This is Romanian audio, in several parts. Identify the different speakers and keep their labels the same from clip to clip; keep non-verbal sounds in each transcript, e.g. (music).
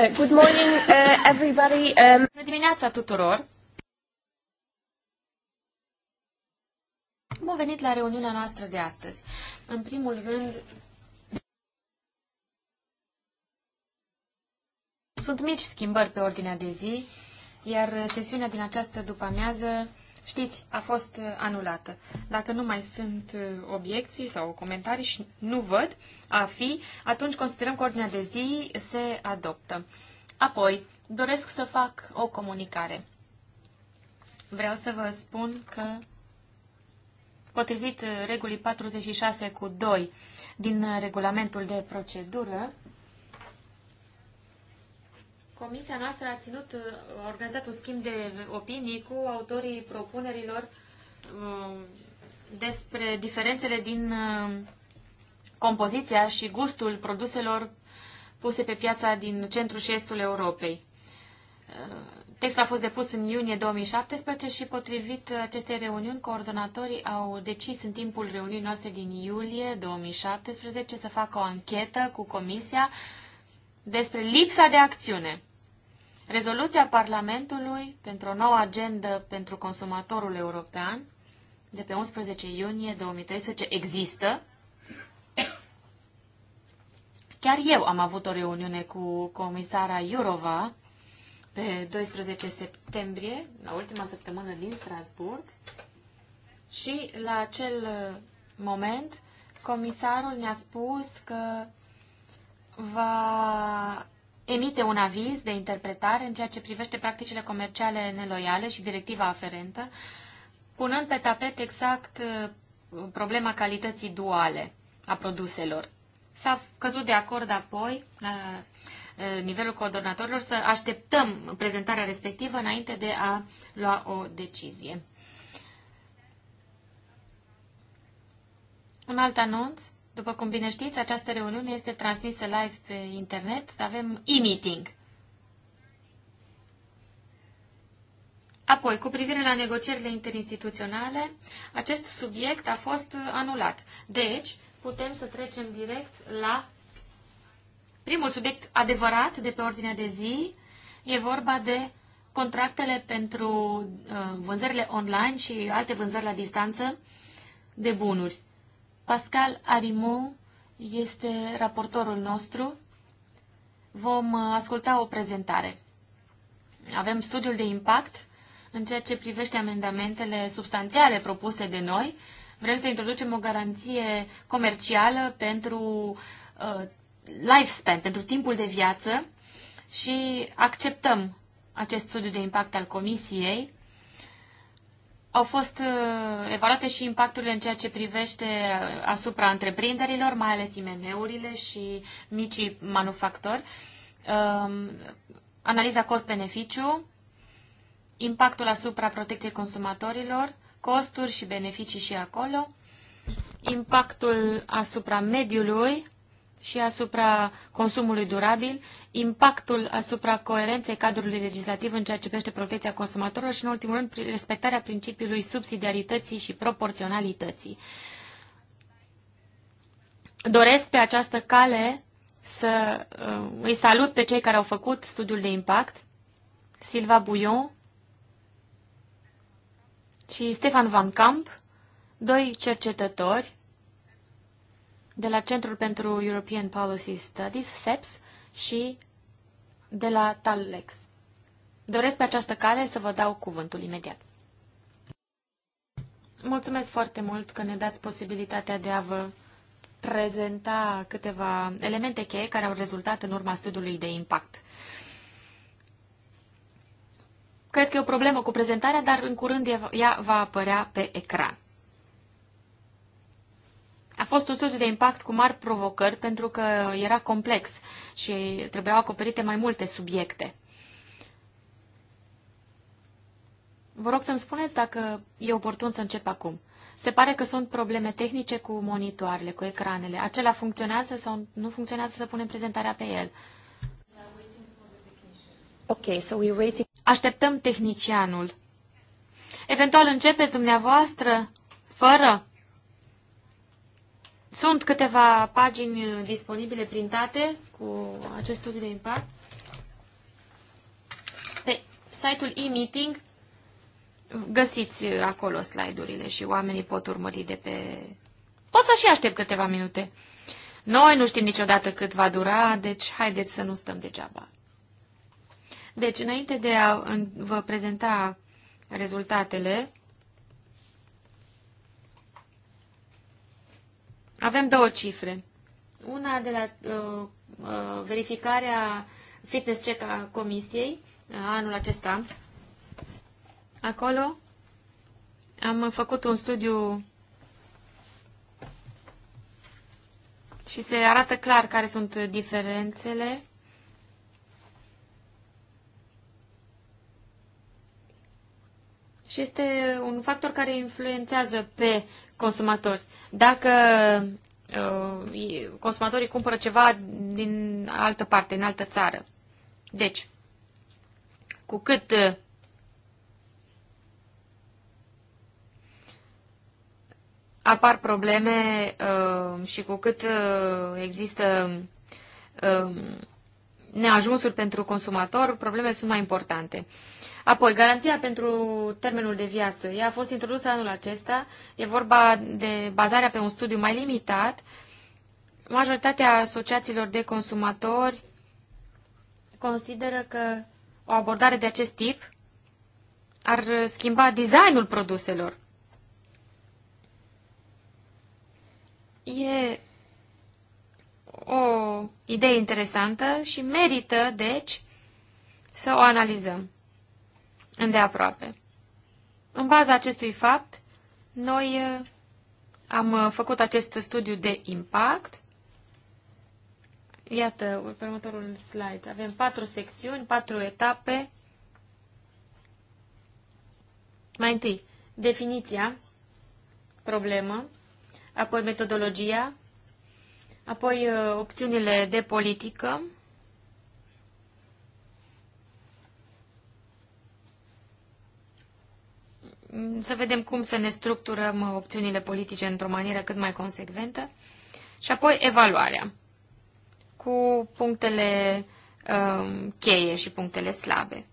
Speaker 1: Uh, good morning, uh, everybody. Um, Bună dimineața tuturor! Bun venit la reuniunea noastră de astăzi. În primul rând, sunt mici schimbări pe ordinea de zi, iar sesiunea din această după-amiază știți, a fost uh, anulată. Dacă nu mai sunt uh, obiecții sau comentarii și nu văd a fi, atunci considerăm că ordinea de zi se adoptă. Apoi, doresc să fac o comunicare. Vreau să vă spun că, potrivit uh, regulii 46 cu 2 din regulamentul de procedură, Comisia noastră a ținut, uh, a organizat un schimb de opinii cu autorii propunerilor um, despre diferențele din um, compoziția și gustul produselor puse pe piața din centrul și estul Europei. Uh, textul a fost depus în iunie 2017 și potrivit acestei reuniuni, coordonatorii au decis în timpul reuniunii noastre din iulie 2017 să facă o anchetă cu Comisia despre lipsa de acțiune Rezoluția Parlamentului pentru o nouă agendă pentru consumatorul european de pe 11 iunie 2013 există. Chiar eu am avut o reuniune cu comisara Iurova pe 12 septembrie, la ultima săptămână din Strasburg, și la acel moment comisarul ne-a spus că va emite un aviz de interpretare în ceea ce privește practicile comerciale neloiale și directiva aferentă, punând pe tapet exact uh, problema calității duale a produselor. S-a căzut de acord apoi, la uh, nivelul coordonatorilor, să așteptăm prezentarea respectivă înainte de a lua o decizie. Un alt anunț. După cum bine știți, această reuniune este transmisă live pe internet. Avem e-meeting. Apoi, cu privire la negocierile interinstituționale, acest subiect a fost anulat. Deci, putem să trecem direct la primul subiect adevărat de pe ordinea de zi. E vorba de contractele pentru uh, vânzările online și alte vânzări la distanță de bunuri. Pascal Arimou este raportorul nostru. Vom uh, asculta o prezentare. Avem studiul de impact în ceea ce privește amendamentele substanțiale propuse de noi. Vrem să introducem o garanție comercială pentru uh, lifespan, pentru timpul de viață și acceptăm acest studiu de impact al Comisiei au fost uh, evaluate și impacturile în ceea ce privește uh, asupra întreprinderilor, mai ales IMM-urile și micii manufactori, um, analiza cost-beneficiu, impactul asupra protecției consumatorilor, costuri și beneficii și acolo, impactul asupra mediului, și asupra consumului durabil, impactul asupra coerenței cadrului legislativ în ceea ce privește protecția consumatorilor și, în ultimul rând, respectarea principiului subsidiarității și proporționalității. Doresc pe această cale să uh, îi salut pe cei care au făcut studiul de impact, Silva Bouillon și Stefan Van Camp, doi cercetători de la Centrul pentru European Policy Studies, SEPS, și de la TALLEX. Doresc pe această cale să vă dau cuvântul imediat. Mulțumesc foarte mult că ne dați posibilitatea de a vă prezenta câteva elemente cheie care au rezultat în urma studiului de impact. Cred că e o problemă cu prezentarea, dar în curând ea va apărea pe ecran. A fost un studiu de impact cu mari provocări pentru că era complex și trebuiau acoperite mai multe subiecte. Vă rog să-mi spuneți dacă e oportun să încep acum. Se pare că sunt probleme tehnice cu monitoarele, cu ecranele. Acela funcționează sau nu funcționează să punem prezentarea pe el? Okay, so we're waiting. Așteptăm tehnicianul. Eventual începeți dumneavoastră fără sunt câteva pagini disponibile printate cu acest studiu de impact. Pe site-ul e-meeting găsiți acolo slide-urile și oamenii pot urmări de pe... Pot să și aștept câteva minute. Noi nu știm niciodată cât va dura, deci haideți să nu stăm degeaba. Deci, înainte de a vă prezenta rezultatele, Avem două cifre. Una de la uh, uh, verificarea fitness check a comisiei uh, anul acesta. Acolo am făcut un studiu și se arată clar care sunt diferențele. Și este un factor care influențează pe consumatori. Dacă uh, consumatorii cumpără ceva din altă parte, în altă țară. Deci, cu cât uh, apar probleme uh, și cu cât există um, neajunsuri pentru consumator, probleme sunt mai importante. Apoi, garanția pentru termenul de viață. Ea a fost introdusă anul acesta. E vorba de bazarea pe un studiu mai limitat. Majoritatea asociațiilor de consumatori consideră că o abordare de acest tip ar schimba designul produselor. E o idee interesantă și merită, deci, să o analizăm îndeaproape. În baza acestui fapt, noi uh, am uh, făcut acest studiu de impact. Iată, următorul slide. Avem patru secțiuni, patru etape. Mai întâi, definiția, problemă, apoi metodologia, Apoi uh, opțiunile de politică. Mm, să vedem cum să ne structurăm uh, opțiunile politice într-o manieră cât mai consecventă. Și apoi evaluarea cu punctele um, cheie și punctele slabe.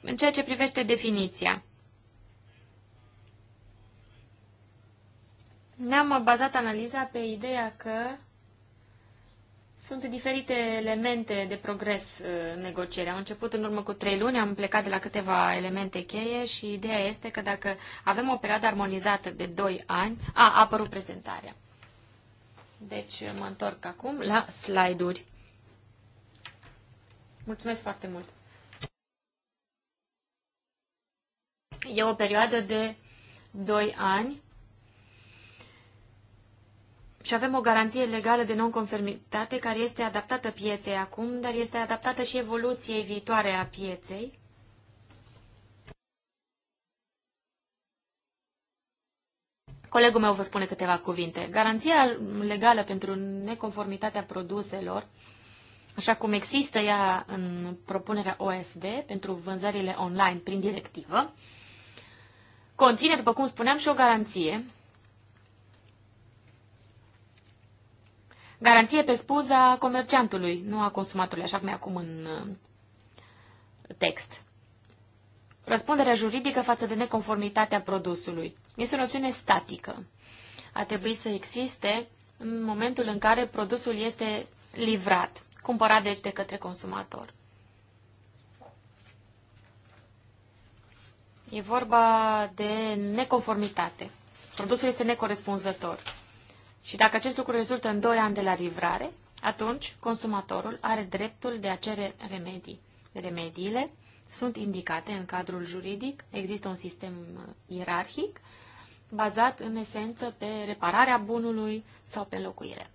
Speaker 1: În ceea ce privește definiția, ne-am bazat analiza pe ideea că sunt diferite elemente de progres uh, în negociere. Am început în urmă cu trei luni, am plecat de la câteva elemente cheie și ideea este că dacă avem o perioadă armonizată de 2 ani, a, apărut prezentarea. Deci uh, mă întorc acum la slide-uri. Mulțumesc foarte mult! E o perioadă de 2 ani și avem o garanție legală de nonconformitate care este adaptată pieței acum, dar este adaptată și evoluției viitoare a pieței. Colegul meu vă spune câteva cuvinte. Garanția legală pentru neconformitatea produselor, așa cum există ea în propunerea OSD pentru vânzările online prin directivă, conține, după cum spuneam, și o garanție garanție pe spuza comerciantului, nu a consumatorului, așa cum e acum în uh, text. Răspunderea juridică față de neconformitatea produsului. Este o noțiune statică. A trebui să existe în momentul în care produsul este livrat, cumpărat deci de către consumator. E vorba de neconformitate. Produsul este necorespunzător. Și dacă acest lucru rezultă în 2 ani de la livrare, atunci consumatorul are dreptul de a cere remedii. Remediile sunt indicate în cadrul juridic, există un sistem uh, ierarhic bazat în esență pe repararea bunului sau pe locuire.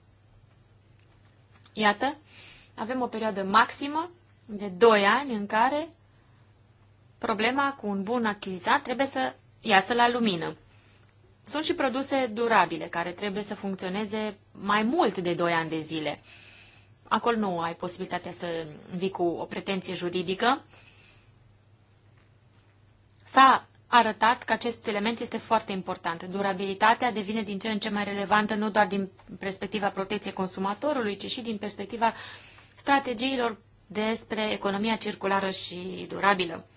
Speaker 1: Iată, avem o perioadă maximă de 2 ani în care problema cu un bun achiziționat trebuie să iasă la lumină. Sunt și produse durabile care trebuie să funcționeze mai mult de 2 ani de zile. Acolo nu ai posibilitatea să vii cu o pretenție juridică. S-a arătat că acest element este foarte important. Durabilitatea devine din ce în ce mai relevantă nu doar din perspectiva protecției consumatorului, ci și din perspectiva strategiilor despre economia circulară și durabilă.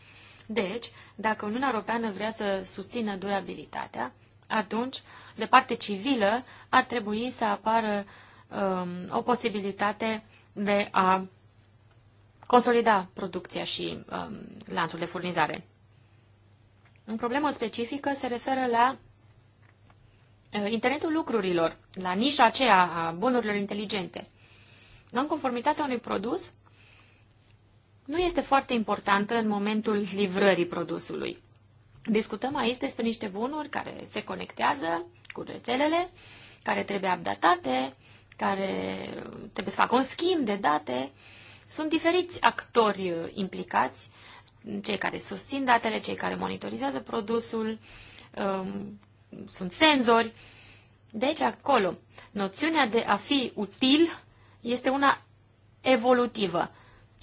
Speaker 1: Deci, dacă Uniunea Europeană vrea să susțină durabilitatea, atunci, de parte civilă, ar trebui să apară um, o posibilitate de a consolida producția și um, lanțul de furnizare. O problemă specifică se referă la uh, internetul lucrurilor, la nișa aceea a bunurilor inteligente. conformitatea unui produs nu este foarte importantă în momentul livrării produsului. Discutăm aici despre niște bunuri care se conectează cu rețelele, care trebuie updatate, care trebuie să facă un schimb de date. Sunt diferiți actori implicați, cei care susțin datele, cei care monitorizează produsul, um, sunt senzori. Deci acolo, noțiunea de a fi util este una evolutivă,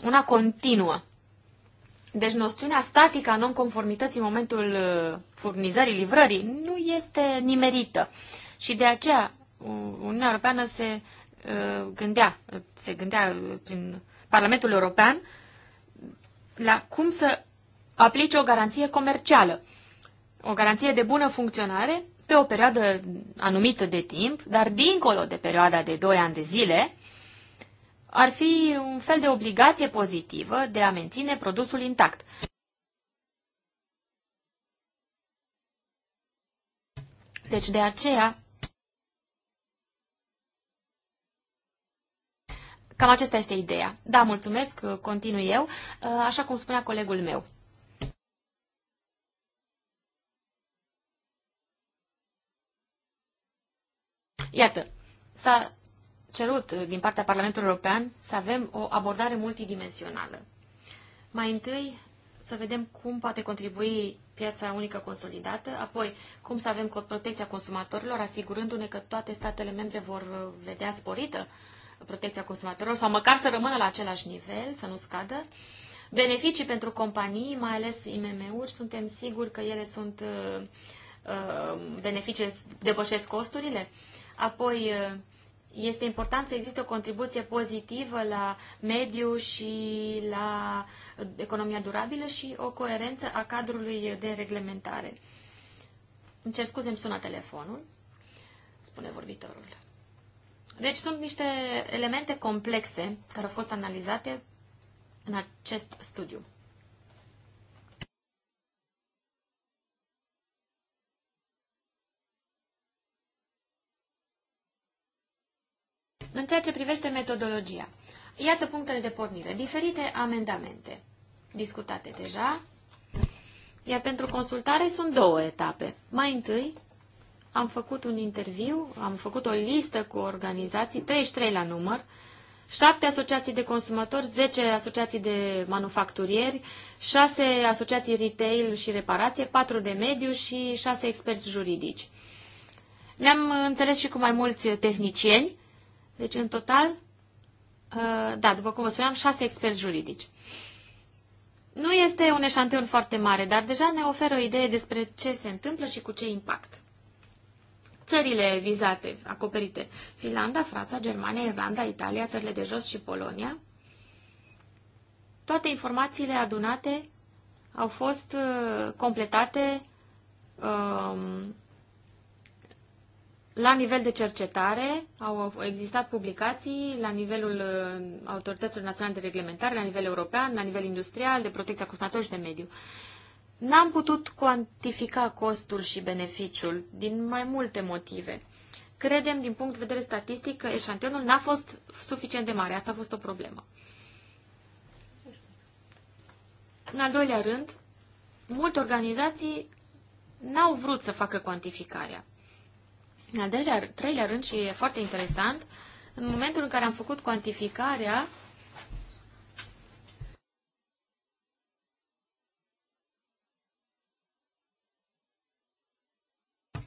Speaker 1: una continuă. Deci noțiunea statică a nonconformității în momentul uh, furnizării, livrării, nu este nimerită. Și de aceea Uniunea Europeană se uh, gândea, se gândea uh, prin Parlamentul European la cum să aplice o garanție comercială, o garanție de bună funcționare pe o perioadă anumită de timp, dar dincolo de perioada de 2 ani de zile, ar fi un fel de obligație pozitivă de a menține produsul intact. Deci de aceea, cam acesta este ideea. Da, mulțumesc, continui eu, așa cum spunea colegul meu. Iată, s-a cerut uh, din partea Parlamentului European să avem o abordare multidimensională. Mai întâi să vedem cum poate contribui piața unică consolidată, apoi cum să avem protecția consumatorilor, asigurându-ne că toate statele membre vor uh, vedea sporită protecția consumatorilor sau măcar să rămână la același nivel, să nu scadă. Beneficii pentru companii, mai ales IMM-uri, suntem siguri că ele sunt uh, beneficii, depășesc costurile. Apoi este important să existe o contribuție pozitivă la mediu și la economia durabilă și o coerență a cadrului de reglementare. Îmi cer scuze, îmi sună telefonul, spune vorbitorul. Deci sunt niște elemente complexe care au fost analizate în acest studiu. În ceea ce privește metodologia, iată punctele de pornire, diferite amendamente discutate deja, iar pentru consultare sunt două etape. Mai întâi, am făcut un interviu, am făcut o listă cu organizații, 33 la număr, 7 asociații de consumatori, 10 asociații de manufacturieri, 6 asociații retail și reparație, 4 de mediu și 6 experți juridici. Ne-am înțeles și cu mai mulți tehnicieni deci, în total, uh, da, după cum vă spuneam, șase experți juridici. Nu este un eșantion foarte mare, dar deja ne oferă o idee despre ce se întâmplă și cu ce impact. Țările vizate, acoperite, Finlanda, Franța, Germania, Irlanda, Italia, țările de jos și Polonia, toate informațiile adunate au fost uh, completate um, la nivel de cercetare au existat publicații la nivelul uh, autorităților naționale de reglementare, la nivel european, la nivel industrial, de protecția consumatorilor și de mediu. N-am putut cuantifica costul și beneficiul din mai multe motive. Credem, din punct de vedere statistic, că eșantionul n-a fost suficient de mare. Asta a fost o problemă. În al doilea rând, multe organizații n-au vrut să facă cuantificarea. În al doilea, treilea rând, și e foarte interesant, în momentul în care am făcut cuantificarea,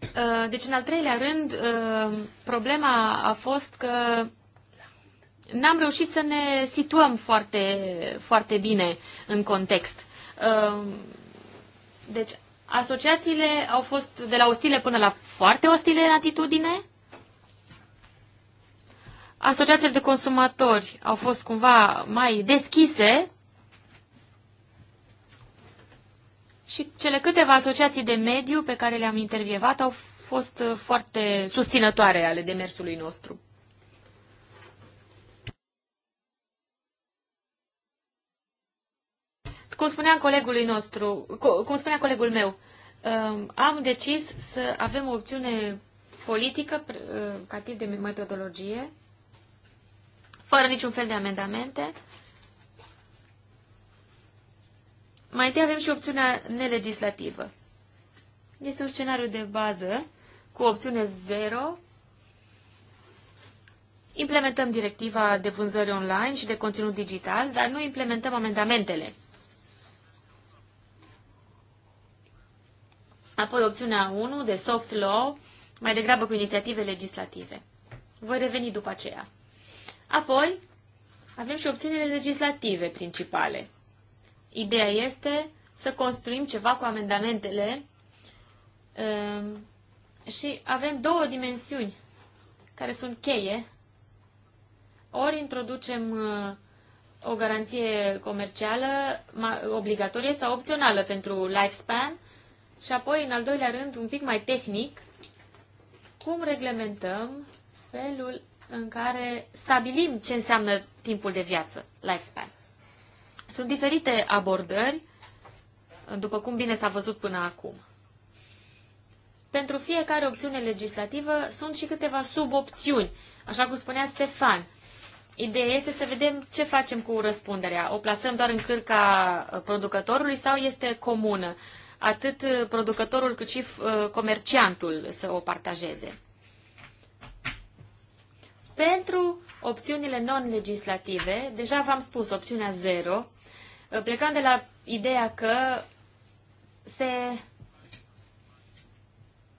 Speaker 1: uh, Deci, în al treilea rând, uh, problema a fost că n-am reușit să ne situăm foarte, foarte bine în context. Uh, deci, Asociațiile au fost de la ostile până la foarte ostile în atitudine. Asociațiile de consumatori au fost cumva mai deschise și cele câteva asociații de mediu pe care le-am intervievat au fost uh, foarte susținătoare ale demersului nostru. cum spunea colegului nostru, cum spunea colegul meu, um, am decis să avem o opțiune politică uh, ca tip de metodologie, fără niciun fel de amendamente. Mai întâi avem și opțiunea nelegislativă. Este un scenariu de bază cu opțiune 0. Implementăm directiva de vânzări online și de conținut digital, dar nu implementăm amendamentele apoi opțiunea 1 de soft law, mai degrabă cu inițiative legislative. Voi reveni după aceea. Apoi, avem și opțiunile legislative principale. Ideea este să construim ceva cu amendamentele um, și avem două dimensiuni care sunt cheie. Ori introducem uh, o garanție comercială obligatorie sau opțională pentru lifespan, și apoi, în al doilea rând, un pic mai tehnic, cum reglementăm felul în care stabilim ce înseamnă timpul de viață, lifespan. Sunt diferite abordări, după cum bine s-a văzut până acum. Pentru fiecare opțiune legislativă sunt și câteva subopțiuni, așa cum spunea Stefan. Ideea este să vedem ce facem cu răspunderea. O plasăm doar în cârca uh, producătorului sau este comună? atât uh, producătorul cât și uh, comerciantul să o partajeze. Pentru opțiunile non-legislative, deja v-am spus opțiunea 0, uh, plecând de la ideea că se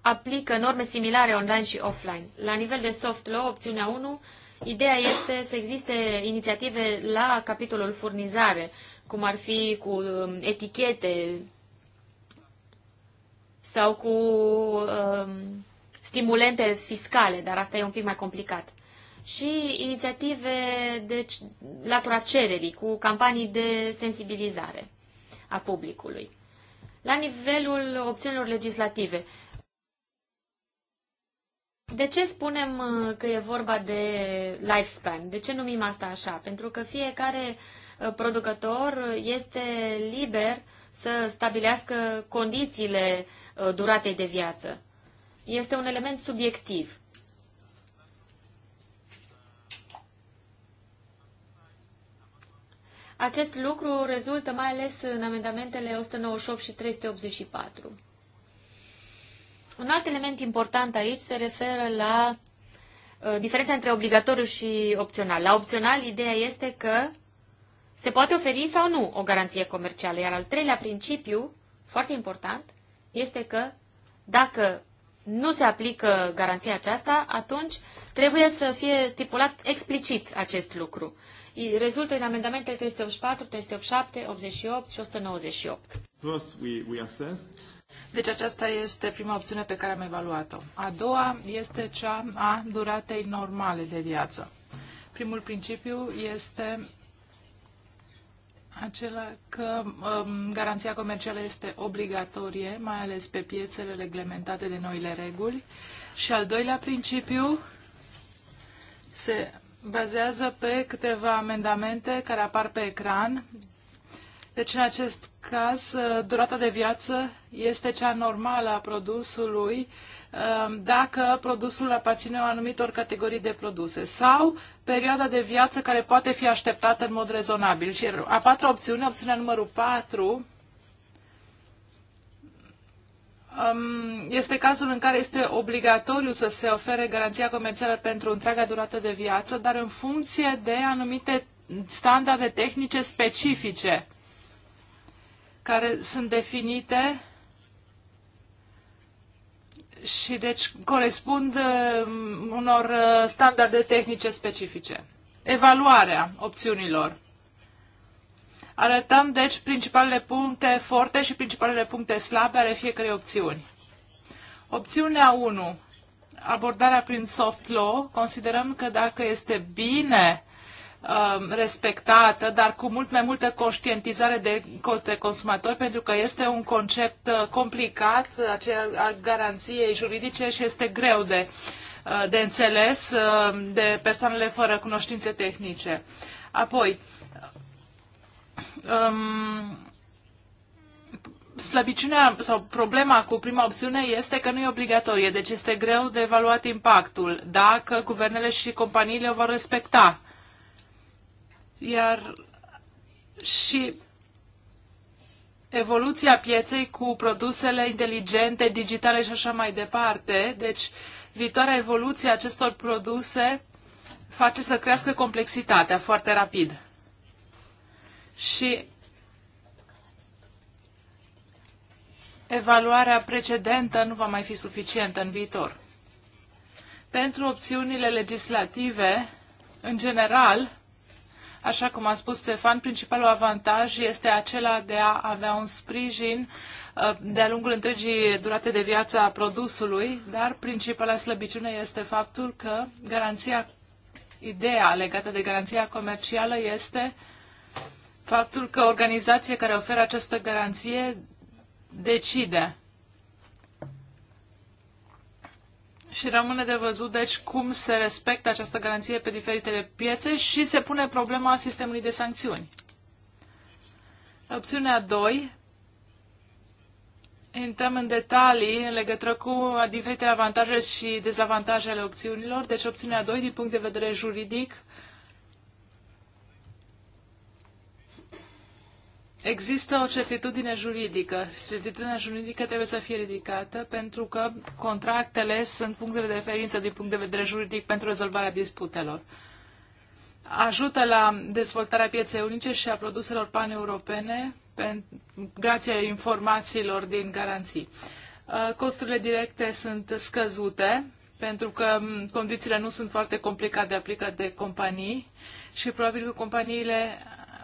Speaker 1: aplică norme similare online și offline. La nivel de soft law, opțiunea 1, ideea este să existe inițiative la capitolul furnizare, cum ar fi cu um, etichete, sau cu um, stimulente fiscale, dar asta e un pic mai complicat. Și inițiative de deci, latura cererii, cu campanii de sensibilizare a publicului. La nivelul opțiunilor legislative, de ce spunem uh, că e vorba de lifespan? De ce numim asta așa? Pentru că fiecare producător este liber să stabilească condițiile uh, duratei de viață. Este un element subiectiv. Acest lucru rezultă mai ales în amendamentele 198 și 384. Un alt element important aici se referă la uh, diferența între obligatoriu și opțional. La opțional, ideea este că se poate oferi sau nu o garanție comercială. Iar al treilea principiu, foarte important, este că dacă nu se aplică garanția aceasta, atunci trebuie să fie stipulat explicit acest lucru. Rezultă din amendamentele 384, 387, 88 și 198.
Speaker 2: First, we, we assessed. Deci aceasta este prima opțiune pe care am evaluat-o. A doua este cea a duratei normale de viață. Primul principiu este acela că um, garanția comercială este obligatorie, mai ales pe piețele reglementate de noile reguli. Și al doilea principiu se bazează pe câteva amendamente care apar pe ecran deci, în acest caz, uh, durata de viață este cea normală a produsului um, dacă produsul aparține o anumitor categorii de produse sau perioada de viață care poate fi așteptată în mod rezonabil. Și a patra opțiune, opțiunea numărul 4, um, este cazul în care este obligatoriu să se ofere garanția comercială pentru întreaga durată de viață, dar în funcție de anumite standarde tehnice specifice care sunt definite și deci corespund uh, unor uh, standarde tehnice specifice. Evaluarea opțiunilor. Arătăm, deci, principalele puncte forte și principalele puncte slabe ale fiecărei opțiuni. Opțiunea 1. Abordarea prin soft law. Considerăm că dacă este bine Um, respectată, dar cu mult mai multă conștientizare de către consumatori, pentru că este un concept uh, complicat, acel al garanției juridice și este greu de, uh, de înțeles uh, de persoanele fără cunoștințe tehnice. Apoi, um, slăbiciunea sau problema cu prima opțiune este că nu e obligatorie, deci este greu de evaluat impactul, dacă guvernele și companiile o vor respecta. Iar și evoluția pieței cu produsele inteligente, digitale și așa mai departe. Deci, viitoarea evoluție a acestor produse face să crească complexitatea foarte rapid. Și evaluarea precedentă nu va mai fi suficientă în viitor. Pentru opțiunile legislative, în general, Așa cum a spus Stefan, principalul avantaj este acela de a avea un sprijin uh, de-a lungul întregii durate de viață a produsului, dar principala slăbiciune este faptul că garanția, ideea legată de garanția comercială este faptul că organizația care oferă această garanție decide Și rămâne de văzut, deci, cum se respectă această garanție pe diferitele piețe și se pune problema sistemului de sancțiuni. Opțiunea 2. Intrăm în detalii în legătură cu diferitele avantaje și dezavantaje ale opțiunilor. Deci, opțiunea 2, din punct de vedere juridic, Există o certitudine juridică. Certitudinea juridică trebuie să fie ridicată pentru că contractele sunt punctele de referință din punct de vedere juridic pentru rezolvarea disputelor. Ajută la dezvoltarea pieței unice și a produselor paneuropene grație informațiilor din garanții. Uh, costurile directe sunt scăzute pentru că condițiile nu sunt foarte complicate de aplicat de companii și probabil că companiile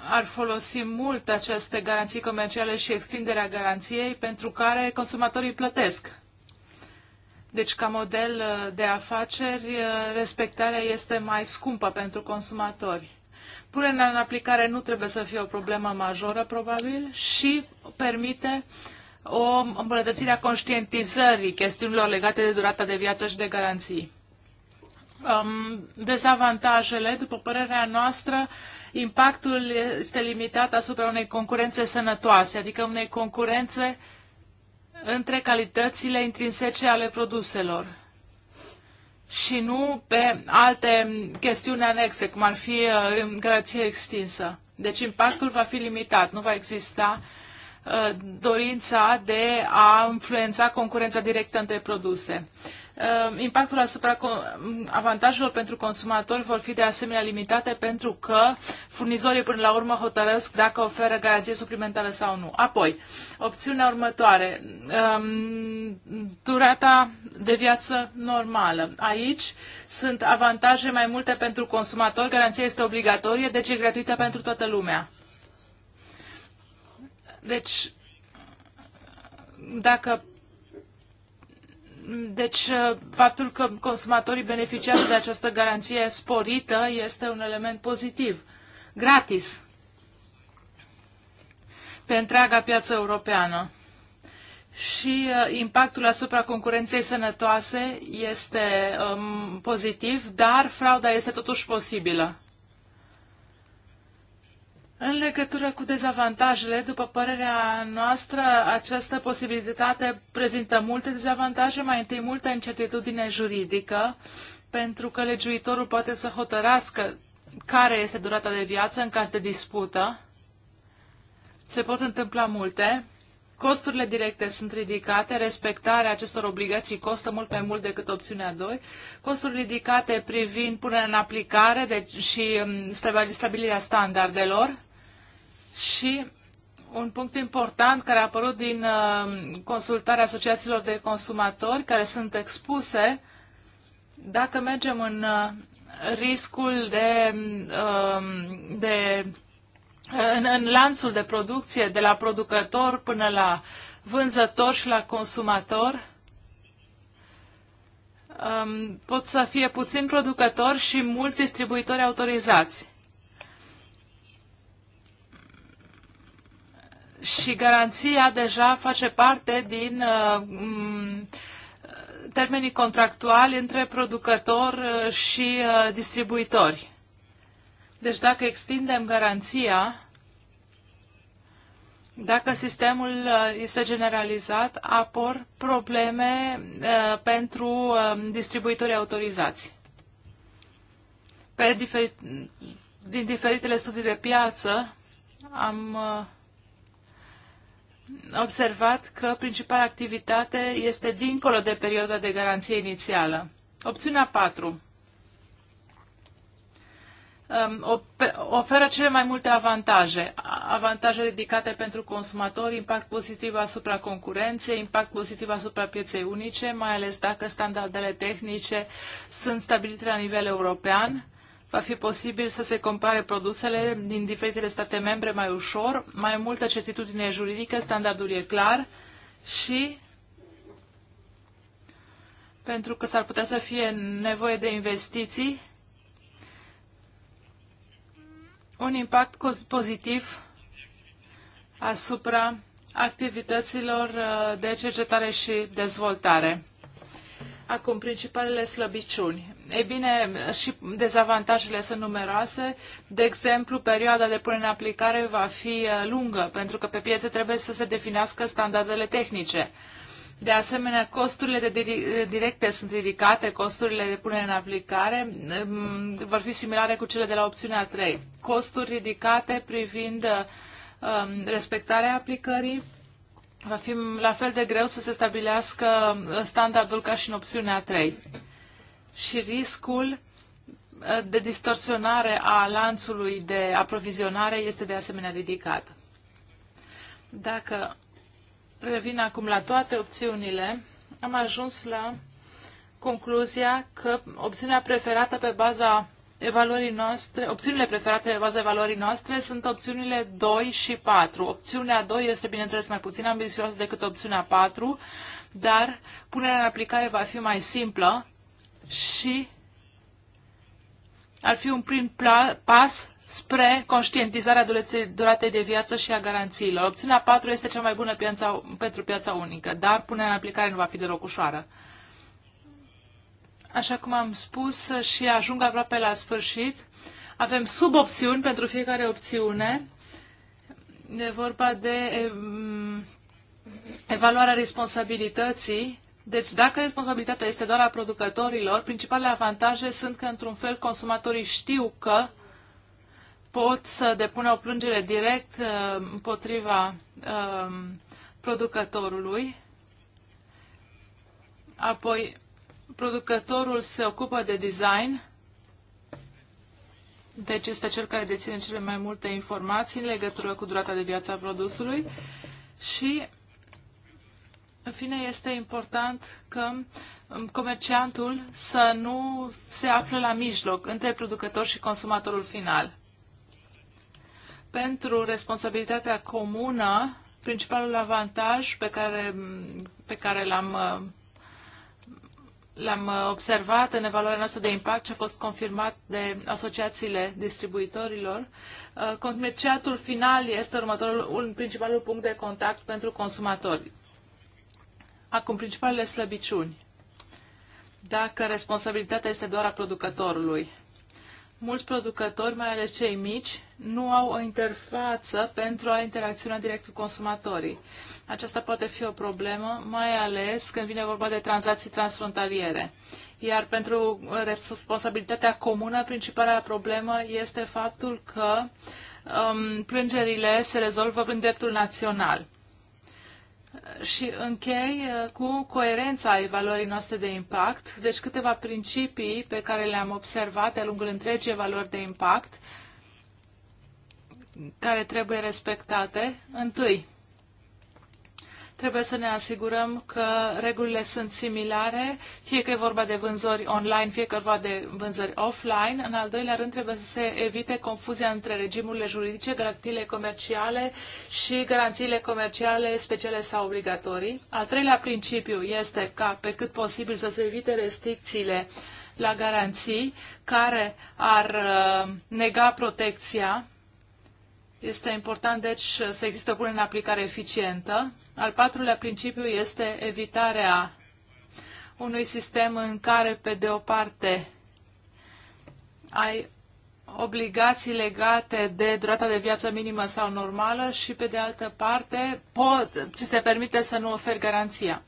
Speaker 2: ar folosi mult aceste garanții comerciale și extinderea garanției pentru care consumatorii plătesc. Deci, ca model uh, de afaceri, uh, respectarea este mai scumpă pentru consumatori. Punerea în aplicare nu trebuie să fie o problemă majoră, probabil, și permite o îmbunătățire a conștientizării chestiunilor legate de durata de viață și de garanții um, dezavantajele, după părerea noastră, impactul este limitat asupra unei concurențe sănătoase, adică unei concurențe între calitățile intrinsece ale produselor și nu pe alte chestiuni anexe, cum ar fi uh, grație extinsă. Deci impactul va fi limitat, nu va exista uh, dorința de a influența concurența directă între produse. Ehm, impactul asupra avantajelor pentru consumatori vor fi de asemenea limitate pentru că furnizorii până la urmă hotărăsc dacă oferă garanție suplimentară sau nu. Apoi, opțiunea următoare, ehm, durata de viață normală. Aici sunt avantaje mai multe pentru consumatori, garanția este obligatorie, deci e gratuită pentru toată lumea. Deci, dacă deci, uh, faptul că consumatorii beneficiază de această garanție sporită este un element pozitiv. Gratis. Pe întreaga piață europeană. Și uh, impactul asupra concurenței sănătoase este um, pozitiv, dar frauda este totuși posibilă. În legătură cu dezavantajele, după părerea noastră, această posibilitate prezintă multe dezavantaje, mai întâi multă incertitudine juridică, pentru că legiuitorul poate să hotărască care este durata de viață în caz de dispută. Se pot întâmpla multe. Costurile directe sunt ridicate, respectarea acestor obligații costă mult mai mult decât opțiunea 2, Costurile ridicate privind punerea în aplicare deci, și um, stabilirea standardelor, și un punct important care a apărut din uh, consultarea asociațiilor de consumatori care sunt expuse, dacă mergem în uh, riscul de, um, de uh, în, în lanțul de producție de la producător până la vânzător și la consumator, um, pot să fie puțin producători și mulți distribuitori autorizați. și garanția deja face parte din uh, termenii contractuali între producător uh, și uh, distribuitori. Deci dacă extindem garanția, dacă sistemul este generalizat, apor probleme pentru distribuitorii autorizați. Pe diferit, din diferitele studii de piață am uh, observat că principala activitate este dincolo de perioada de garanție inițială. Opțiunea 4 um, oferă cele mai multe avantaje. Avantaje dedicate pentru consumatori, impact pozitiv asupra concurenței, impact pozitiv asupra pieței unice, mai ales dacă standardele tehnice sunt stabilite la nivel european va fi posibil să se compare produsele din diferitele state membre mai ușor, mai multă certitudine juridică, standardul e clar și pentru că s-ar putea să fie nevoie de investiții, un impact pozitiv asupra activităților uh, de cercetare și dezvoltare. Acum, principalele slăbiciuni. Ei bine, și dezavantajele sunt numeroase. De exemplu, perioada de până în aplicare va fi uh, lungă, pentru că pe piețe trebuie să se definească standardele tehnice. De asemenea, costurile de uh, directe sunt ridicate, costurile de punere în aplicare um, vor fi similare cu cele de la opțiunea 3. Costuri ridicate privind uh, um, respectarea aplicării. Va fi la fel de greu să se stabilească standardul ca și în opțiunea 3 și riscul uh, de distorsionare a lanțului de aprovizionare este de asemenea ridicat. Dacă revin acum la toate opțiunile, am ajuns la concluzia că opțiunea preferată pe baza evaluării noastre, opțiunile preferate pe baza evaluării noastre sunt opțiunile 2 și 4. Opțiunea 2 este, bineînțeles, mai puțin ambițioasă decât opțiunea 4, dar punerea în aplicare va fi mai simplă și ar fi un prim pas spre conștientizarea duratei de viață și a garanțiilor. Opțiunea 4 este cea mai bună piața, pentru piața unică, dar punerea în aplicare nu va fi deloc ușoară. Așa cum am spus și ajung aproape la sfârșit, avem subopțiuni pentru fiecare opțiune. E vorba de evaluarea responsabilității deci, dacă responsabilitatea este doar a producătorilor, principalele avantaje sunt că, într-un fel, consumatorii știu că pot să depună o plângere direct uh, împotriva um, producătorului. Apoi, producătorul se ocupă de design, deci este cel care deține cele mai multe informații în legătură cu durata de viață a produsului și în fine, este important că um, comerciantul să nu se află la mijloc între producător și consumatorul final. Pentru responsabilitatea comună, principalul avantaj pe care, pe care l-am uh, l-am uh, observat în evaluarea noastră de impact și a fost confirmat de asociațiile distribuitorilor. Uh, comerciatul final este următorul, un principalul punct de contact pentru consumatori. Acum, principalele slăbiciuni. Dacă responsabilitatea este doar a producătorului. Mulți producători, mai ales cei mici, nu au o interfață pentru a interacționa direct cu consumatorii. Aceasta poate fi o problemă, mai ales când vine vorba de tranzacții transfrontaliere. Iar pentru responsabilitatea comună, principala problemă este faptul că um, plângerile se rezolvă în dreptul național și închei uh, cu coerența evaluării noastre de impact, deci câteva principii pe care le-am observat de-a lungul întregii evaluări de impact, care trebuie respectate. Întâi, Trebuie să ne asigurăm că regulile sunt similare, fie că e vorba de vânzări online, fie că e vorba de vânzări offline. În al doilea rând, trebuie să se evite confuzia între regimurile juridice, garantiile comerciale și garanțiile comerciale speciale sau obligatorii. Al treilea principiu este ca pe cât posibil să se evite restricțiile la garanții care ar uh, nega protecția. Este important, deci, să existe o punere în aplicare eficientă. Al patrulea principiu este evitarea unui sistem în care, pe de o parte, ai obligații legate de durata de viață minimă sau normală și, pe de altă parte, pot, ți se permite să nu oferi garanția.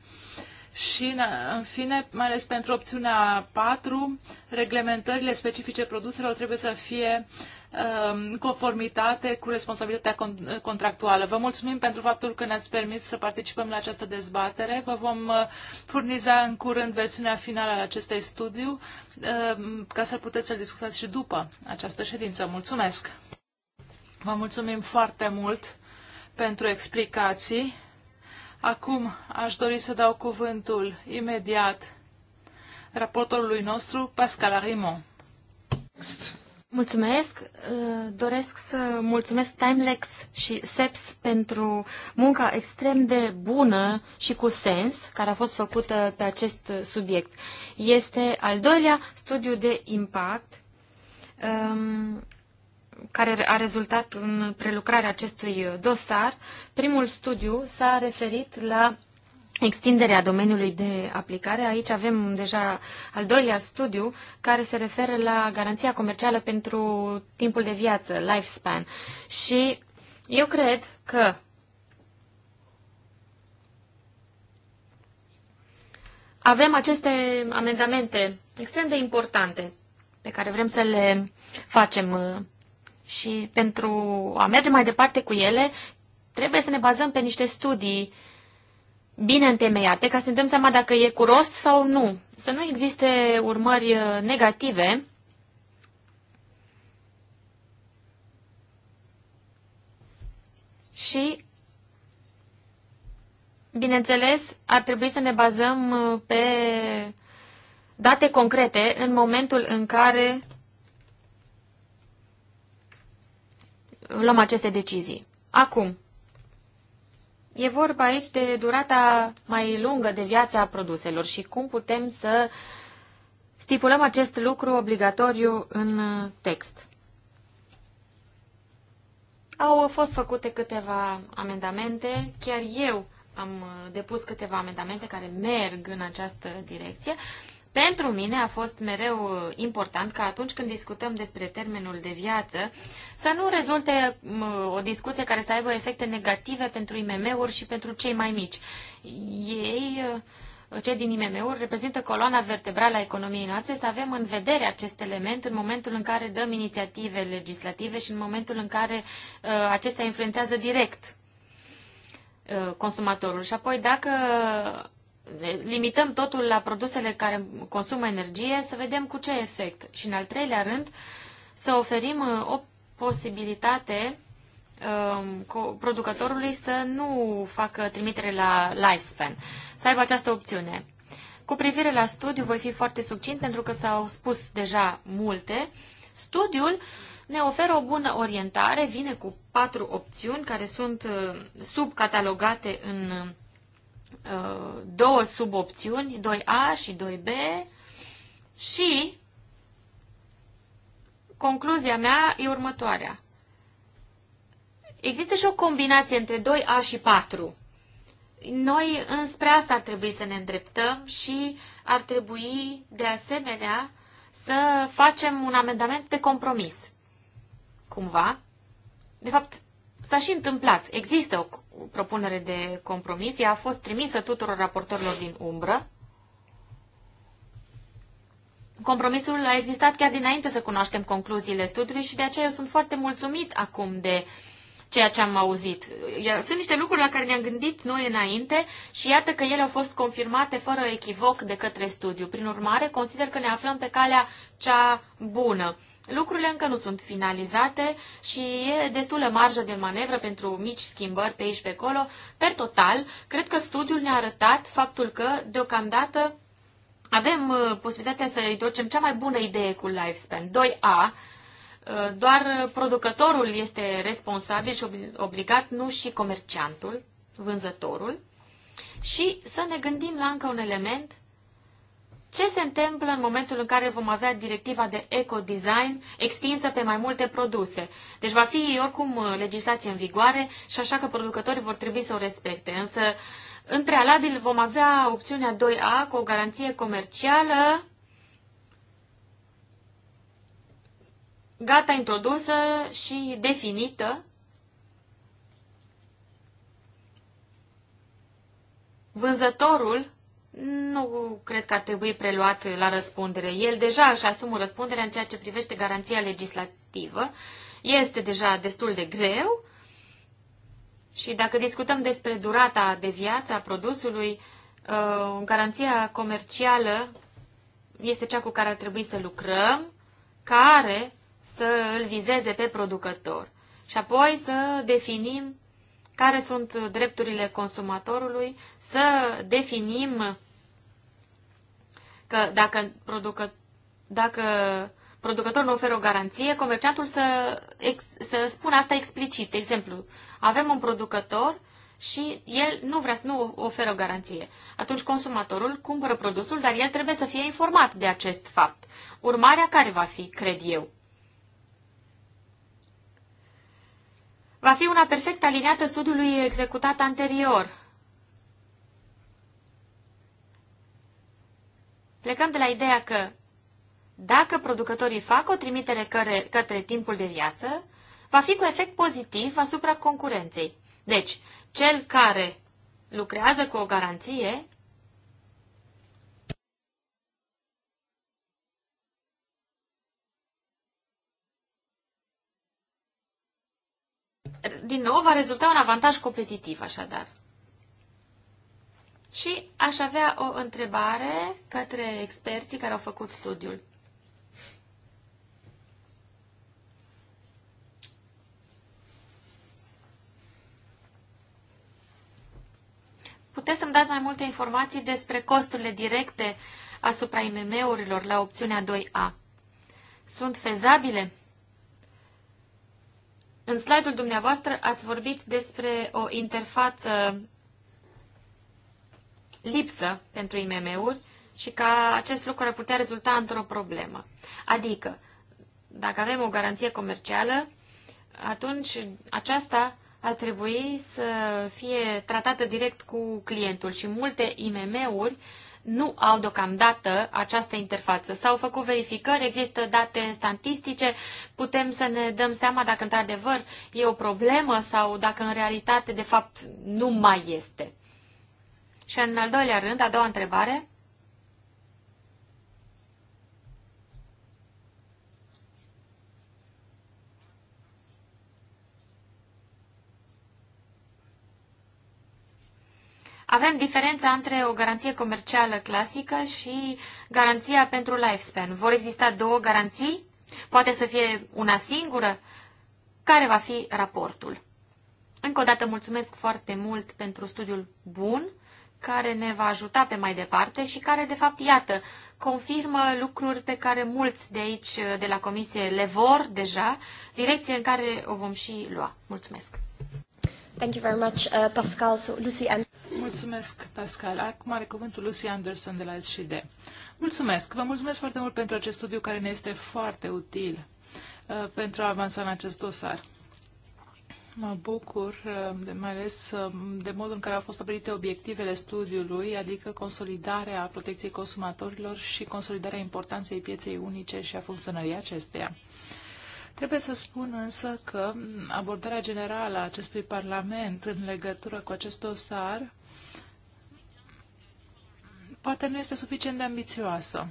Speaker 2: Și, în fine, mai ales pentru opțiunea 4, reglementările specifice produselor trebuie să fie Um, conformitate cu responsabilitatea contractuală. Vă mulțumim pentru faptul că ne-ați permis să participăm la această dezbatere. Vă vom uh, furniza în curând versiunea finală a acestei studiu um, ca să puteți să discutați și după această ședință. Mulțumesc! Vă mulțumim foarte mult pentru explicații. Acum aș dori să dau cuvântul imediat raportorului nostru, Pascal Arimon.
Speaker 1: Next. Mulțumesc! Uh, doresc să mulțumesc Timelex și SEPS pentru munca extrem de bună și cu sens care a fost făcută pe acest subiect. Este al doilea studiu de impact um, care a rezultat în prelucrarea acestui dosar. Primul studiu s-a referit la extinderea domeniului de aplicare. Aici avem deja al doilea studiu care se referă la garanția comercială pentru timpul de viață, lifespan. Și eu cred că avem aceste amendamente extrem de importante pe care vrem să le facem uh, și pentru a merge mai departe cu ele, trebuie să ne bazăm pe niște studii uh, bine întemeiate ca să ne dăm seama dacă e cu rost sau nu. Să nu existe urmări uh, negative și, bineînțeles, ar trebui să ne bazăm uh, pe date concrete în momentul în care luăm aceste decizii. Acum, E vorba aici de durata mai lungă de viață a produselor și cum putem să stipulăm acest lucru obligatoriu în text. Au fost făcute câteva amendamente, chiar eu am depus câteva amendamente care merg în această direcție pentru mine a fost mereu important ca atunci când discutăm despre termenul de viață să nu rezulte o discuție care să aibă efecte negative pentru IMM-uri și pentru cei mai mici. Ei uh, cei din IMM-uri reprezintă coloana vertebrală a economiei noastre, să avem în vedere acest element în momentul în care dăm inițiative legislative și în momentul în care uh, acestea influențează direct uh, consumatorul. Și apoi, dacă limităm totul la produsele care consumă energie, să vedem cu ce efect. Și în al treilea rând, să oferim uh, o posibilitate um, producătorului să nu facă trimitere la lifespan, să aibă această opțiune. Cu privire la studiu, voi fi foarte succint pentru că s-au spus deja multe. Studiul ne oferă o bună orientare, vine cu patru opțiuni care sunt uh, subcatalogate în Uh, două subopțiuni, 2A și 2B și concluzia mea e următoarea. Există și o combinație între 2A și 4. Noi înspre asta ar trebui să ne îndreptăm și ar trebui, de asemenea, să facem un amendament de compromis. Cumva. De fapt, S-a și întâmplat. Există o propunere de compromis. Ea a fost trimisă tuturor raportorilor din umbră. Compromisul a existat chiar dinainte să cunoaștem concluziile studiului și de aceea eu sunt foarte mulțumit acum de ceea ce am auzit. sunt niște lucruri la care ne-am gândit noi înainte și iată că ele au fost confirmate fără echivoc de către studiu. Prin urmare, consider că ne aflăm pe calea cea bună. Lucrurile încă nu sunt finalizate și e destulă marjă de manevră pentru mici schimbări pe aici pe acolo. Per total, cred că studiul ne-a arătat faptul că, deocamdată, avem uh, posibilitatea să introducem cea mai bună idee cu Lifespan 2A, uh, doar producătorul este responsabil și obligat, nu și comerciantul, vânzătorul. Și să ne gândim la încă un element ce se întâmplă în momentul în care vom avea directiva de eco-design extinsă pe mai multe produse? Deci va fi oricum uh, legislație în vigoare și așa că producătorii vor trebui să o respecte. Însă, în prealabil, vom avea opțiunea 2A cu o garanție comercială gata introdusă și definită vânzătorul nu cred că ar trebui preluat la răspundere. El deja își asumă răspunderea în ceea ce privește garanția legislativă. Este deja destul de greu și dacă discutăm despre durata de viață a produsului, uh, garanția comercială este cea cu care ar trebui să lucrăm, care să îl vizeze pe producător. Și apoi să definim care sunt drepturile consumatorului, să definim că dacă, producă, dacă producătorul nu oferă o garanție, comerciantul să, ex, să spună asta explicit. De exemplu, avem un producător și el nu vrea să nu oferă o garanție. Atunci consumatorul cumpără produsul, dar el trebuie să fie informat de acest fapt. Urmarea care va fi, cred eu? va fi una perfect aliniată studiului executat anterior. Plecăm de la ideea că dacă producătorii fac o trimitere căre, către timpul de viață, va fi cu efect pozitiv asupra concurenței. Deci, cel care lucrează cu o garanție din nou, va rezulta un avantaj competitiv, așadar. Și aș avea o întrebare către experții care au făcut studiul. Puteți să-mi dați mai multe informații despre costurile directe asupra IMM-urilor la opțiunea 2A? Sunt fezabile? În slide-ul dumneavoastră ați vorbit despre o interfață lipsă pentru IMM-uri și că acest lucru ar putea rezulta într-o problemă. Adică, dacă avem o garanție comercială, atunci aceasta ar trebui să fie tratată direct cu clientul și multe IMM-uri uh, nu au deocamdată această interfață. S-au făcut verificări, există date statistice, putem să ne dăm seama dacă într-adevăr e o problemă sau dacă în realitate de fapt nu mai este. Și în al doilea rând, a doua întrebare, Avem diferența între o garanție comercială clasică și garanția pentru lifespan. Vor exista două garanții? Poate să fie una singură? Care va fi raportul? Încă o dată mulțumesc foarte mult pentru studiul bun, care ne va ajuta pe mai departe și care, de fapt, iată, confirmă lucruri pe care mulți de aici, de la comisie, le vor deja, direcție în care o vom și lua. Mulțumesc!
Speaker 2: Thank you very much, uh, Pascal, so Lucy and... Mulțumesc, Pascal. Acum are cuvântul Lucy Anderson de la SCD. Mulțumesc. Vă mulțumesc foarte mult pentru acest studiu care ne este foarte util uh, pentru a avansa în acest dosar. Mă bucur, uh, de, mai ales uh, de modul în care au fost stabilite obiectivele studiului, adică consolidarea protecției consumatorilor și consolidarea importanței pieței unice și a funcționării acesteia. Uh, Trebuie să spun însă că abordarea generală a acestui Parlament în legătură cu acest dosar poate nu este suficient de ambițioasă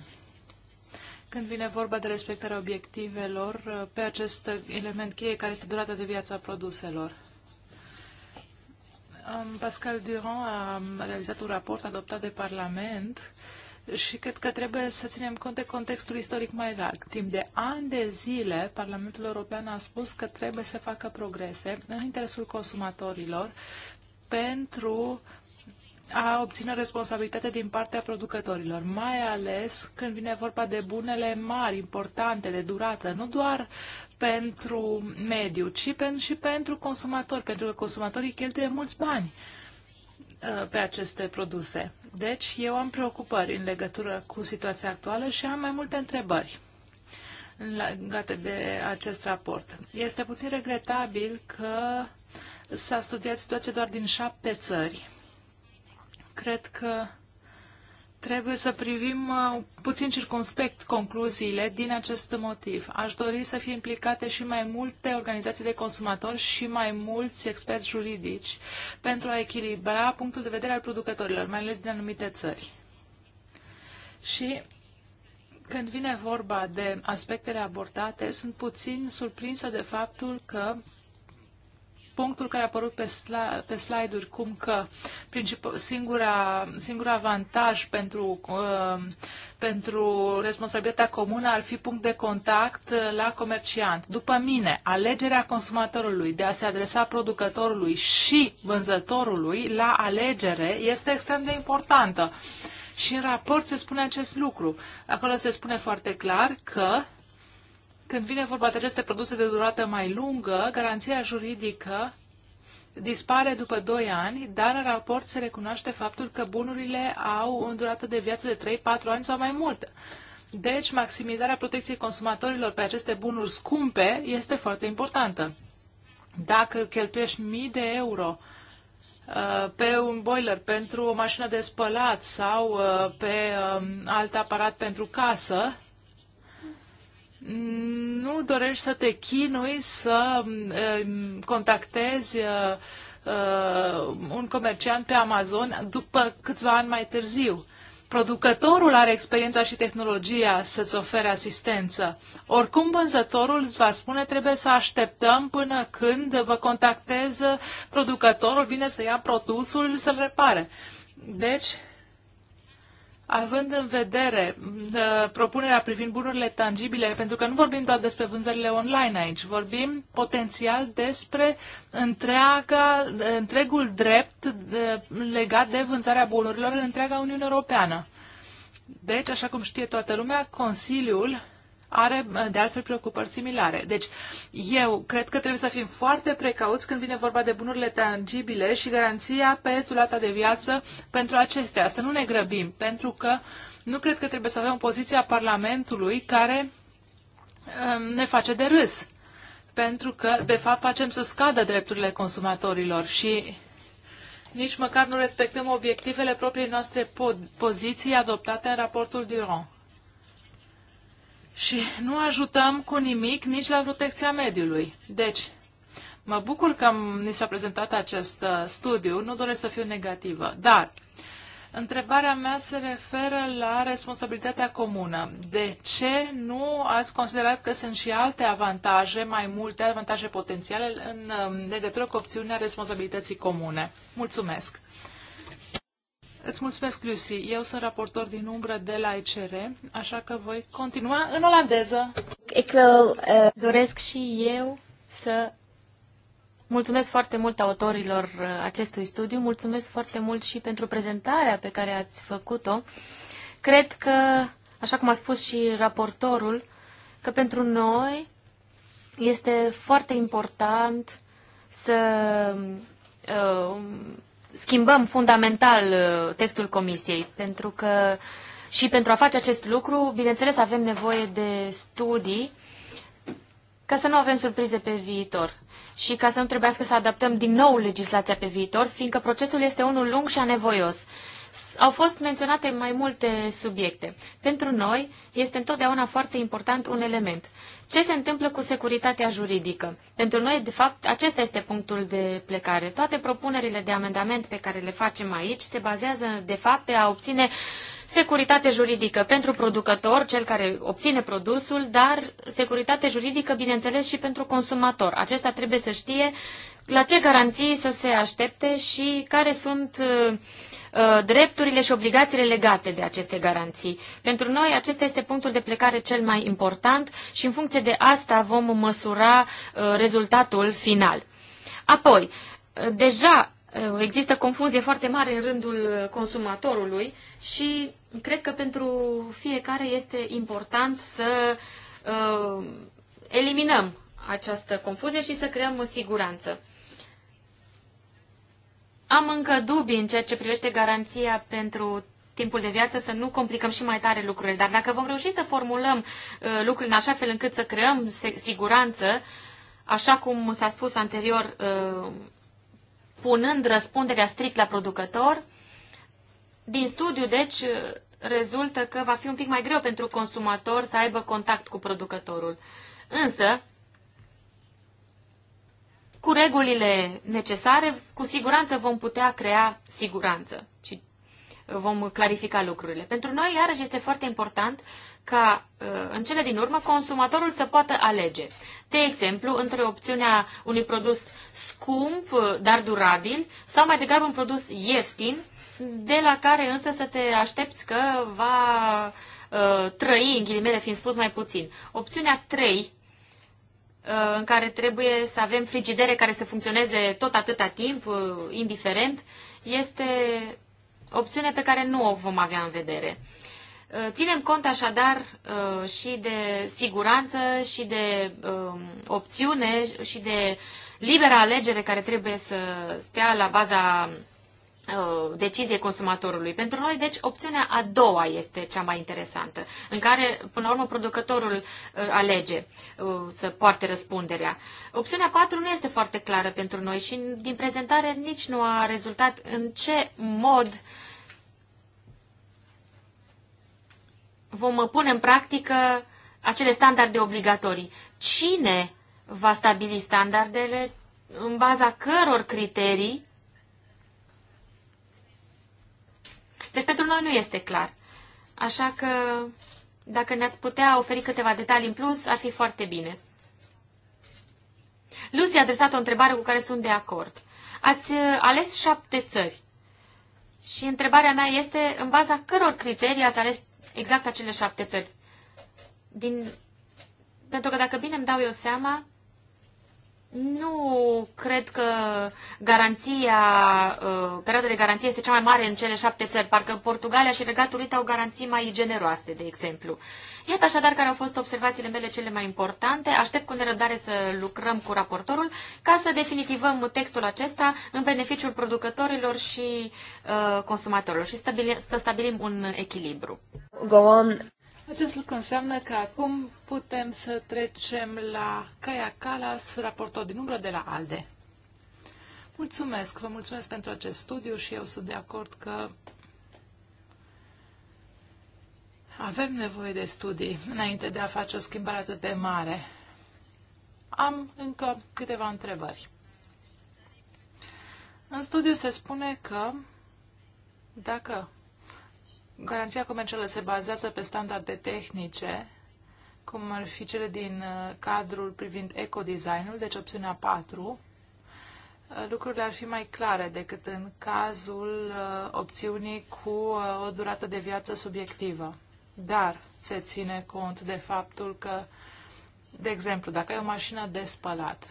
Speaker 2: când vine vorba de respectarea obiectivelor uh, pe acest element cheie care este durata de viață a produselor. Um, Pascal Durand a realizat un raport adoptat de Parlament uh, și cred că trebuie să ținem cont de contextul istoric mai larg. Timp de ani de zile, Parlamentul European a spus că trebuie să facă progrese în interesul consumatorilor pentru a obține responsabilitate din partea producătorilor, mai ales când vine vorba de bunele mari, importante, de durată, nu doar pentru mediu, ci pen, și pentru consumatori, pentru că consumatorii cheltuie mulți bani. Uh, Uh, pe aceste produse. Deci, eu am preocupări în legătură cu situația actuală și am mai multe întrebări legate de acest raport. Este puțin regretabil că s-a studiat situația doar din șapte țări. Cred că trebuie să privim uh, puțin circumspect concluziile din acest motiv. Aș dori să fie implicate și mai multe organizații de consumatori și mai mulți experți juridici pentru a echilibra punctul de vedere al producătorilor, mai ales din anumite țări. Și când vine vorba de aspectele abordate, sunt puțin surprinsă de faptul că punctul care a apărut pe, sla, pe slide-uri, cum că singura, singura avantaj pentru, uh, pentru responsabilitatea comună ar fi punct de contact uh, la comerciant. După mine, alegerea consumatorului de a se adresa producătorului și vânzătorului la alegere este extrem de importantă. Și în raport se spune acest lucru. Acolo se spune foarte clar că când vine vorba de aceste produse de durată mai lungă, garanția juridică dispare după 2 ani, dar în raport se recunoaște faptul că bunurile au o durată de viață de 3-4 ani sau mai mult. Deci, maximizarea protecției consumatorilor pe aceste bunuri scumpe este foarte importantă. Dacă cheltuiești mii de euro uh, pe un boiler pentru o mașină de spălat sau uh, pe uh, alt aparat pentru casă, nu dorești să te chinui să um, contactezi uh, uh, un comerciant pe Amazon după câțiva ani mai târziu. Producătorul are experiența și tehnologia să-ți ofere asistență. Oricum, vânzătorul îți va spune trebuie să așteptăm până când vă contactez uh, producătorul, vine să ia produsul, să-l repare. Deci, având în vedere uh, propunerea privind bunurile tangibile, pentru că nu vorbim doar despre vânzările online aici, vorbim potențial despre întreaga, întregul drept de, uh, legat de vânzarea bunurilor în întreaga Uniune Europeană. Deci, așa cum știe toată lumea, Consiliul are de altfel preocupări similare. Deci eu cred că trebuie să fim foarte precauți când vine vorba de bunurile tangibile și garanția pe durata de viață pentru acestea. Să nu ne grăbim, pentru că nu cred că trebuie să avem o poziție a Parlamentului care um, ne face de râs. Pentru că, de fapt, facem să scadă drepturile consumatorilor și nici măcar nu respectăm obiectivele proprii noastre poziții adoptate în raportul Durand. Și nu ajutăm cu nimic nici la protecția mediului. Deci, mă bucur că ni s-a prezentat acest uh, studiu, nu doresc să fiu negativă, dar Întrebarea mea se referă la responsabilitatea comună. De ce nu ați considerat că sunt și alte avantaje, mai multe avantaje potențiale în um, legătură cu opțiunea responsabilității comune? Mulțumesc! Îți mulțumesc, Lucy. Eu sunt raportor din umbră de la ECR, așa că voi continua în olandeză.
Speaker 1: Ik wil, uh, doresc și eu să mulțumesc foarte mult autorilor eh, acestui studiu, mulțumesc foarte mult și pentru prezentarea pe care ați făcut-o. Cred că, așa cum a spus și raportorul, că pentru noi este foarte important să uh, schimbăm fundamental uh, textul comisiei, pentru că și pentru a face acest lucru, bineînțeles, avem nevoie de studii ca să nu avem surprize pe viitor și ca să nu trebuiască să adaptăm din nou legislația pe viitor, fiindcă procesul este unul lung și anevoios. Au fost menționate mai multe subiecte. Pentru noi este întotdeauna foarte important un element. Ce se întâmplă cu securitatea juridică? Pentru noi, de fapt, acesta este punctul de plecare. Toate propunerile de amendament pe care le facem aici se bazează, de fapt, pe a obține securitate juridică pentru producător, cel care obține produsul, dar securitate juridică, bineînțeles, și pentru consumator. Acesta trebuie să știe la ce garanții să se aștepte și care sunt uh, uh, drepturile și obligațiile legate de aceste garanții. Pentru noi acesta este punctul de plecare cel mai important și în funcție de asta vom măsura uh, rezultatul final. Apoi, uh, deja uh, există confuzie foarte mare în rândul consumatorului și cred că pentru fiecare este important să eliminăm această confuzie și să creăm o siguranță. Am încă dubii în ceea ce privește garanția pentru timpul de viață, să nu complicăm și mai tare lucrurile. Dar dacă vom reuși să formulăm uh, lucrurile în așa fel încât să creăm siguranță, așa cum s-a spus anterior, uh, punând răspunderea strict la producător, din studiu, deci, uh, rezultă că va fi un pic mai greu pentru consumator să aibă contact cu producătorul. Însă, cu regulile necesare, cu siguranță vom putea crea siguranță și vom clarifica lucrurile. Pentru noi, iarăși, este foarte important ca uh, în cele din urmă consumatorul să poată alege. De exemplu, între opțiunea unui produs scump, uh, dar durabil, sau mai degrabă un produs ieftin, de la care însă să te aștepți că va uh, trăi, în ghilimele fiind spus, mai puțin. Opțiunea 3 Uh, în care trebuie să avem frigidere care să funcționeze tot atâta timp, uh, indiferent, este opțiune pe care nu o vom avea în vedere. Uh, ținem cont așadar și de siguranță și de um, opțiune și de libera alegere care trebuie să stea la baza Uh, decizie consumatorului. Pentru noi, deci, opțiunea a doua este cea mai interesantă, în care, până la urmă, producătorul uh, alege uh, să poarte răspunderea. Opțiunea 4 nu este foarte clară pentru noi și, din prezentare, nici nu a rezultat în ce mod vom pune în practică acele standarde obligatorii. Cine va stabili standardele în baza căror criterii Deci pentru noi nu este clar. Așa că dacă ne-ați putea oferi câteva detalii în plus, ar fi foarte bine. Lucy a adresat o întrebare cu care sunt de acord. Ați uh, ales șapte țări. Și întrebarea mea este, în baza căror criterii ați ales exact acele șapte țări? Din... Pentru că dacă bine îmi dau eu seama, nu cred că garanția, uh, perioada de garanție este cea mai mare în cele șapte țări. Parcă Portugalia și Regatul Unit au garanții mai generoase, de exemplu. Iată așadar care au fost observațiile mele cele mai importante. Aștept cu nerăbdare să lucrăm cu raportorul ca să definitivăm textul acesta în beneficiul producătorilor și uh, consumatorilor și stabili- să stabilim un echilibru. Go on. Acest lucru
Speaker 2: înseamnă că acum putem să trecem la Caia Calas, raportor din umbră de la ALDE. Mulțumesc, vă mulțumesc pentru acest studiu și eu sunt de acord că avem nevoie de studii înainte de a face o schimbare atât de mare. Am încă câteva întrebări. În studiu se spune că dacă Garanția comercială se bazează pe standarde tehnice, cum ar fi cele din uh, cadrul privind ecodesignul, deci opțiunea 4. Uh, lucrurile ar fi mai clare decât în cazul uh, opțiunii cu o durată de viață subiectivă. Dar se ține cont de faptul că, de exemplu, dacă ai o mașină de spălat,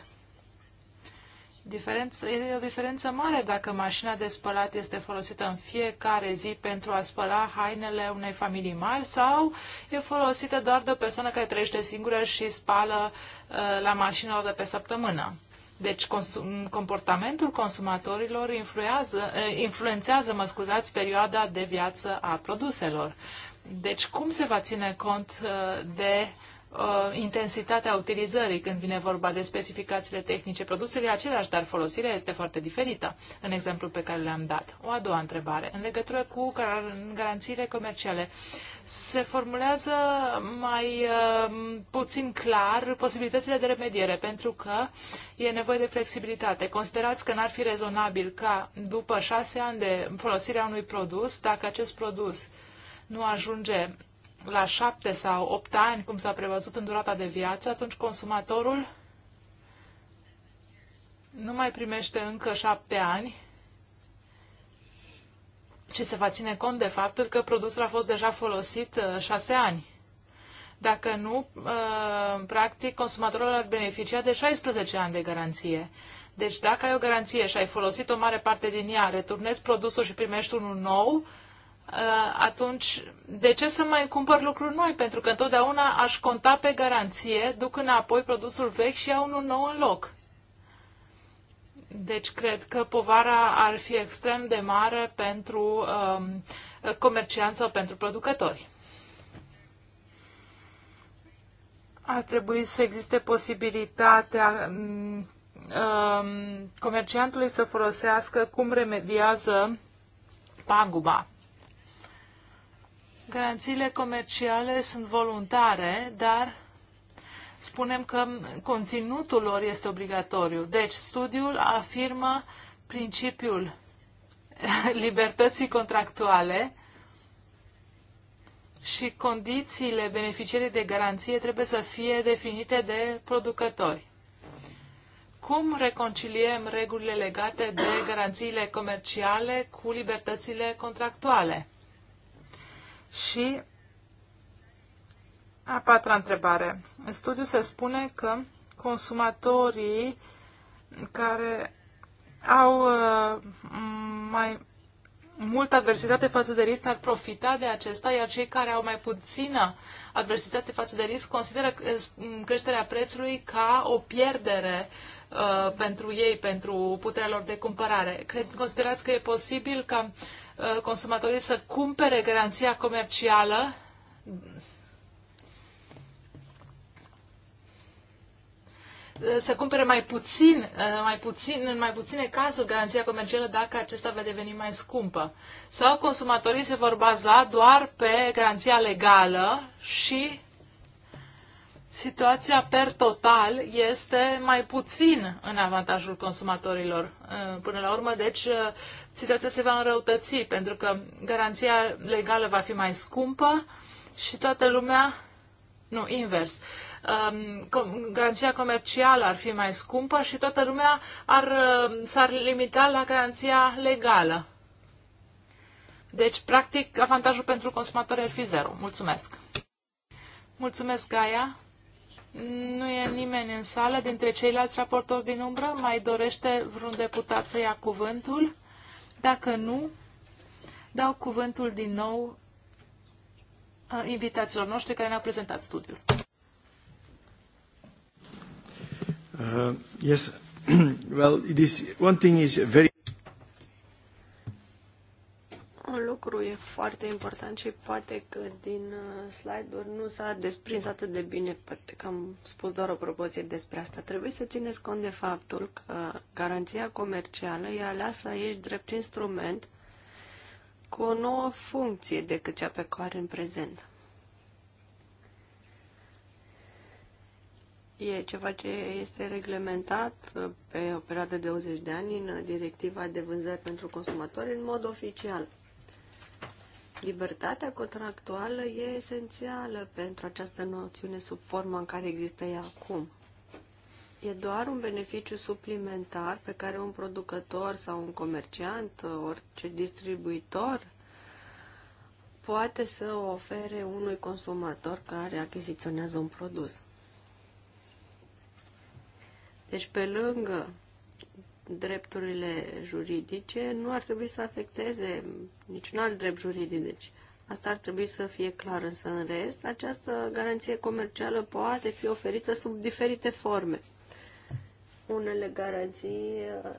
Speaker 2: Diferență, e o diferență mare dacă mașina de spălat este folosită în fiecare zi pentru a spăla hainele unei familii mari sau e folosită doar de o persoană care trăiește singură și spală uh, la mașină o de pe săptămână. Deci consum, comportamentul consumatorilor uh, influențează, mă scuzați, perioada de viață a produselor. Deci cum se va ține cont uh, de uh, intensitatea utilizării când vine vorba de specificațiile tehnice. produsului, aceleași, dar folosirea este foarte diferită în exemplul pe care le-am dat. O a doua întrebare, în legătură cu garanțiile comerciale. Se formulează mai uh, puțin clar posibilitățile de remediere, pentru că e nevoie de flexibilitate. Considerați că n-ar fi rezonabil ca după șase ani de folosirea unui produs, dacă acest produs nu ajunge la șapte sau opt ani, cum s-a prevăzut în durata de viață, atunci consumatorul nu mai primește încă șapte ani, ci se va ține cont de faptul că produsul a fost deja folosit uh, șase ani. Dacă nu, uh, practic, consumatorul ar beneficia de 16 ani de garanție. Deci dacă ai o garanție și ai folosit o mare parte din ea, returnezi produsul și primești unul nou, Uh, atunci de ce să mai cumpăr lucruri noi? Pentru că întotdeauna aș conta pe garanție, duc înapoi produsul vechi și iau unul nou în loc. Deci cred că povara ar fi extrem de mare pentru um, comercianți sau pentru producători. Ar trebui să existe posibilitatea mm, um, comerciantului să folosească cum remediază paguba Garanțiile comerciale sunt voluntare, dar spunem că conținutul lor este obligatoriu. Deci studiul afirmă principiul (laughs) libertății contractuale și condițiile beneficierii de garanție trebuie să fie definite de producători. Cum reconciliem regulile legate de garanțiile comerciale cu libertățile contractuale? Și a patra întrebare. În studiu se spune că consumatorii care au uh, mai multă adversitate față de risc ar profita de acesta, iar cei care au mai puțină adversitate față de risc consideră uh, creșterea prețului ca o pierdere uh, pentru ei, pentru puterea lor de cumpărare. Cred, considerați că e posibil ca Uh, consumatorii să cumpere garanția comercială uh, să cumpere mai puțin, uh, mai puțin, în mai puține cazuri garanția comercială dacă acesta va deveni mai scumpă. Sau consumatorii se vor baza doar pe garanția legală și situația per total este mai puțin în avantajul consumatorilor. Până la urmă, deci, situația se va înrăutăți pentru că garanția legală va fi mai scumpă și toată lumea, nu, invers, um, garanția comercială ar fi mai scumpă și toată lumea ar, uh, s-ar limita la garanția legală. Deci, practic, avantajul pentru consumatori ar fi zero. Mulțumesc! Mulțumesc, Gaia! Nu e nimeni în sală dintre ceilalți raportori din umbră? Mai dorește vreun deputat să ia cuvântul? Dacă nu, dau cuvântul din nou invitațiilor noștri care ne-au prezentat studiul.
Speaker 3: Uh, yes, (clears throat) well, it is, one thing is very... Un lucru e foarte important și poate că din uh, slide-uri nu s-a desprins atât de bine, poate că am spus doar o propoziție despre asta. Trebuie să țineți cont de faptul că garanția comercială e aleasă aici drept instrument cu o nouă funcție decât cea pe care în prezent. E ceva ce este reglementat uh, pe o perioadă de 20 de ani în directiva de vânzări pentru consumatori în mod oficial. Libertatea contractuală e esențială pentru această noțiune sub forma în care există ea acum. E doar un beneficiu suplimentar pe care un producător sau un comerciant, orice distribuitor, poate să o ofere unui consumator care achiziționează un produs. Deci, pe lângă drepturile juridice nu ar trebui să afecteze niciun alt drept juridic. Deci asta ar trebui să fie clar, însă în rest această garanție comercială poate fi oferită sub diferite forme. Unele garanții uh,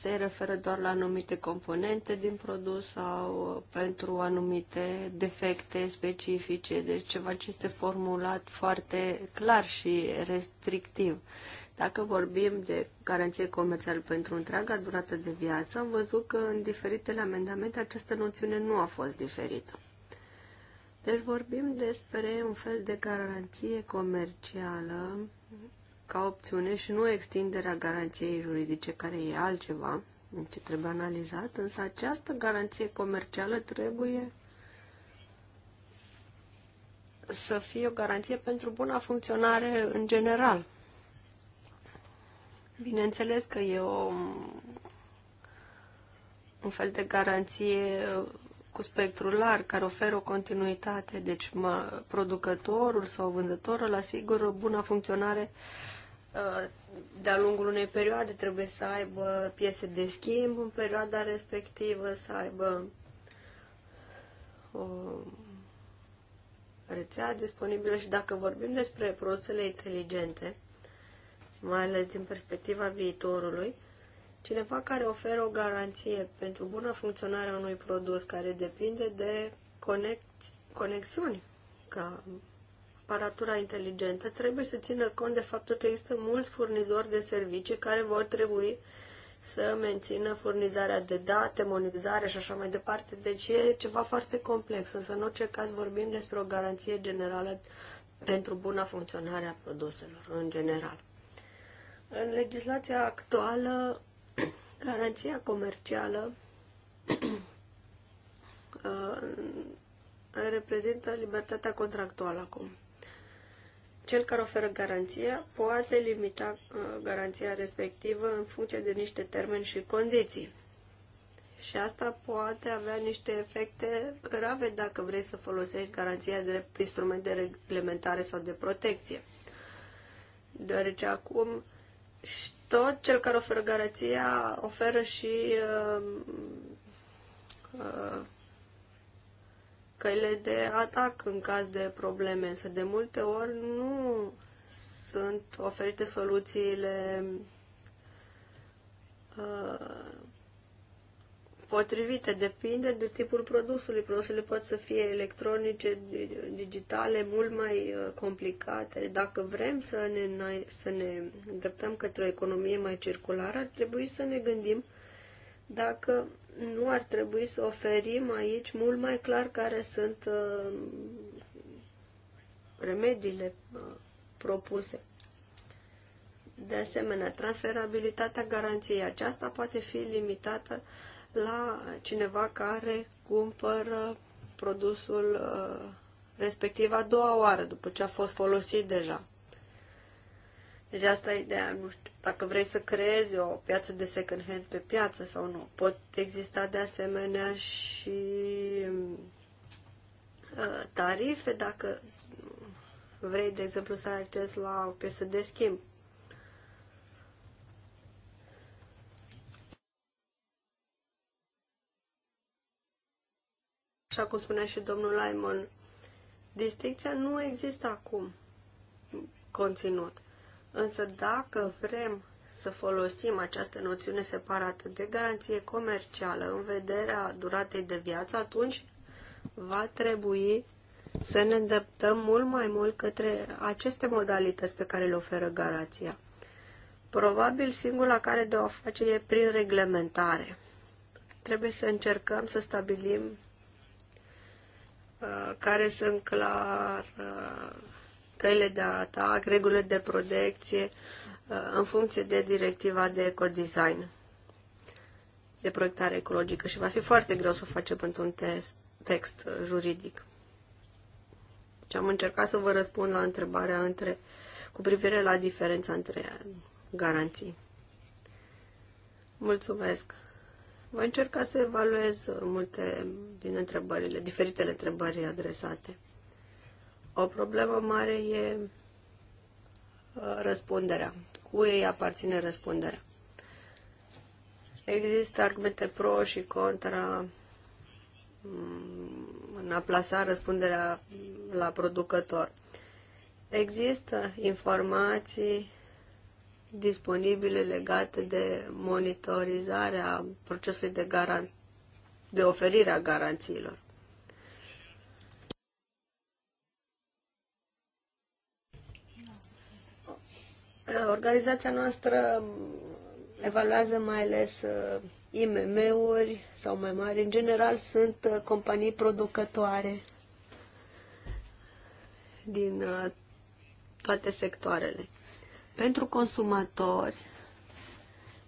Speaker 3: se referă doar la anumite componente din produs sau pentru anumite defecte specifice, deci ceva ce este formulat foarte clar și restrictiv. Dacă vorbim de garanție comercială pentru întreaga durată de viață, am văzut că în diferitele amendamente această noțiune nu a fost diferită. Deci vorbim despre un fel de garanție comercială ca opțiune și nu extinderea garanției juridice, care e altceva ce trebuie analizat, însă această garanție comercială trebuie să fie o garanție pentru buna funcționare în general Bineînțeles că e o, un fel de garanție cu spectrul larg, care oferă o continuitate. Deci mă, producătorul sau vânzătorul asigură o bună funcționare uh, de-a lungul unei perioade. Trebuie să aibă piese de schimb în perioada respectivă, să aibă o rețea disponibilă și dacă vorbim despre produsele inteligente, mai ales din perspectiva viitorului, cineva care oferă o garanție pentru bună funcționare a unui produs care depinde de conexiuni ca aparatura inteligentă, trebuie să țină cont de faptul că există mulți furnizori de servicii care vor trebui să mențină furnizarea de date, monitorizare și așa mai departe. Deci e ceva foarte complex, însă în orice caz vorbim despre o garanție generală pentru buna funcționare a produselor în general. În legislația actuală, (clears throat) garanția comercială (clears throat) uh, reprezintă libertatea contractuală acum. Cel care oferă garanția poate limita uh, garanția respectivă în funcție de niște termeni și condiții. Și asta poate avea niște efecte grave dacă vrei să folosești garanția drept instrument de reglementare sau de protecție. Deoarece acum uh, și tot cel care oferă garanția oferă și uh, uh, căile de atac în caz de probleme, însă de multe ori nu sunt oferite soluțiile uh, potrivite. Depinde de tipul produsului. Produsele pot să fie electronice, digitale, mult mai uh, complicate. Dacă vrem să ne, să ne îndreptăm către o economie mai circulară, ar trebui să ne gândim dacă nu ar trebui să oferim aici mult mai clar care sunt uh, remediile uh, propuse. De asemenea, transferabilitatea garanției aceasta poate fi limitată uh, la cineva care cumpără produsul uh, respectiv a doua oară, după ce a fost folosit deja. Deci asta e ideea, nu știu, dacă vrei să creezi o piață de second hand pe piață sau nu. Pot exista de asemenea și uh, tarife dacă vrei, de exemplu, să ai acces la o piesă de schimb. așa cum spunea și domnul Laimon, distincția nu există acum conținut. Însă dacă vrem să folosim această noțiune separată de garanție comercială în vederea duratei de viață, atunci va trebui să ne îndreptăm mult mai mult către aceste modalități pe care le oferă garanția. Probabil singura care de o face e prin reglementare. Trebuie să încercăm să stabilim Uh, care sunt clar uh, căile de atac, regulile de protecție uh, în funcție de directiva de ecodesign, de proiectare ecologică și va fi foarte greu să o facem într-un text juridic. Deci am încercat să vă răspund la întrebarea între, cu privire la diferența între garanții. Mulțumesc! Voi încerca să evaluez multe din întrebările, diferitele întrebări adresate. O problemă mare e uh, răspunderea. Cui îi aparține răspunderea? Există argumente pro și contra mm, în a plasa răspunderea la producător. Există informații disponibile legate de monitorizarea procesului de, garan- de oferire a garanțiilor. Organizația noastră evaluează mai ales uh, IMM-uri sau mai mari. În general sunt uh, companii producătoare din uh, toate sectoarele. Pentru consumatori,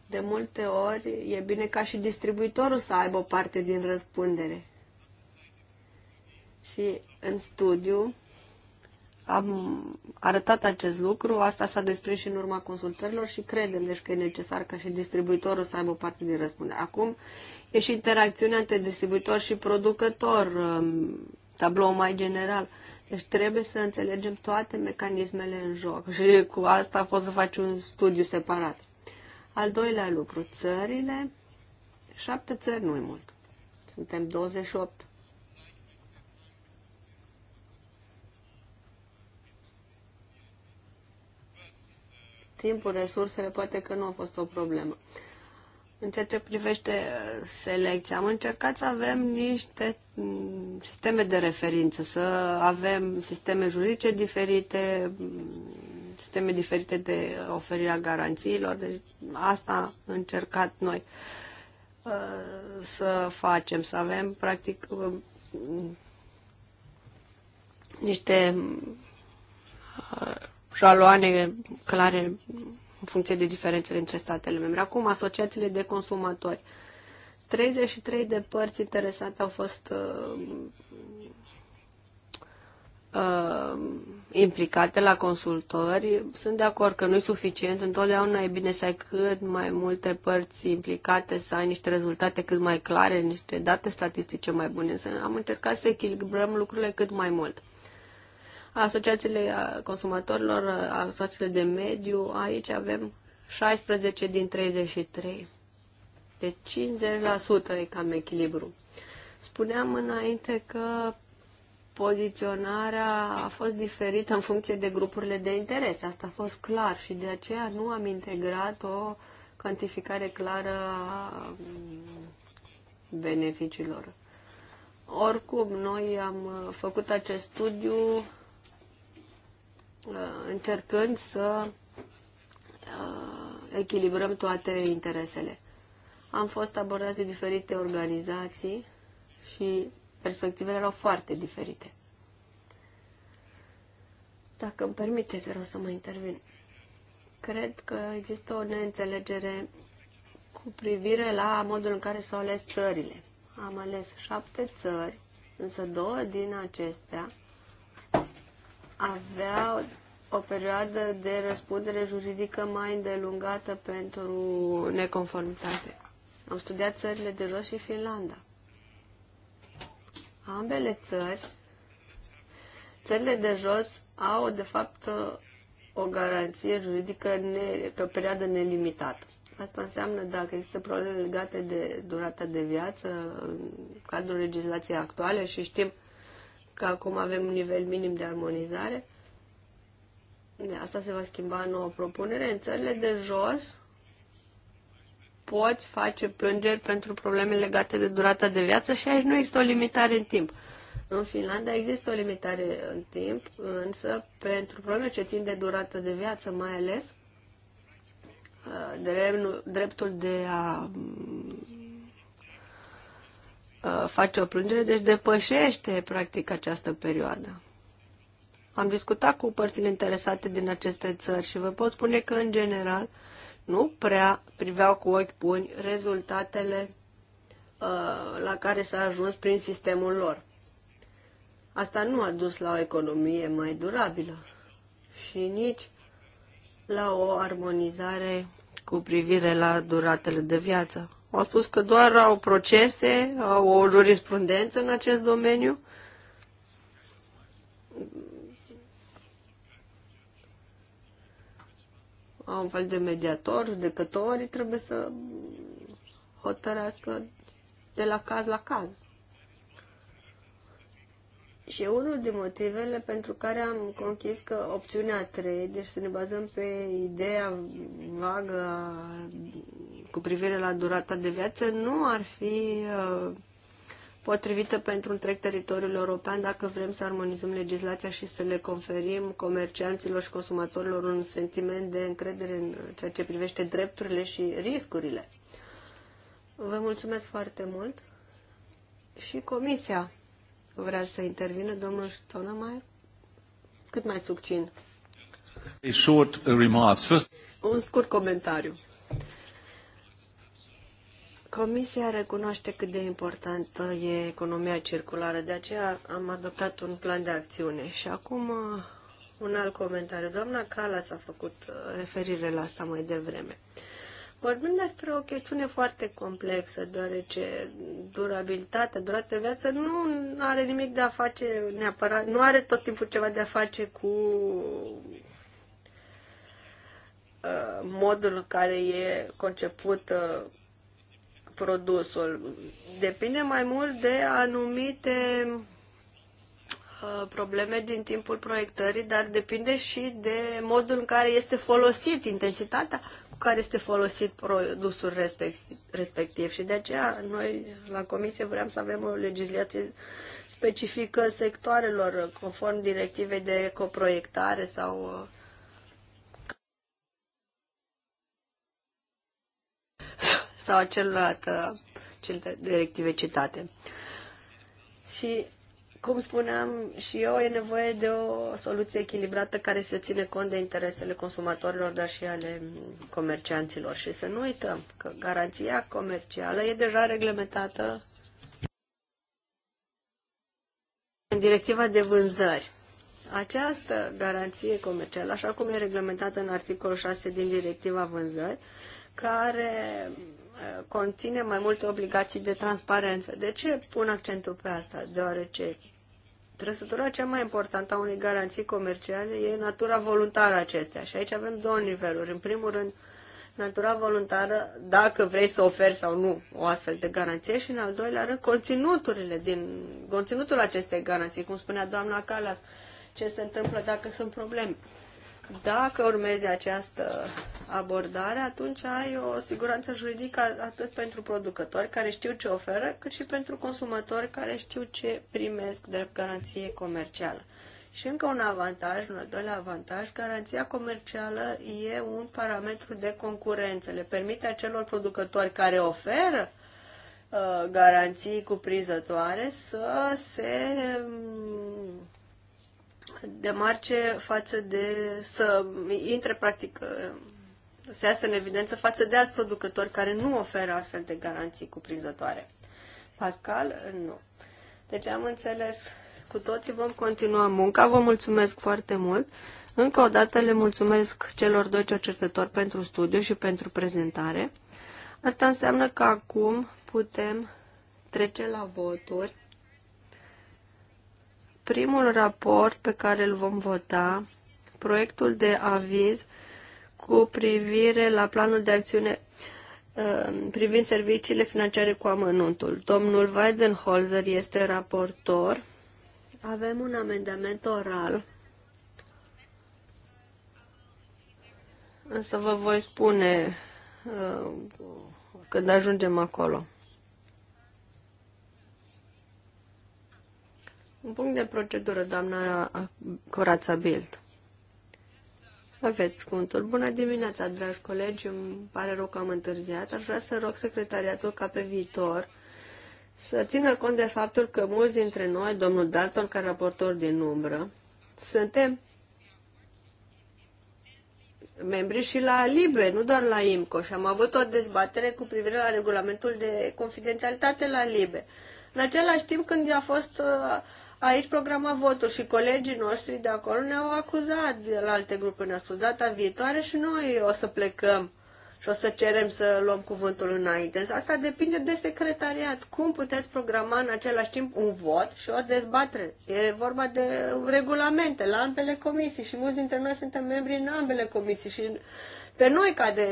Speaker 3: de multe ori e bine ca și distribuitorul să aibă o parte din răspundere. Și în studiu am arătat acest lucru, asta s-a desprins și în urma consultărilor și credem deci că e necesar ca și distribuitorul să aibă o parte din răspundere. Acum e și interacțiunea între distribuitor și producător, um, tablou mai general. Deci trebuie să înțelegem toate mecanismele în joc și cu asta poți să faci un studiu separat. Al doilea lucru, țările, șapte țări nu e mult. Suntem 28. Timpul, resursele, poate că nu a fost o problemă. În ceea ce privește uh, selecția, am încercat să avem niște mm, sisteme de referință, să avem sisteme juridice diferite, mm, sisteme diferite de oferirea garanțiilor, deci asta am încercat noi uh, să facem, să avem practic uh, niște jaloane clare în funcție de diferențele între statele membre. Acum, asociațiile de consumatori. 33 de părți interesate au fost uh, uh, implicate la consultări. Sunt de acord că nu e suficient. Întotdeauna e bine să ai cât mai multe părți implicate, să ai niște rezultate cât mai clare, niște date statistice mai bune. am încercat să echilibrăm lucrurile cât mai mult asociațiile consumatorilor, asociațiile de mediu, aici avem 16 din 33. De 50% e cam echilibru. Spuneam înainte că poziționarea a fost diferită în funcție de grupurile de interes. Asta a fost clar și de aceea nu am integrat o cantificare clară a mm, beneficiilor. Oricum, noi am făcut acest studiu Uh, încercând să uh, echilibrăm toate interesele. Am fost abordați de diferite organizații și perspectivele erau foarte diferite. Dacă îmi permiteți, vreau să mă intervin. Cred că există o neînțelegere cu privire la modul în care s-au ales țările. Am ales șapte țări, însă două din acestea avea o perioadă de răspundere juridică mai îndelungată pentru neconformitate. Am studiat țările de jos și Finlanda. Ambele țări, țările de jos au, de fapt, o garanție juridică ne, pe o perioadă nelimitată. Asta înseamnă dacă există probleme legate de durata de viață în cadrul legislației actuale și știm că acum avem un nivel minim de armonizare. Asta se va schimba în noua propunere. În țările de jos poți face plângeri pentru probleme legate de durata de viață și aici nu există o limitare în timp. În Finlanda există o limitare în timp, însă pentru probleme ce țin de durată de viață, mai ales uh, dreptul de a mm, Uh, face o plângere, deci depășește practic această perioadă. Am discutat cu părțile interesate din aceste țări și vă pot spune că, în general, nu prea priveau cu ochi buni rezultatele uh, la care s-a ajuns prin sistemul lor. Asta nu a dus la o economie mai durabilă și nici la o armonizare cu privire la duratele de viață. Au spus că doar au procese, au o jurisprudență în acest domeniu. Au un fel de mediator, judecătorii trebuie să hotărească de la caz la caz. Și unul din motivele pentru care am conchis că opțiunea 3, deci să ne bazăm pe ideea vagă a cu privire la durata de viață nu ar fi uh, potrivită pentru întreg teritoriul european dacă vrem să armonizăm legislația și să le conferim comercianților și consumatorilor un sentiment de încredere în ceea ce privește drepturile și riscurile. Vă mulțumesc foarte mult și Comisia vrea să intervină, domnul Stonemaier, cât mai succint.
Speaker 2: A short remarks. First...
Speaker 3: Un scurt comentariu. Comisia recunoaște cât de importantă e economia circulară, de aceea am adoptat un plan de acțiune. Și acum uh, un alt comentariu. Doamna Kallas a făcut uh, referire la asta mai devreme. Vorbim despre o chestiune foarte complexă, deoarece durabilitatea, durata viață nu are nimic de a face neapărat, nu are tot timpul ceva de a face cu uh, modul în care e concepută produsul. Depinde mai mult de anumite uh, probleme din timpul proiectării, dar depinde și de modul în care este folosit, intensitatea cu care este folosit produsul respectiv. Și de aceea noi la comisie vrem să avem o legislație specifică sectoarelor conform directivei de coproiectare sau uh, sau a celorlalte uh, cel directive citate. Și, cum spuneam și eu, e nevoie de o soluție echilibrată care să ține cont de interesele consumatorilor, dar și ale comercianților. Și să nu uităm că garanția comercială e deja reglementată în directiva de vânzări. Această garanție comercială, așa cum e reglementată în articolul 6 din directiva vânzări, care conține mai multe obligații de transparență. De ce pun accentul pe asta? Deoarece trăsătura cea mai importantă a unei garanții comerciale e natura voluntară acestea. Și aici avem două niveluri. În primul rând, natura voluntară, dacă vrei să oferi sau nu o astfel de garanție și în al doilea rând, conținuturile din, conținutul acestei garanții, cum spunea doamna Calas, ce se întâmplă dacă sunt probleme dacă urmezi această abordare, atunci ai o siguranță juridică atât pentru producători care știu ce oferă, cât și pentru consumatori care știu ce primesc drept garanție comercială. Și încă un avantaj, un al doilea avantaj, garanția comercială e un parametru de concurență. Le permite acelor producători care oferă uh, garanții cuprinzătoare să se mm, de marce față de, să intre practic, uh, să iasă în evidență față de alți producători care nu oferă astfel de garanții cuprinzătoare. Pascal, uh, nu. Deci am înțeles cu toții vom continua munca. Vă mulțumesc foarte mult. Încă o dată le mulțumesc celor doi cercetători pentru studiu și pentru prezentare. Asta înseamnă că acum putem trece la voturi primul raport pe care îl vom vota, proiectul de aviz cu privire la planul de acțiune uh, privind serviciile financiare cu amănuntul. Domnul Weidenholzer este raportor. Avem un amendament oral. Însă vă voi spune uh, când ajungem acolo. Un punct de procedură, doamna Corața Bild. Aveți cuvântul. Bună dimineața, dragi colegi. Îmi pare rău că am întârziat. Aș vrea să rog secretariatul ca pe viitor să țină cont de faptul că mulți dintre noi, domnul Dalton ca raportor din umbră, suntem membri și la LIBE, nu doar la IMCO. Și am avut o dezbatere cu privire la regulamentul de confidențialitate la LIBE. În același timp, când a fost uh, aici programa votul și colegii noștri de acolo ne-au acuzat de la alte grupuri, ne-au spus data viitoare și noi o să plecăm și o să cerem să luăm cuvântul înainte. Deci asta depinde de secretariat. Cum puteți programa în același timp un vot și o dezbatere? E vorba de regulamente la ambele comisii și mulți dintre noi suntem membri în ambele comisii și pe noi cade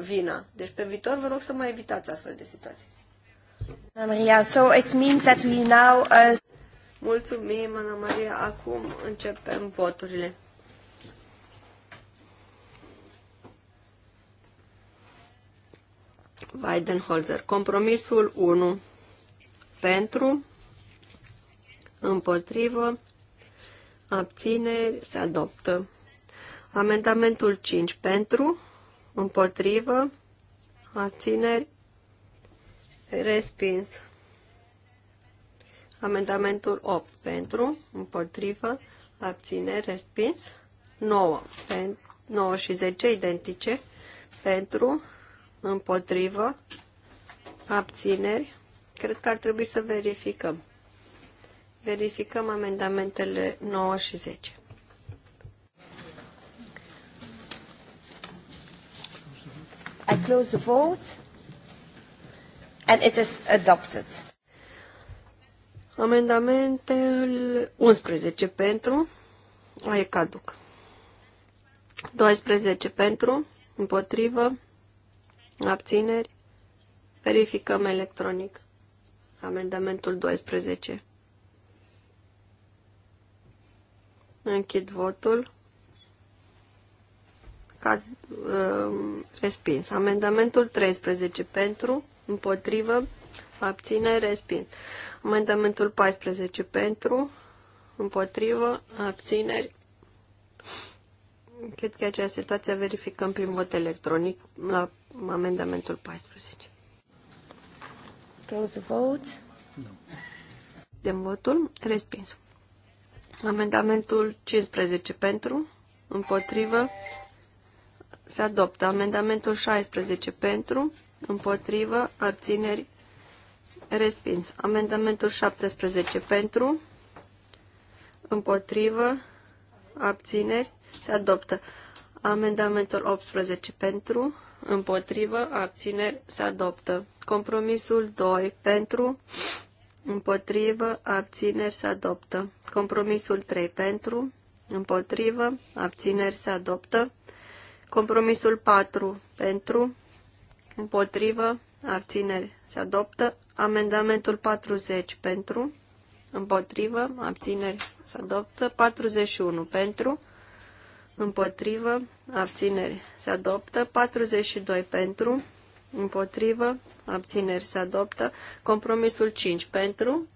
Speaker 3: vina. Deci pe viitor vă rog să mai evitați astfel de situații. Maria, so it means that we now... Uh... Mulțumim, Ana Maria. Acum începem voturile. Weidenholzer. Compromisul 1. Pentru, împotrivă, abțineri, se adoptă. Amendamentul 5. Pentru, împotrivă, abțineri, respins. Amendamentul 8 pentru, împotrivă, abțineri, respins. 9, 9 și 10 identice pentru, împotrivă, abțineri. Cred că ar trebui să verificăm. Verificăm amendamentele 9 și 10. I close the vote and it is adopted. Amendamentul 11 pentru, a, e caduc. 12 pentru, împotrivă, abțineri, verificăm electronic. Amendamentul 12. Închid votul. Cad, uh, respins. Amendamentul 13 pentru, împotrivă, abține, respins. Amendamentul 14 pentru, împotrivă, abțineri. Cred că acea situație verificăm prin vot electronic la amendamentul 14. Close vote. No. Dem votul, respins. Amendamentul 15 pentru, împotrivă, se adoptă. Amendamentul 16 pentru, împotrivă, abțineri, Respins. Amendamentul 17 pentru, împotrivă, abțineri, se adoptă. Amendamentul 18 pentru, împotrivă, abțineri, se adoptă. Compromisul 2 pentru, împotrivă, abțineri, se adoptă. Compromisul 3 pentru, împotrivă, abțineri, se adoptă. Compromisul 4 pentru, împotrivă, abțineri, se adoptă. Amendamentul 40 pentru, împotrivă, abțineri se adoptă. 41 pentru, împotrivă, abțineri se adoptă. 42 pentru, împotrivă, abțineri se adoptă. Compromisul 5 pentru,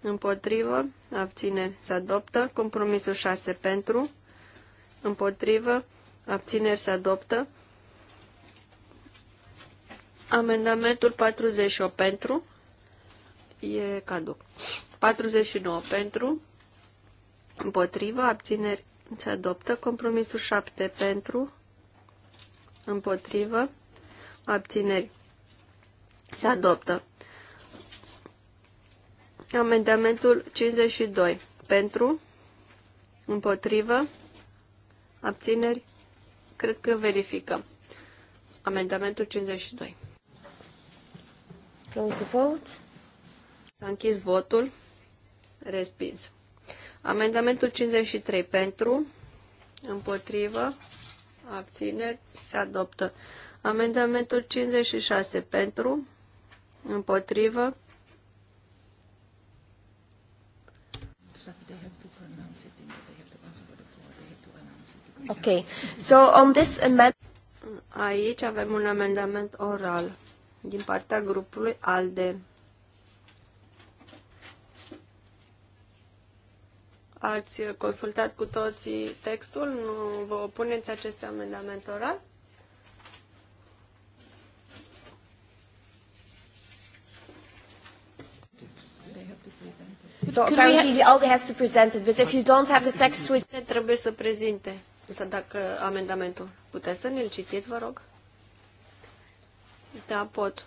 Speaker 3: împotrivă, abțineri se adoptă. Compromisul 6 pentru, împotrivă, abțineri se adoptă. Amendamentul 48 pentru. E caduc. 49 pentru. Împotrivă. Abțineri. Se adoptă. Compromisul 7 pentru. Împotrivă. Abțineri. Se adoptă. Amendamentul 52. Pentru. Împotrivă. Abțineri. Cred că verificăm. Amendamentul 52. Close the vote. S-a închis votul. Respins. Amendamentul 53 pentru, împotrivă, abțineri, se adoptă. Amendamentul 56 pentru, împotrivă, Ok, so on this amendment... Aici avem un amendament oral din partea grupului ALDE. Ați consultat cu toții textul? Nu vă opuneți acest amendament oral? So apparently the ALDE has to present it, but if you don't have the text with... Trebuie să prezinte. Însă dacă amendamentul puteți să ne-l citiți, vă rog da pot.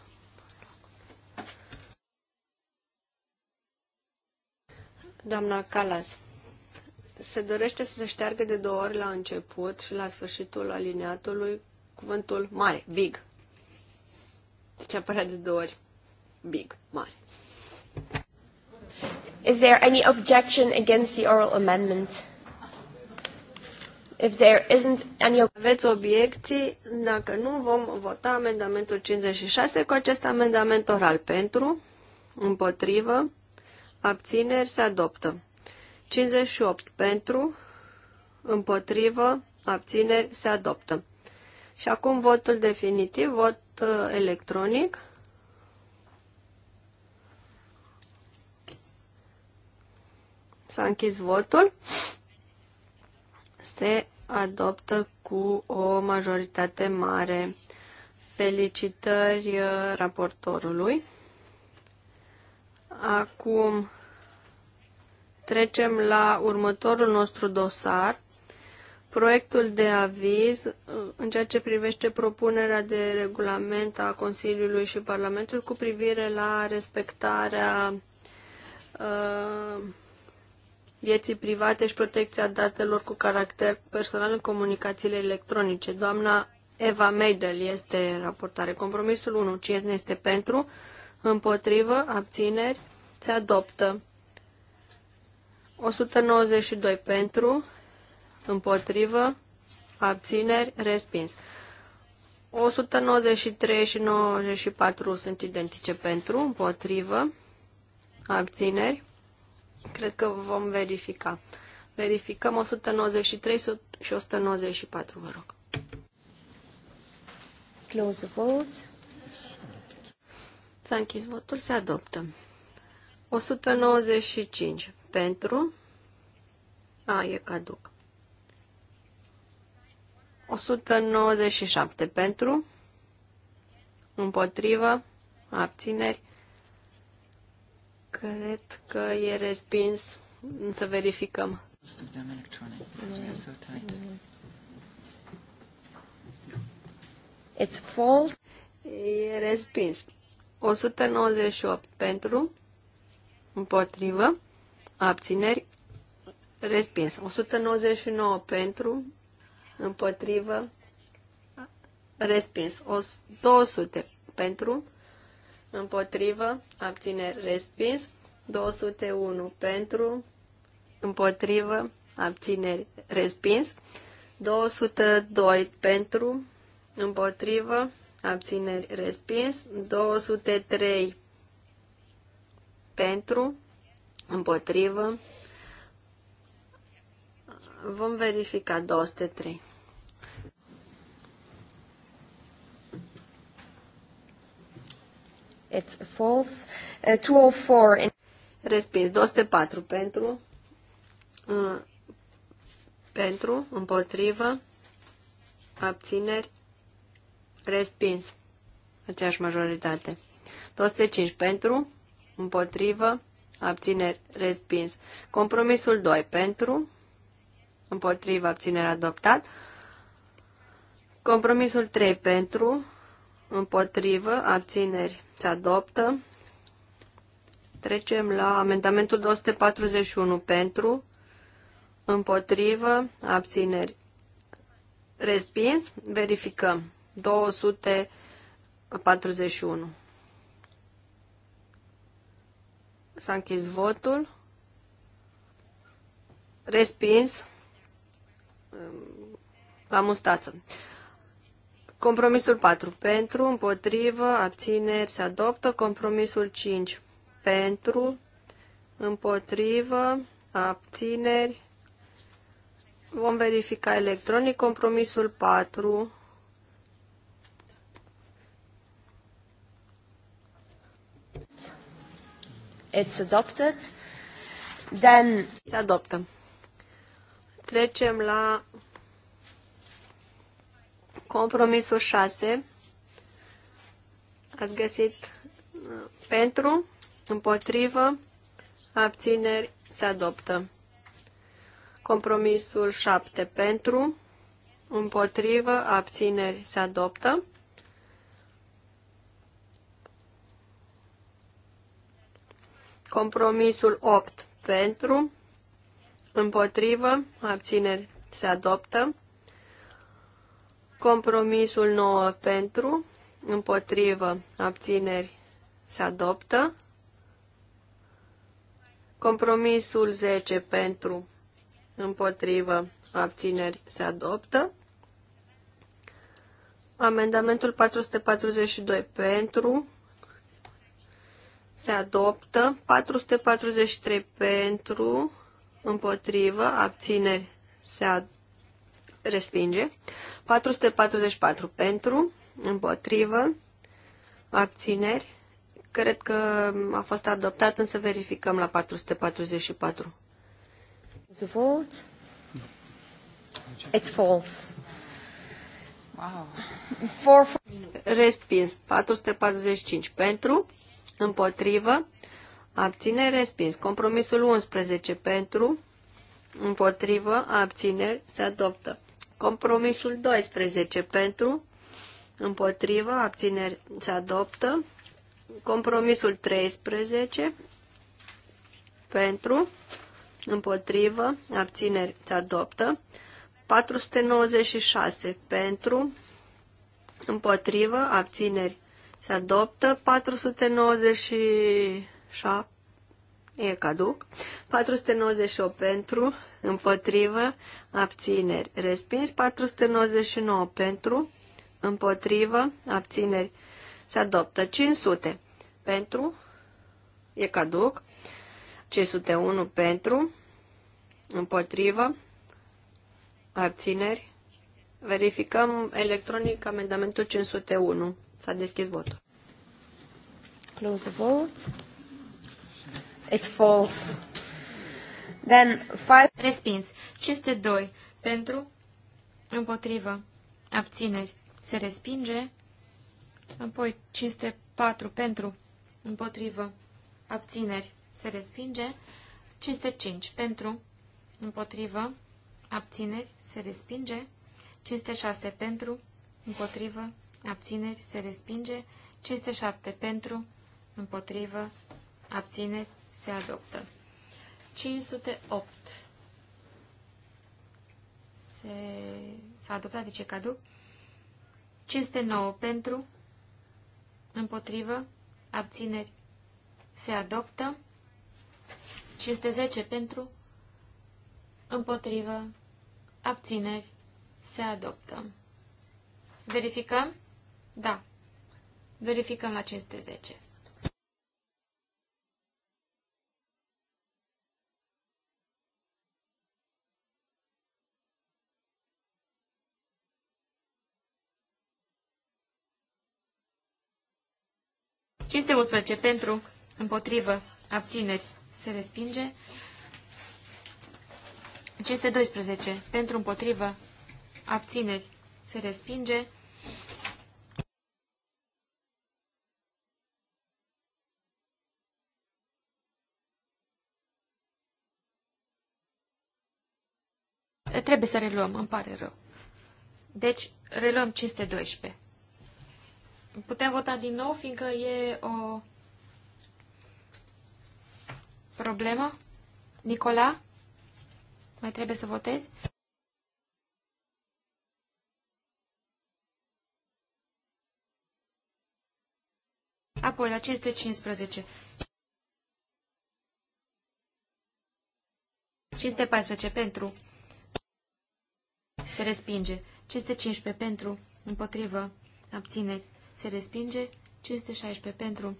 Speaker 3: Doamna Calas, se dorește să se șteargă de două ori la început și la sfârșitul alineatului cuvântul mare, big. Deci apărea de două ori big, mare. Is there any objection against the oral amendment? If there isn't any... Aveți obiecții? Dacă nu, vom vota amendamentul 56 cu acest amendament oral pentru, împotrivă, abțineri, se adoptă. 58 pentru, împotrivă, abțineri, se adoptă. Și acum votul definitiv, vot uh, electronic. S-a închis votul se adoptă cu o majoritate mare. Felicitări uh, raportorului. Acum trecem la următorul nostru dosar, proiectul de aviz uh, în ceea ce privește propunerea de regulament a Consiliului și Parlamentului cu privire la respectarea uh, vieții private și protecția datelor cu caracter personal în comunicațiile electronice. Doamna Eva Meidel este raportare. Compromisul 1. Cine este pentru? Împotrivă? Abțineri? Se adoptă. 192 pentru, împotrivă, abțineri, respins. 193 și 94 sunt identice pentru, împotrivă, abțineri, Cred că vom verifica. Verificăm 193 și 194, vă rog. Close the vote. S-a închis votul, se adoptă. 195 pentru. A, e caduc. 197 pentru. Împotrivă. Abțineri. Cred că e respins, să verificăm. It's false. E respins. 198 pentru, împotrivă, abțineri, respins. 199 pentru, împotrivă, respins. 200 pentru, împotrivă, abțineri, respins. 201 pentru, împotrivă, abțineri, respins. 202 pentru, împotrivă, abțineri, respins. 203 pentru, împotrivă. Vom verifica 203. It's false. Uh, 204. Respins. 204 pentru. Uh, pentru. Împotrivă. Abțineri. Respins. Aceeași majoritate. 205 pentru. Împotrivă. Abțineri. Respins. Compromisul 2 pentru. Împotrivă. Abțineri adoptat. Compromisul 3 pentru. Împotrivă. Abțineri se adoptă. Trecem la amendamentul 241 pentru, împotrivă, abțineri. Respins, verificăm. 241. S-a închis votul. Respins. La mustață. Compromisul 4 pentru, împotrivă, abțineri se adoptă. Compromisul 5 pentru, împotrivă, abțineri. Vom verifica electronic compromisul 4. It's adopted. Then... Se adoptă. Trecem la Compromisul 6. Ați găsit uh, pentru, împotrivă, abțineri, se adoptă. Compromisul 7 pentru, împotrivă, abțineri, se adoptă. Compromisul 8 pentru, împotrivă, abțineri, se adoptă. Compromisul 9 pentru, împotrivă, abțineri, se adoptă. Compromisul 10 pentru, împotrivă, abțineri, se adoptă. Amendamentul 442 pentru, se adoptă. 443 pentru, împotrivă, abțineri, se adoptă respinge. 444 pentru, împotrivă, abțineri. Cred că a fost adoptat, însă verificăm la 444. The vote? It's false. Wow. For, for... Respins. 445 pentru, împotrivă, abțineri, respins. Compromisul 11 pentru, împotrivă, abțineri, se adoptă. Compromisul 12 pentru, împotrivă, abțineri se adoptă. Compromisul 13 pentru, împotrivă, abțineri se adoptă. 496 pentru, împotrivă, abțineri se adoptă. 497 e caduc. 498 pentru, împotrivă, abțineri, respins. 499 pentru, împotrivă, abțineri, se adoptă. 500 pentru, e caduc. 501 pentru, împotrivă, abțineri. Verificăm electronic amendamentul 501. S-a deschis votul. Close vote. It's false. Then five... Respins.
Speaker 1: 502. Pentru. Împotrivă. Abțineri. Se respinge. Apoi 504. Pentru. Împotrivă. Abțineri. Se respinge. 505. Pentru. Împotrivă. Abțineri. Se respinge. 506. Pentru. Împotrivă. Abțineri. Se respinge. 507. Pentru. Împotrivă. Abțineri se adoptă. 508 se, s-a adoptat de ce cadou? 509 pentru, împotrivă, abțineri, se adoptă. 510 pentru, împotrivă, abțineri, se adoptă. Verificăm? Da. Verificăm la 510. 511 pentru, împotrivă, abțineri, se respinge. 512 pentru, împotrivă, abțineri, se respinge. 3. Trebuie să reluăm, îmi pare rău. Deci, reluăm 512. Putem vota din nou, fiindcă e o problemă. Nicola, mai trebuie să votezi? Apoi, la 515. 514 pentru. Se respinge. 515 pentru. Împotrivă. Abțineri se respinge, 516 pentru,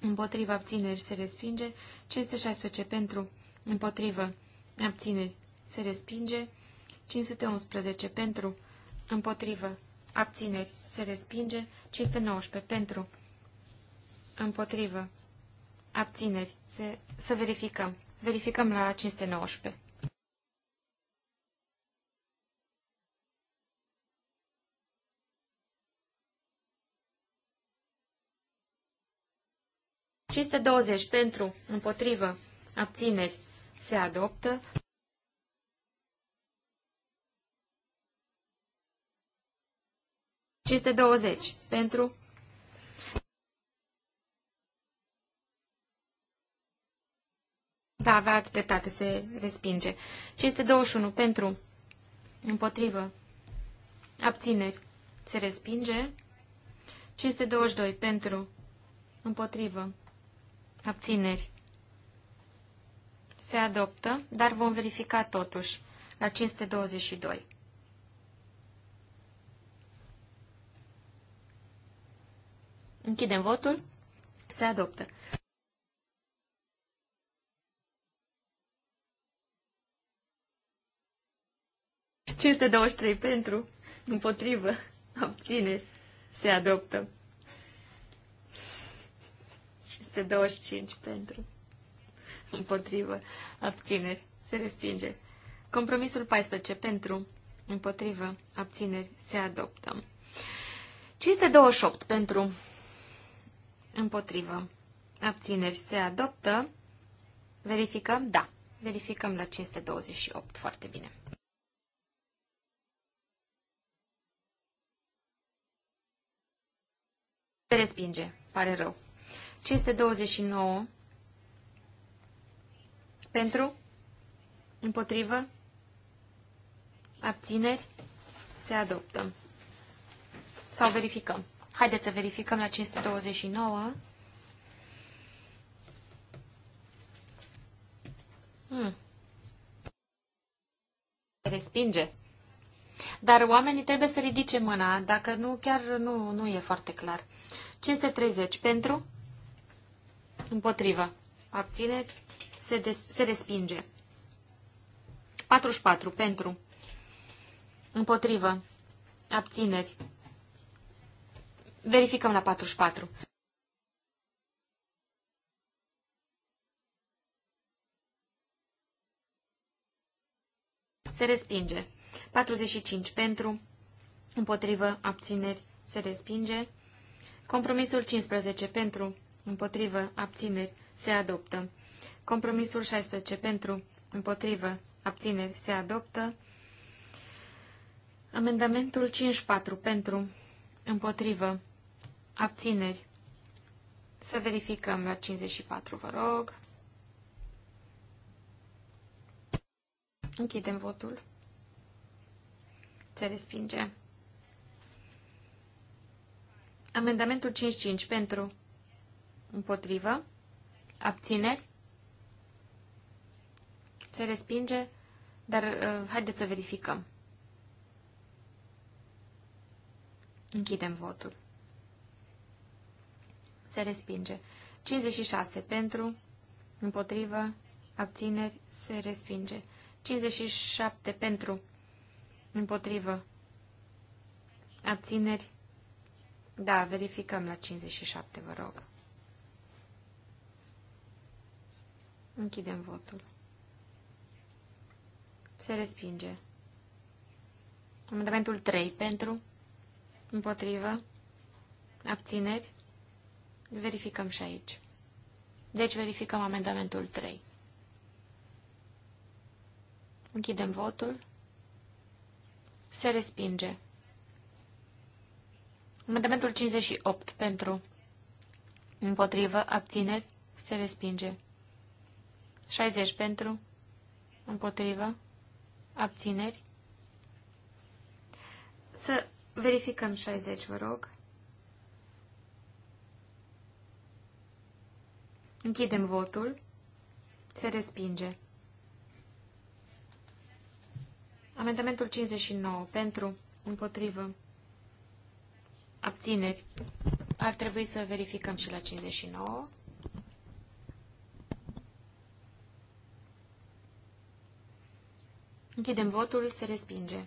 Speaker 1: împotriva abțineri se respinge, 516 pentru, împotriva abțineri se respinge, 511 pentru, împotriva abțineri se respinge, 519 pentru, împotriva abțineri se, să verificăm. Verificăm la 519. 520 pentru, împotrivă, abțineri, se adoptă. Ciste 20 pentru Da, aveați dreptate, se respinge. 21 pentru împotrivă abțineri se respinge. 522 pentru împotrivă abțineri. Se adoptă, dar vom verifica totuși la 522. Închidem votul. Se adoptă.
Speaker 3: 23 pentru, împotrivă, abțineri,
Speaker 1: se adoptă. Este pentru. Împotrivă. Abțineri. Se respinge. Compromisul 14 pentru. Împotrivă. Abțineri. Se adoptă. 528 pentru. Împotrivă. Abțineri. Se adoptă. Verificăm? Da. Verificăm la 528. Foarte bine. Se respinge. Pare rău. 529 pentru, împotrivă, abțineri, se adoptă. Sau verificăm. Haideți să verificăm la 529. Hmm. Respinge. Dar oamenii trebuie să ridice mâna, dacă nu, chiar nu, nu e foarte clar. 530 pentru, Împotrivă. Abțineri. Se, des, se respinge. 44. Pentru. Împotrivă. Abțineri. Verificăm la 44. Se respinge. 45 pentru, împotrivă, abțineri, se respinge. Compromisul 15 pentru, împotrivă, abțineri, se adoptă. Compromisul 16 pentru, împotrivă, abțineri, se adoptă. Amendamentul 54 pentru, împotrivă, abțineri. Să verificăm la 54, vă rog. Închidem votul. Se respinge. Amendamentul 55 pentru, Împotrivă. Abțineri. Se respinge, dar uh, haideți să verificăm. Închidem votul. Se respinge. 56 pentru, împotrivă, abțineri, se respinge. 57 pentru, împotrivă, abțineri. Da, verificăm la 57, vă rog. Închidem votul. Se respinge. Amendamentul 3 pentru, împotrivă, abțineri. Verificăm și aici. Deci verificăm amendamentul 3. Închidem votul. Se respinge. Amendamentul 58 pentru, împotrivă, abțineri. Se respinge. 60 pentru, împotrivă, abțineri. Să verificăm 60, vă rog. Închidem votul. Se respinge. Amendamentul 59. Pentru. Împotrivă. Abțineri. Ar trebui să verificăm și la 59. Închidem votul, se respinge.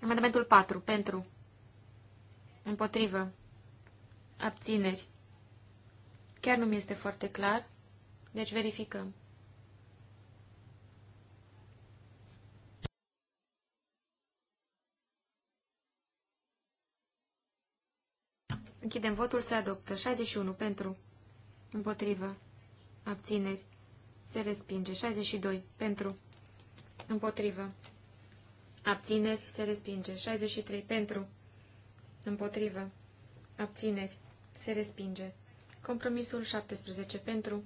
Speaker 1: Amendamentul 4. Pentru. Împotrivă. Abțineri. Chiar nu mi este foarte clar, deci verificăm. Închidem votul, se adoptă. 61 pentru. Împotrivă. Abțineri. Se respinge. 62 pentru. Împotrivă. Abțineri se respinge. 63 pentru. Împotrivă. Abțineri se respinge. Compromisul 17 pentru.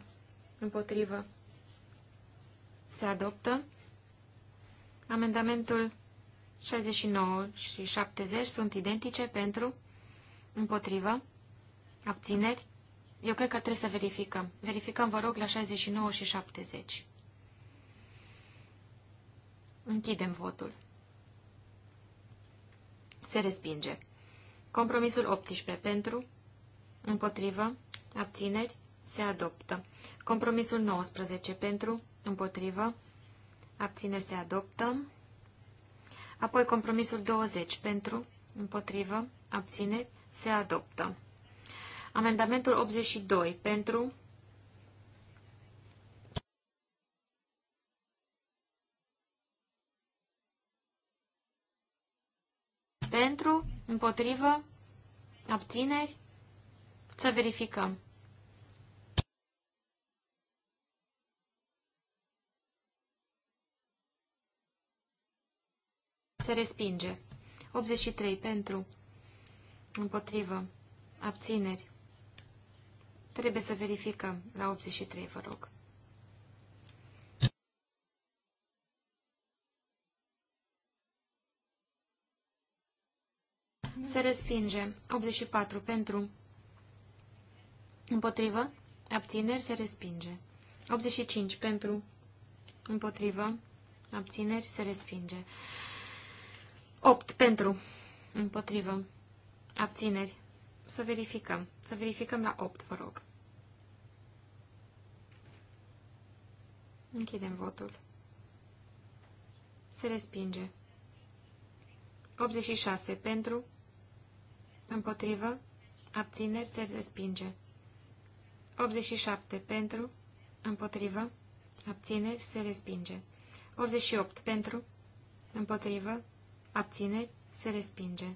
Speaker 1: Împotrivă. Se adoptă. Amendamentul 69 și 70 sunt identice pentru. Împotrivă. Abțineri. Eu cred că trebuie să verificăm. Verificăm, vă rog, la 69 și 70. Închidem votul. Se respinge. Compromisul 18 pentru, împotrivă, abțineri, se adoptă. Compromisul 19 pentru, împotrivă, abțineri, se adoptă. Apoi compromisul 20 pentru, împotrivă, abțineri, se adoptă. Amendamentul 82 pentru, Pentru, împotrivă, abțineri, să verificăm. Se respinge. 83 pentru, împotrivă, abțineri. Trebuie să verificăm la 83, vă rog. Se respinge. 84 pentru. Împotrivă. Abțineri. Se respinge. 85 pentru. Împotrivă. Abțineri. Se respinge. 8 pentru. Împotrivă. Abțineri. Să verificăm. Să verificăm la 8, vă rog. Închidem votul. Se respinge. 86 pentru, Împotrivă. Abțineri se respinge. 87. Pentru. Împotrivă. Abțineri se respinge. 88. Pentru. Împotrivă. Abțineri se respinge.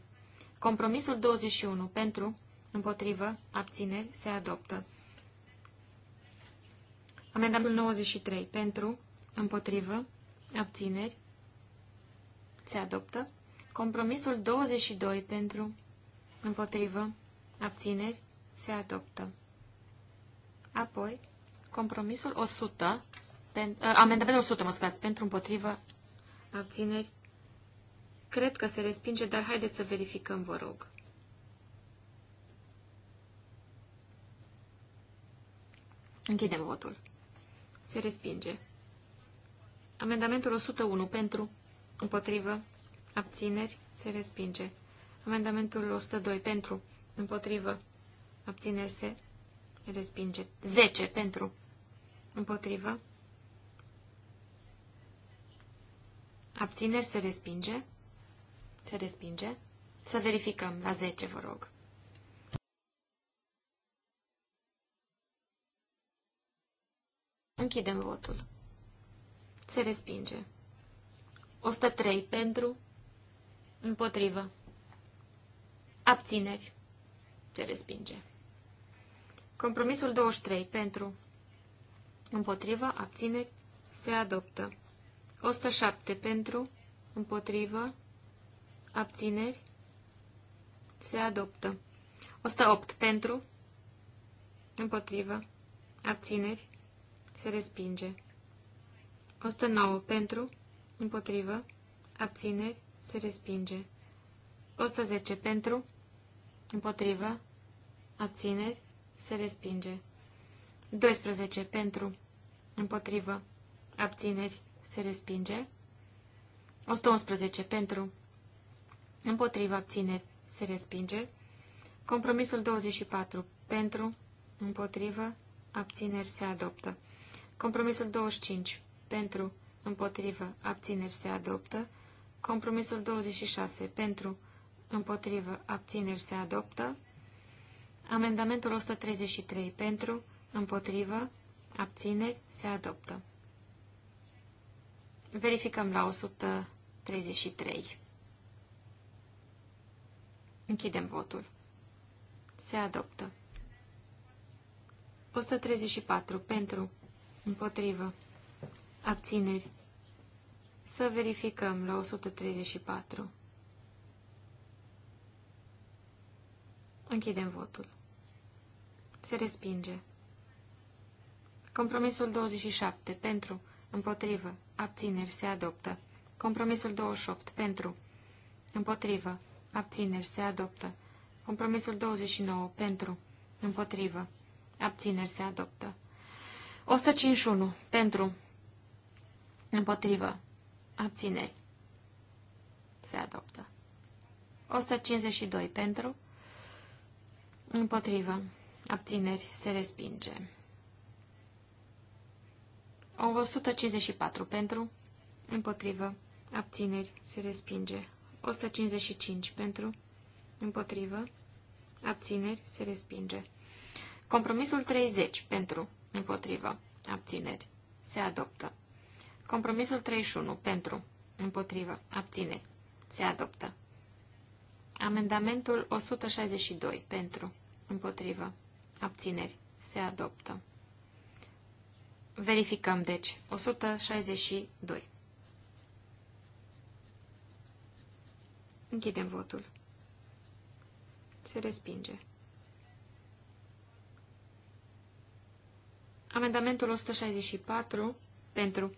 Speaker 1: Compromisul 21. Pentru. Împotrivă. Abțineri se adoptă. Amendamentul 93. Pentru. Împotrivă. Abțineri se adoptă. Compromisul 22. Pentru împotrivă, abțineri, se adoptă. Apoi, compromisul 100, pen, uh, amendamentul 100, mă scuzați, pentru împotrivă, abțineri, cred că se respinge, dar haideți să verificăm, vă rog. Închidem votul. Se respinge. Amendamentul 101 pentru, împotrivă, abțineri, se respinge. Amendamentul 102 pentru, împotrivă, abțineri se respinge. 10 pentru, împotrivă, abțineri se respinge, se respinge. Să verificăm la 10, vă rog. Închidem votul. Se respinge. 103 pentru, împotrivă. Abțineri. Se respinge. Compromisul 23. Pentru. Împotrivă. Abțineri. Se adoptă. 107. Pentru. Împotrivă. Abțineri. Se adoptă. 108. Pentru. Împotrivă. Abțineri. Se respinge. 109. Pentru. Împotrivă. Abțineri. Se respinge. 110. Pentru. Împotrivă. Abțineri. Se respinge. 12. Pentru. Împotrivă. Abțineri. Se respinge. 111. Pentru. Împotrivă. Abțineri. Se respinge. Compromisul 24. Pentru. Împotrivă. Abțineri. Se adoptă. Compromisul 25. Pentru. Împotrivă. Abțineri. Se adoptă. Compromisul 26. Pentru împotrivă, abțineri se adoptă. Amendamentul 133 pentru, împotrivă, abțineri se adoptă. Verificăm la 133. Închidem votul. Se adoptă. 134 pentru, împotrivă, abțineri. Să verificăm la 134. Închidem votul. Se respinge. Compromisul 27. Pentru. Împotrivă. Abțineri. Se adoptă. Compromisul 28. Pentru. Împotrivă. Abțineri. Se adoptă. Compromisul 29. Pentru. Împotrivă. Abțineri. Se adoptă. 151. Pentru. Împotrivă. Abțineri. Se adoptă. 152. Pentru. Împotrivă. Abțineri. Se respinge. 154 pentru. Împotrivă. Abțineri. Se respinge. 155 pentru. Împotrivă. Abțineri. Se respinge. Compromisul 30 pentru. Împotrivă. Abțineri. Se adoptă. Compromisul 31 pentru. Împotrivă. Abțineri. Se adoptă. Amendamentul 162 pentru. Împotrivă. Abțineri. Se adoptă. Verificăm, deci. 162. Închidem votul. Se respinge. Amendamentul 164 pentru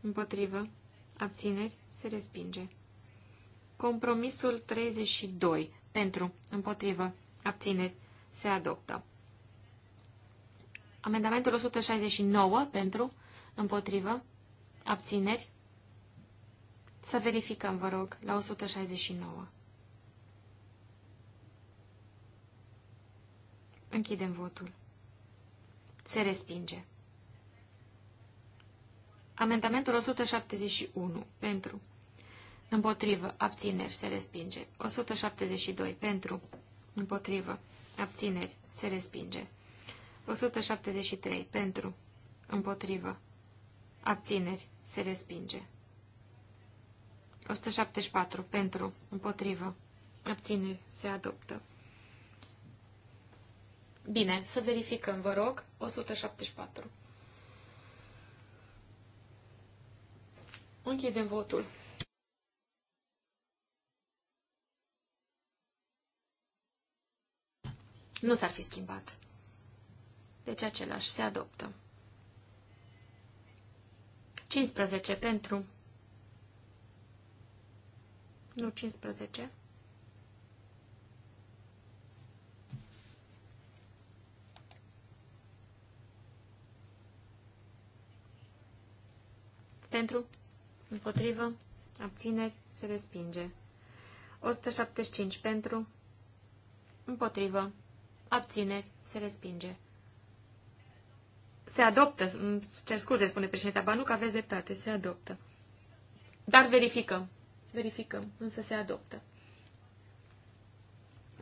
Speaker 1: împotrivă abțineri se respinge. Compromisul 32 pentru împotrivă abțineri se adoptă. Amendamentul 169 pentru, împotrivă, abțineri. Să verificăm, vă rog, la 169. Închidem votul. Se respinge. Amendamentul 171 pentru, împotrivă, abțineri, se respinge. 172 pentru, împotrivă, Abțineri. Se respinge. 173. Pentru. Împotrivă. Abțineri. Se respinge. 174. Pentru. Împotrivă. Abțineri. Se adoptă. Bine, să verificăm, vă rog. 174. Închidem votul. nu s-ar fi schimbat. Deci același se adoptă. 15 pentru. Nu 15. Pentru, împotrivă, abțineri, se respinge. 175 pentru, împotrivă, abțineri, se respinge. Se adoptă, cer scuze, spune președinta că aveți dreptate, se adoptă. Dar verificăm, verificăm, însă se adoptă.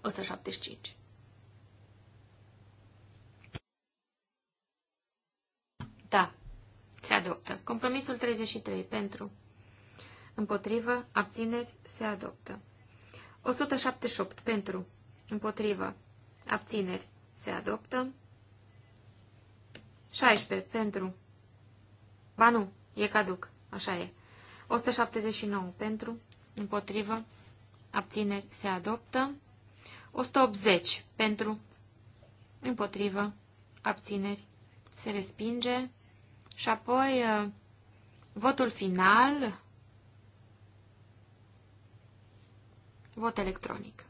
Speaker 1: 175. Da, se adoptă. Compromisul 33, pentru, împotrivă, abțineri, se adoptă. 178, pentru, împotrivă, abțineri, se adoptă. 16 pentru, ba nu, e caduc, așa e. 179 pentru, împotrivă, abțineri, se adoptă. 180 pentru, împotrivă, abțineri, se respinge. Și apoi, uh, votul final, vot electronic.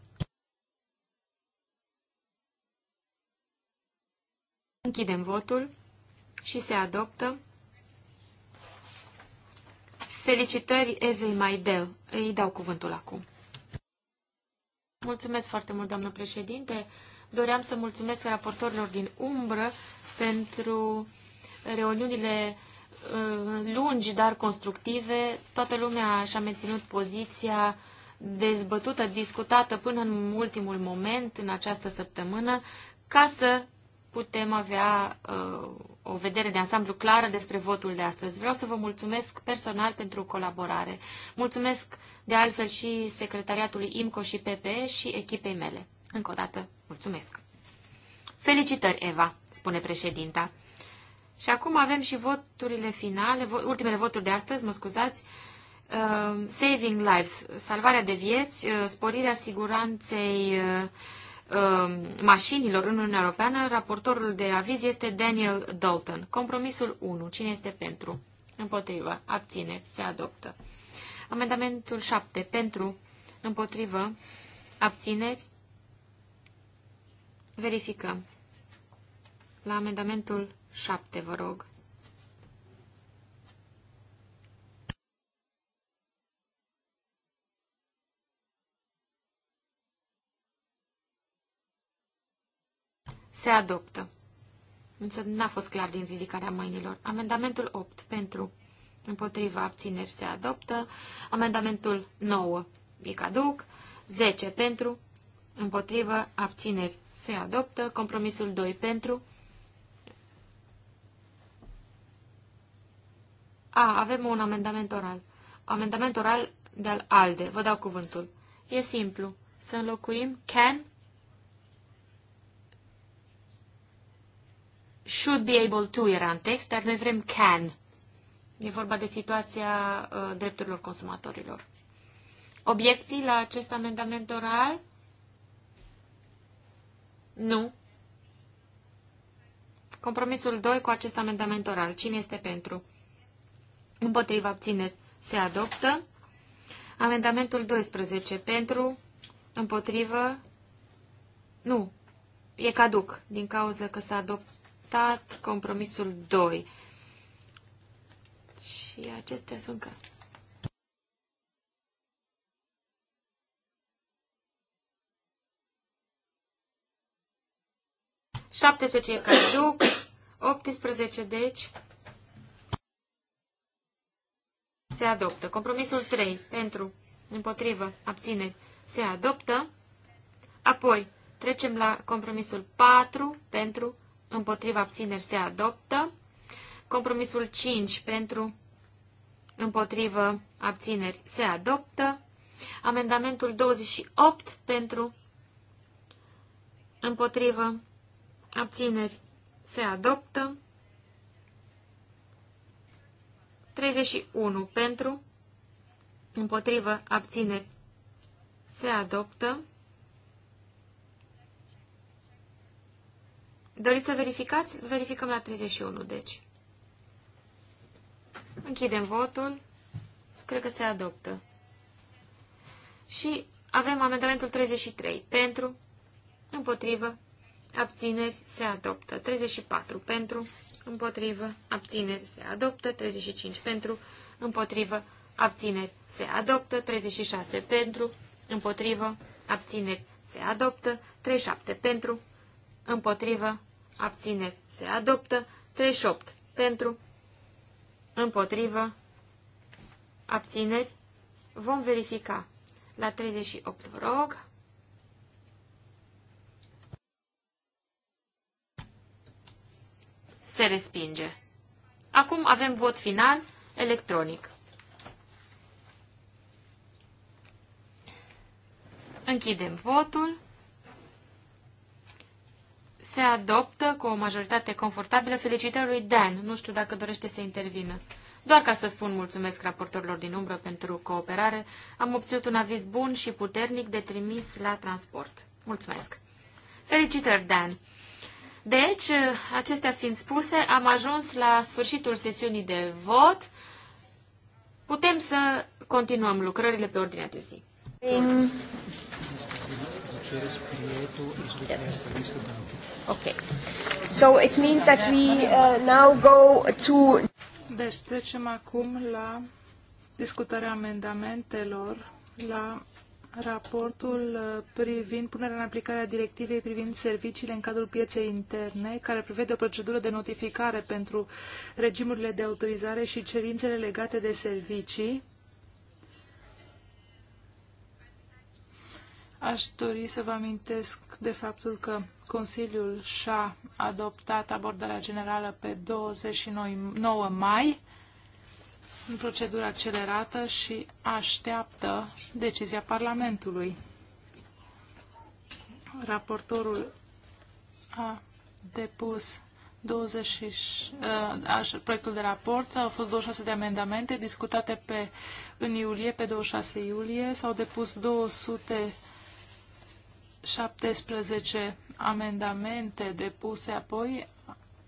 Speaker 1: Închidem votul și se adoptă. Felicitări Evei Maidel. Îi dau cuvântul acum. Mulțumesc foarte mult, doamnă președinte. Doream să mulțumesc raportorilor din umbră pentru reuniunile uh, lungi, dar constructive. Toată lumea și-a menținut poziția dezbătută, discutată până în ultimul moment în această săptămână, ca să putem avea uh, o vedere de ansamblu clară despre votul de astăzi. Vreau să vă mulțumesc personal pentru colaborare. Mulțumesc de altfel și secretariatului IMCO și PP și echipei mele. Încă o dată, mulțumesc. Felicitări, Eva, spune președinta. Și acum avem și voturile finale, ultimele voturi de astăzi, mă scuzați, uh, Saving Lives, salvarea de vieți, uh, sporirea siguranței uh, Um, mașinilor în Uniunea Europeană, raportorul de aviz este Daniel Dalton. Compromisul 1. Cine este pentru? Împotrivă. Abține. Se adoptă. Amendamentul 7. Pentru. Împotrivă. Abțineri. Verificăm. La amendamentul 7, vă rog. Se adoptă. Însă n-a fost clar din ridicarea mâinilor. Amendamentul 8 pentru. Împotriva abțineri se adoptă. Amendamentul 9 e caduc. 10 pentru. împotriva abțineri se adoptă. Compromisul 2 pentru. A, avem un amendament oral. Amendament oral de-al ALDE. Vă dau cuvântul. E simplu. Să înlocuim can Should be able to era în text, dar noi vrem can. E vorba de situația uh, drepturilor consumatorilor. Obiecții la acest amendament oral? Nu. Compromisul 2 cu acest amendament oral. Cine este pentru? Împotriva abțineri se adoptă. Amendamentul 12 pentru, împotrivă, nu, e caduc din cauza că s-a adoptat adoptat compromisul 2. Și acestea sunt ca... Șaptesprezece e caduc, 18 deci se adoptă. Compromisul 3 pentru, împotrivă, abține, se adoptă. Apoi trecem la compromisul 4 pentru, împotriva abțineri se adoptă. Compromisul 5 pentru împotrivă abțineri se adoptă. Amendamentul 28 pentru împotrivă abțineri se adoptă. 31 pentru împotrivă abțineri se adoptă. Doriți să verificați? Verificăm la 31, deci. Închidem votul. Cred că se adoptă. Și avem amendamentul 33. Pentru, împotrivă, abțineri, se adoptă. 34. Pentru, împotrivă, abțineri, se adoptă. 35. Pentru, împotrivă, abțineri, se adoptă. 36. Pentru, împotrivă, abțineri, se adoptă. 37. Pentru, împotrivă, abțineri, se adoptă. 38 pentru, împotrivă, abțineri, vom verifica. La 38, vă rog. Se respinge. Acum avem vot final electronic. Închidem votul se adoptă cu o majoritate confortabilă. Felicitări lui Dan. Nu știu dacă dorește să intervină. Doar ca să spun mulțumesc raportorilor din umbră pentru cooperare, am obținut un aviz bun și puternic de trimis la transport. Mulțumesc! Felicitări, Dan! Deci, acestea fiind spuse, am ajuns la sfârșitul sesiunii de vot. Putem să continuăm lucrările pe ordinea de zi.
Speaker 3: Okay. So it means that we uh, now go to...
Speaker 2: Deci trecem acum la discutarea amendamentelor la raportul uh, privind punerea în aplicare a directivei privind serviciile în cadrul pieței interne, care prevede o procedură de notificare pentru regimurile de autorizare și cerințele legate de servicii Aș dori să vă amintesc de faptul că Consiliul și-a adoptat abordarea generală pe 29 mai în procedură accelerată și așteaptă decizia Parlamentului. Raportorul a depus 26, uh, ă, proiectul de raport, au fost 26 de amendamente discutate pe, în iulie, pe 26 iulie, s-au depus 200 17 amendamente depuse apoi,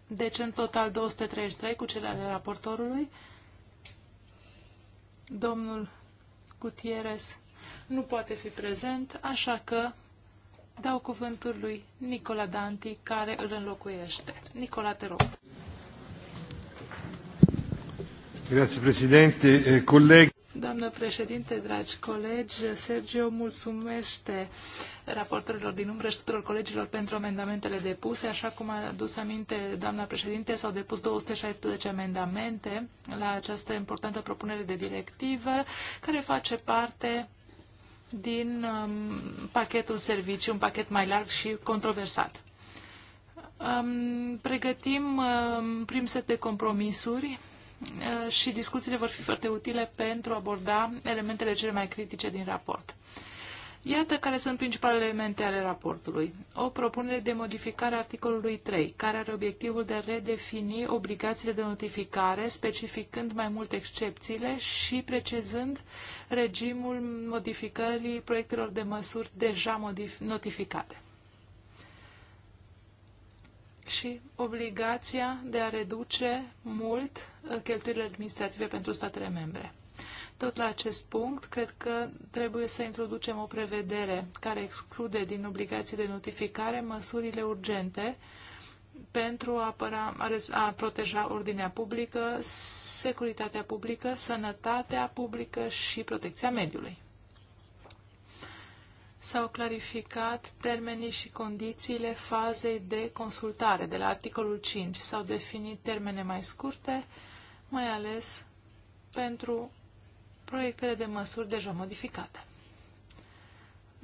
Speaker 2: deci în total 233 cu cele ale raportorului. Domnul Gutierrez nu poate fi prezent, așa că dau cuvântul lui Nicola Danti, care îl înlocuiește. Nicola, te rog. Grazie Presidente, eh, colleghi. Doamnă președinte, dragi colegi, Sergio mulțumește raportorilor din umbră și tuturor colegilor pentru amendamentele depuse. Așa cum a adus aminte doamna președinte, s-au depus 216 amendamente la această importantă propunere de directivă care face parte din um, pachetul serviciu, un pachet mai larg și controversat. Um, pregătim um, prim set de compromisuri Eh, și discuțiile vor fi foarte utile pentru a aborda elementele cele mai critice din raport. Iată care sunt principalele elemente ale raportului. O propunere de modificare a articolului 3, care are obiectivul de a redefini obligațiile de notificare, specificând mai multe excepțiile și precizând regimul modificării proiectelor de măsuri deja notificate și obligația de a reduce mult uh, cheltuielile administrative pentru statele membre. Tot la acest punct, cred că trebuie să introducem o prevedere care exclude din obligații de notificare măsurile urgente pentru a, apăra, a proteja ordinea publică, securitatea publică, sănătatea publică și protecția mediului s-au clarificat termenii și condițiile fazei de consultare de la articolul 5. S-au definit termene mai scurte, mai ales pentru proiectele de măsuri deja modificate.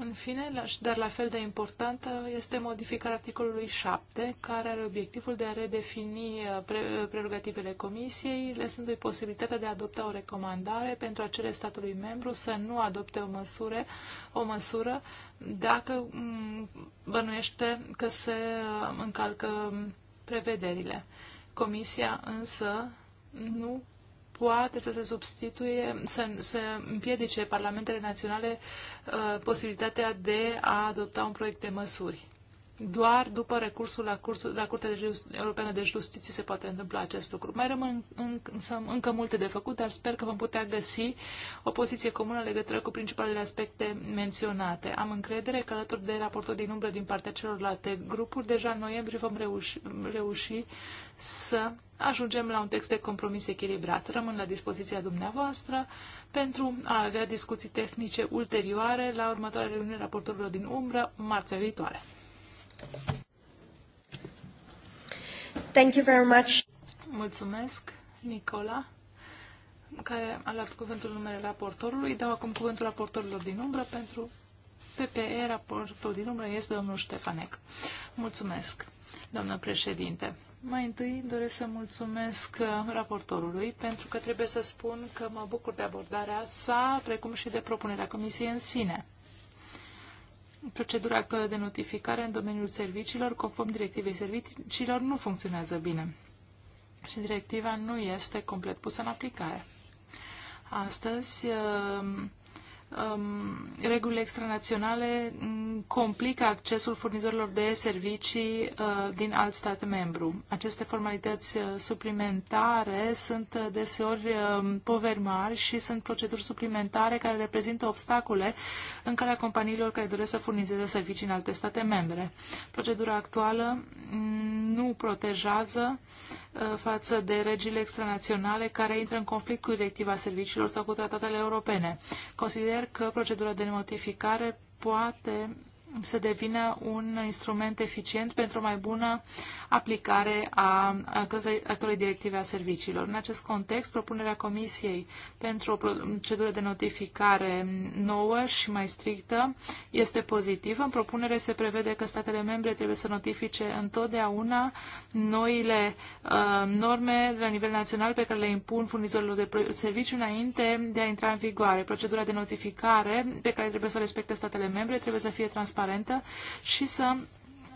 Speaker 2: În fine, dar la fel de importantă este modificarea articolului 7, care are obiectivul de a redefini uh, prerogativele Comisiei, lăsându-i posibilitatea de a adopta o recomandare pentru a cere statului membru să nu adopte o măsură, o măsură dacă mm, bănuiește că se uh, încalcă mm, prevederile. Comisia însă nu poate să se substituie, să, să împiedice parlamentele naționale uh, posibilitatea de a adopta un proiect de măsuri. Doar după recursul la, cursul, la Curtea de Just, Europeană de Justiție se poate întâmpla acest lucru. Mai rămân în, în, încă multe de făcut, dar sper că vom putea găsi o poziție comună legătură cu principalele aspecte menționate. Am încredere că alături de raportul din umbră din partea celorlalte grupuri, deja în noiembrie vom reuși, reuși să ajungem la un text de compromis echilibrat. Rămân la dispoziția dumneavoastră pentru a avea discuții tehnice ulterioare la următoarea reuniune raportorilor din umbră, marțea viitoare.
Speaker 3: Thank you very much. Mulțumesc,
Speaker 2: Nicola, care a luat cuvântul numele raportorului. Dau acum cuvântul raportorilor din umbră pentru PPE. Raportul din umbră este domnul Ștefanec. Mulțumesc doamnă președinte. Mai întâi doresc să mulțumesc uh, raportorului pentru că trebuie să spun că mă bucur de abordarea sa, precum și de propunerea comisiei în sine. Procedura de notificare în domeniul serviciilor, conform directivei serviciilor, nu funcționează bine și directiva nu este complet pusă în aplicare. Astăzi, uh, um, regulile extranaționale complică accesul furnizorilor de servicii uh, din alt stat membru. Aceste formalități uh, suplimentare sunt uh, deseori uh, poveri mari și sunt proceduri suplimentare care reprezintă obstacole în calea companiilor care doresc să furnizeze servicii în alte state membre. Procedura actuală mm, nu protejează Uh, față de regiile extranaționale care intră în conflict cu directiva serviciilor sau cu tratatele europene. Consider că procedura de notificare poate să devină un instrument eficient pentru o mai bună aplicare a actualei directive a serviciilor. În acest context, propunerea Comisiei pentru o procedură de notificare nouă și mai strictă este pozitivă. În propunere se prevede că statele membre trebuie să notifice întotdeauna noile uh, norme la nivel național pe care le impun furnizorilor de serviciu înainte de a intra în vigoare. Procedura de notificare pe care trebuie să o respecte statele membre trebuie să fie transparentă și să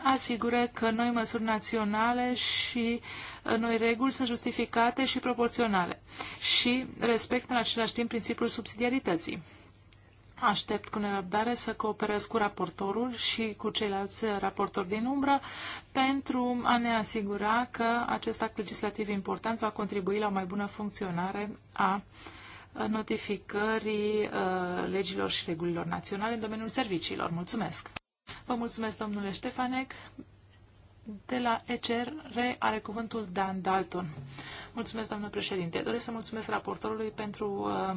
Speaker 2: asigure că noi măsuri naționale și uh, noi reguli sunt justificate și proporționale și respectă în același timp principiul subsidiarității. Aștept cu nerăbdare să cooperez cu raportorul și cu ceilalți raportori din umbră pentru a ne asigura că acest act legislativ important va contribui la o mai bună funcționare a notificării uh, legilor și regulilor naționale în domeniul serviciilor. Mulțumesc! Vă mulțumesc, domnule Ștefanec. De la ECR are cuvântul Dan Dalton. Mulțumesc, doamnă președinte. Doresc să mulțumesc raportorului pentru uh,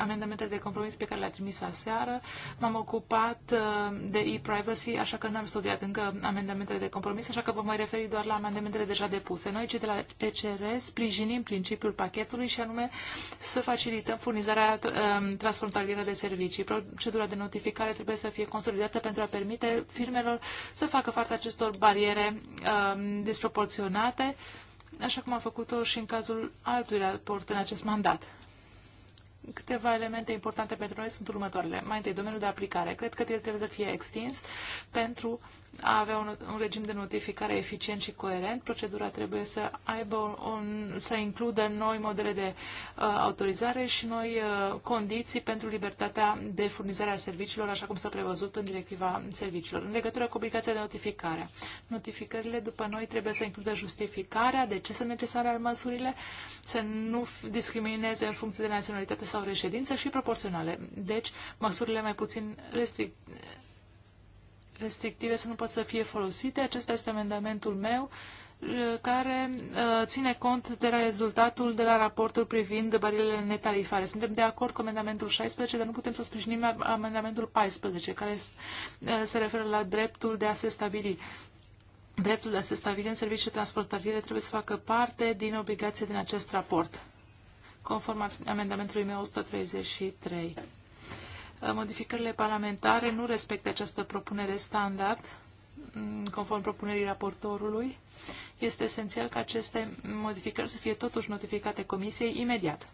Speaker 2: amendamentele de compromis pe care le-a trimis aseară. M-am ocupat uh, de e-privacy, așa că n-am studiat încă amendamentele de compromis, așa că vă mai referi doar la amendamentele deja depuse. Noi, cei de la ECR, sprijinim principiul pachetului și anume să facilităm furnizarea uh, transfrontalieră de servicii. Procedura de notificare trebuie să fie consolidată pentru a permite firmelor să facă față acestor bariere uh, disproporționate. Uh, așa cum a făcut-o și în cazul altui raport în acest mandat. Câteva elemente importante pentru noi sunt următoarele. Mai întâi, domeniul de aplicare. Cred că el trebuie să fie extins pentru a avea un, un regim de notificare eficient și coerent. Procedura trebuie să aibă un, să includă noi modele de uh, autorizare și noi uh, condiții pentru libertatea de furnizare a serviciilor, așa cum s-a prevăzut în directiva serviciilor. În legătură cu obligația de notificare, notificările după noi trebuie să includă justificarea de ce sunt necesare al măsurile, să nu discrimineze în funcție de naționalitate sau reședință și proporționale. Deci, măsurile mai puțin restrictive restrictive să nu pot să fie folosite. Acesta este amendamentul meu uh, care uh, ține cont de la rezultatul de la raportul privind barierele netarifare. Suntem de acord cu amendamentul 16, dar nu putem să sprijinim amendamentul 14, care uh, se referă la dreptul de a se stabili. Dreptul de a se stabili în servicii de transportare trebuie să facă parte din obligație din acest raport, conform amendamentului meu 133 modificările parlamentare nu respectă această propunere standard, mm, conform propunerii raportorului. Este esențial ca aceste modificări să fie totuși notificate Comisiei imediat.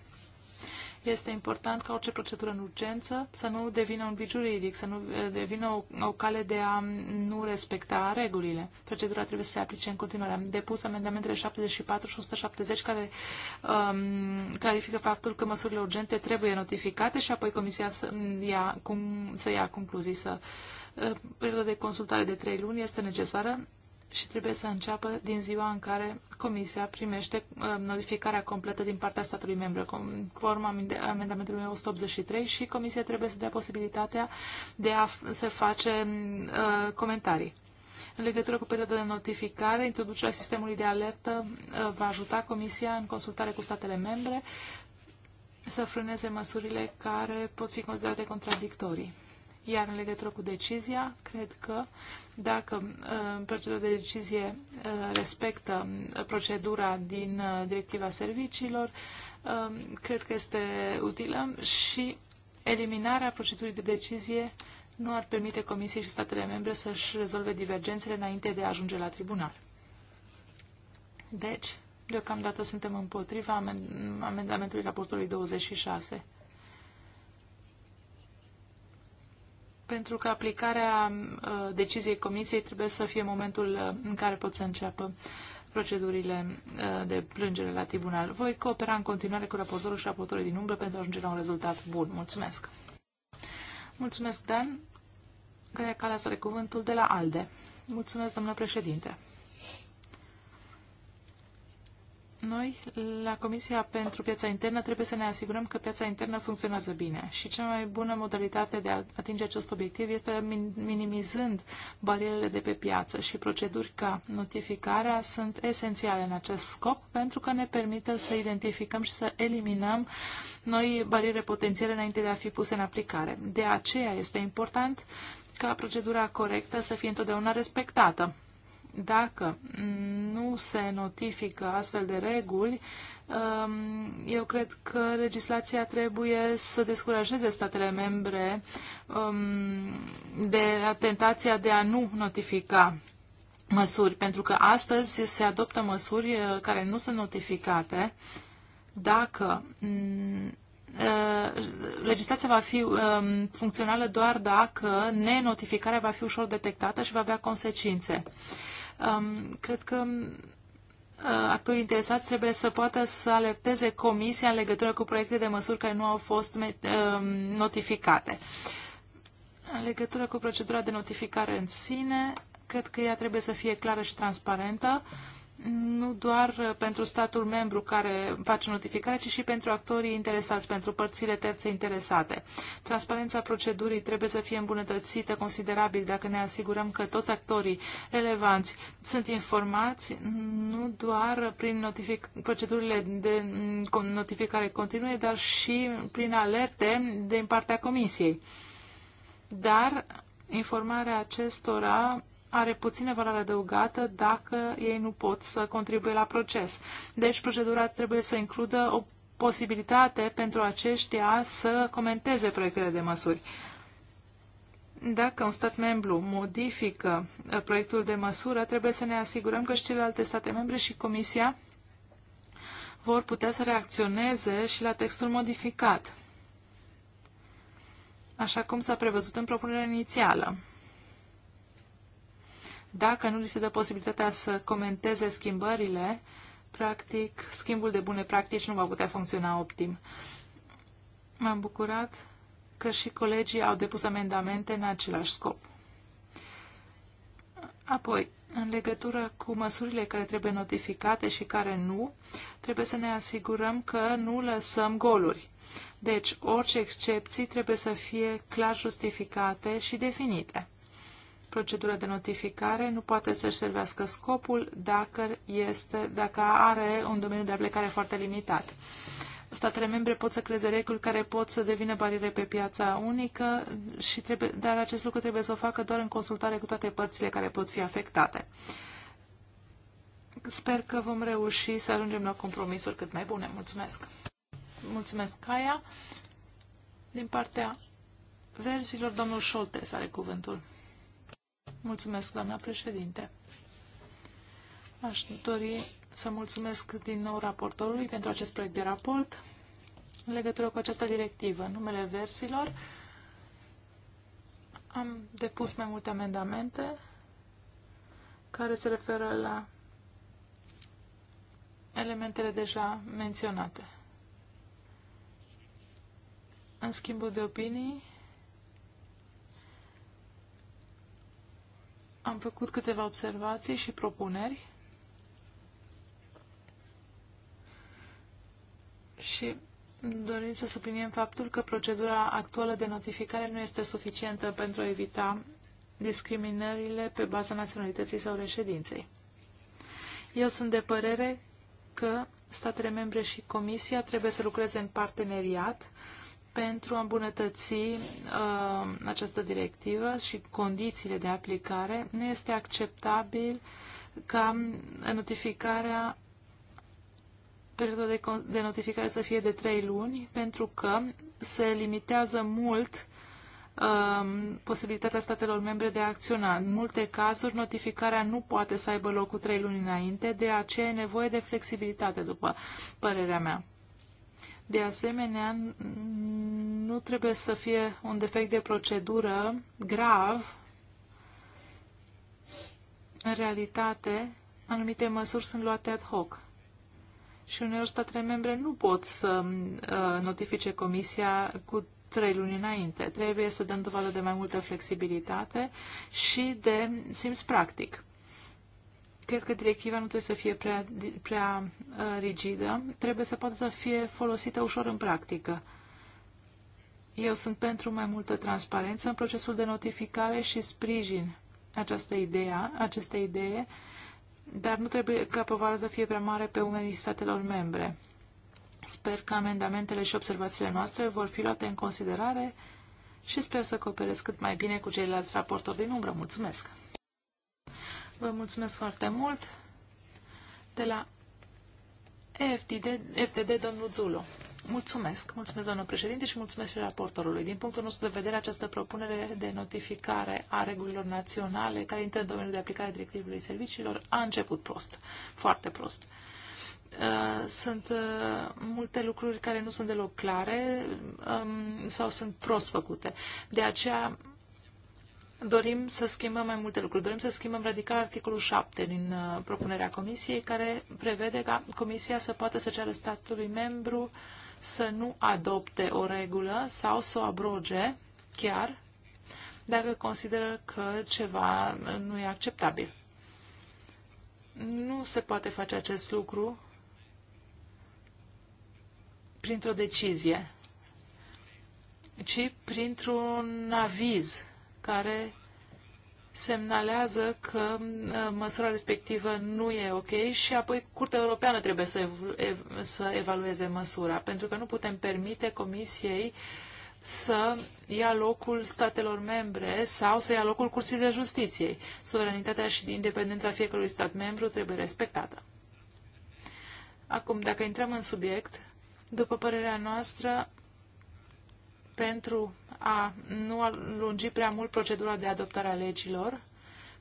Speaker 2: Este important ca orice procedură în urgență să nu devină un bit juridic, să nu eh, devină o, o cale de a nu respecta regulile. Procedura trebuie să se aplice în continuare. Am depus amendamentele 74 și 170 care um, clarifică faptul că măsurile urgente trebuie notificate și apoi Comisia să ia, cum, să ia concluzii, să eh, perioada de consultare de trei luni este necesară și trebuie să înceapă din ziua în care Comisia primește uh, notificarea completă din partea statului membru, conform amendamentului 183 și Comisia trebuie să dea posibilitatea de a se face uh, comentarii. În legătură cu perioada de notificare, introducerea sistemului de alertă uh, va ajuta Comisia în consultare cu statele membre să frâneze măsurile care pot fi considerate contradictorii. Iar în legătură cu decizia, cred că dacă uh, procedura de decizie uh, respectă uh, procedura din uh, directiva serviciilor, uh, cred că este utilă și eliminarea procedurii de decizie nu ar permite Comisiei și statele membre să-și rezolve divergențele înainte de a ajunge la tribunal. Deci, deocamdată suntem împotriva amendamentului raportului 26. pentru că aplicarea uh, deciziei Comisiei trebuie să fie momentul uh, în care pot să înceapă procedurile uh, de plângere la tribunal. Voi coopera în continuare cu raportorul și raportorii din umbră pentru a ajunge la un rezultat bun. Mulțumesc! Mulțumesc, Dan! Găia Calas are cuvântul de la ALDE. Mulțumesc, domnule președinte! Noi, la Comisia pentru Piața Internă, trebuie să ne asigurăm că piața internă funcționează bine și cea mai bună modalitate de a atinge acest obiectiv este minimizând barierele de pe piață și proceduri ca notificarea sunt esențiale în acest scop pentru că ne permite să identificăm și să eliminăm noi bariere potențiale înainte de a fi puse în aplicare. De aceea este important ca procedura corectă să fie întotdeauna respectată dacă nu se notifică astfel de reguli, um, eu cred că legislația trebuie să descurajeze statele membre um, de tentația de a nu notifica măsuri, pentru că astăzi se adoptă măsuri uh, care nu sunt notificate. Dacă mm, uh, legislația va fi um, funcțională doar dacă nenotificarea va fi ușor detectată și va avea consecințe. Cred că actorii interesați trebuie să poată să alerteze comisia în legătură cu proiecte de măsuri care nu au fost notificate. În legătură cu procedura de notificare în sine, cred că ea trebuie să fie clară și transparentă. Uh, nu doar pentru statul membru care face notificare, ci și pentru actorii interesați, pentru părțile terțe interesate. Transparența procedurii trebuie să fie îmbunătățită considerabil dacă ne asigurăm că toți actorii relevanți sunt informați, nu doar prin notific- procedurile de notificare continue, dar și prin alerte din partea Comisiei. Dar informarea acestora are puțină valoare adăugată dacă ei nu pot să contribuie la proces. Deci procedura trebuie să includă o posibilitate pentru aceștia să comenteze proiectele de măsuri. Dacă un stat membru modifică uh, proiectul de măsură, trebuie să ne asigurăm că și celelalte state membre și Comisia vor putea să reacționeze și la textul modificat, așa cum s-a prevăzut în propunerea inițială. Dacă nu li se dă posibilitatea să comenteze schimbările, practic, schimbul de bune practici nu va putea funcționa optim. M-am bucurat că și colegii au depus amendamente în același scop. Apoi, în legătură cu măsurile care trebuie notificate și care nu, trebuie să ne asigurăm că nu lăsăm goluri. Deci, orice excepții trebuie să fie clar justificate și definite procedură de notificare nu poate să-și servească scopul dacă, este, dacă are un domeniu de aplicare foarte limitat. Statele membre pot să creeze reguli care pot să devină bariere pe piața unică, și trebuie, dar acest lucru trebuie să o facă doar în consultare cu toate părțile care pot fi afectate. Sper că vom reuși să ajungem la compromisuri cât mai bune. Mulțumesc! Mulțumesc, Caia! Din partea verzilor, domnul Șoltes are cuvântul. Mulțumesc, doamna președinte. Aș dori să mulțumesc din nou raportorului pentru acest proiect de raport în legătură cu această directivă. Numele versilor am depus mai multe amendamente care se referă la elementele deja menționate. În schimbul de opinii, Am făcut câteva observații și propuneri. Și dorim să subliniem faptul că procedura actuală de notificare nu este suficientă pentru a evita discriminările pe baza naționalității sau reședinței. Eu sunt de părere că statele membre și Comisia trebuie să lucreze în parteneriat pentru a îmbunătăți uh, această directivă și condițiile de aplicare. Nu este acceptabil ca notificarea perioada de, de notificare să fie de 3 luni, pentru că se limitează mult um, posibilitatea statelor membre de a acționa. În multe cazuri, notificarea nu poate să aibă loc cu 3 luni înainte, de aceea e nevoie de flexibilitate, după părerea mea. De asemenea, nu trebuie să fie un defect de procedură grav. În realitate, anumite măsuri sunt luate ad hoc. Și uneori statele membre nu pot să uh, notifice Comisia cu trei luni înainte. Trebuie să dăm dovadă de mai multă flexibilitate și de simț practic. Cred că directiva nu trebuie să fie prea, prea uh, rigidă, trebuie să poată să fie folosită ușor în practică. Eu sunt pentru mai multă transparență în procesul de notificare și sprijin această idee, această idee, dar nu trebuie ca povara să fie prea mare pe unele statelor membre. Sper că amendamentele și observațiile noastre vor fi luate în considerare și sper să cooperez cât mai bine cu ceilalți raportori din umbră. Mulțumesc! Vă mulțumesc foarte mult. De la FTD, FTD, domnul Zulu. Mulțumesc. Mulțumesc, doamnă președinte, și mulțumesc și raportorului. Din punctul nostru de vedere, această propunere de notificare a regulilor naționale care intră în domeniul de aplicare a directivului serviciilor a început prost, foarte prost. Uh, sunt uh, multe lucruri care nu sunt deloc clare um, sau sunt prost făcute. De aceea dorim să schimbăm mai multe lucruri. Dorim să schimbăm radical articolul 7 din uh, propunerea Comisiei, care prevede ca Comisia să poată să ceară statului membru să nu adopte o regulă sau să o abroge chiar dacă consideră că ceva uh, nu e acceptabil. Nu se poate face acest lucru printr-o decizie, ci printr-un aviz care semnalează că uh, măsura respectivă nu e ok și apoi Curtea Europeană trebuie să, ev să evalueze măsura, pentru că nu putem permite Comisiei să ia locul statelor membre sau să ia locul Curții de justiție. Suveranitatea și independența fiecărui stat membru trebuie respectată. Acum, dacă intrăm în subiect, după părerea noastră, pentru a nu lungi prea mult procedura de adoptare a legilor.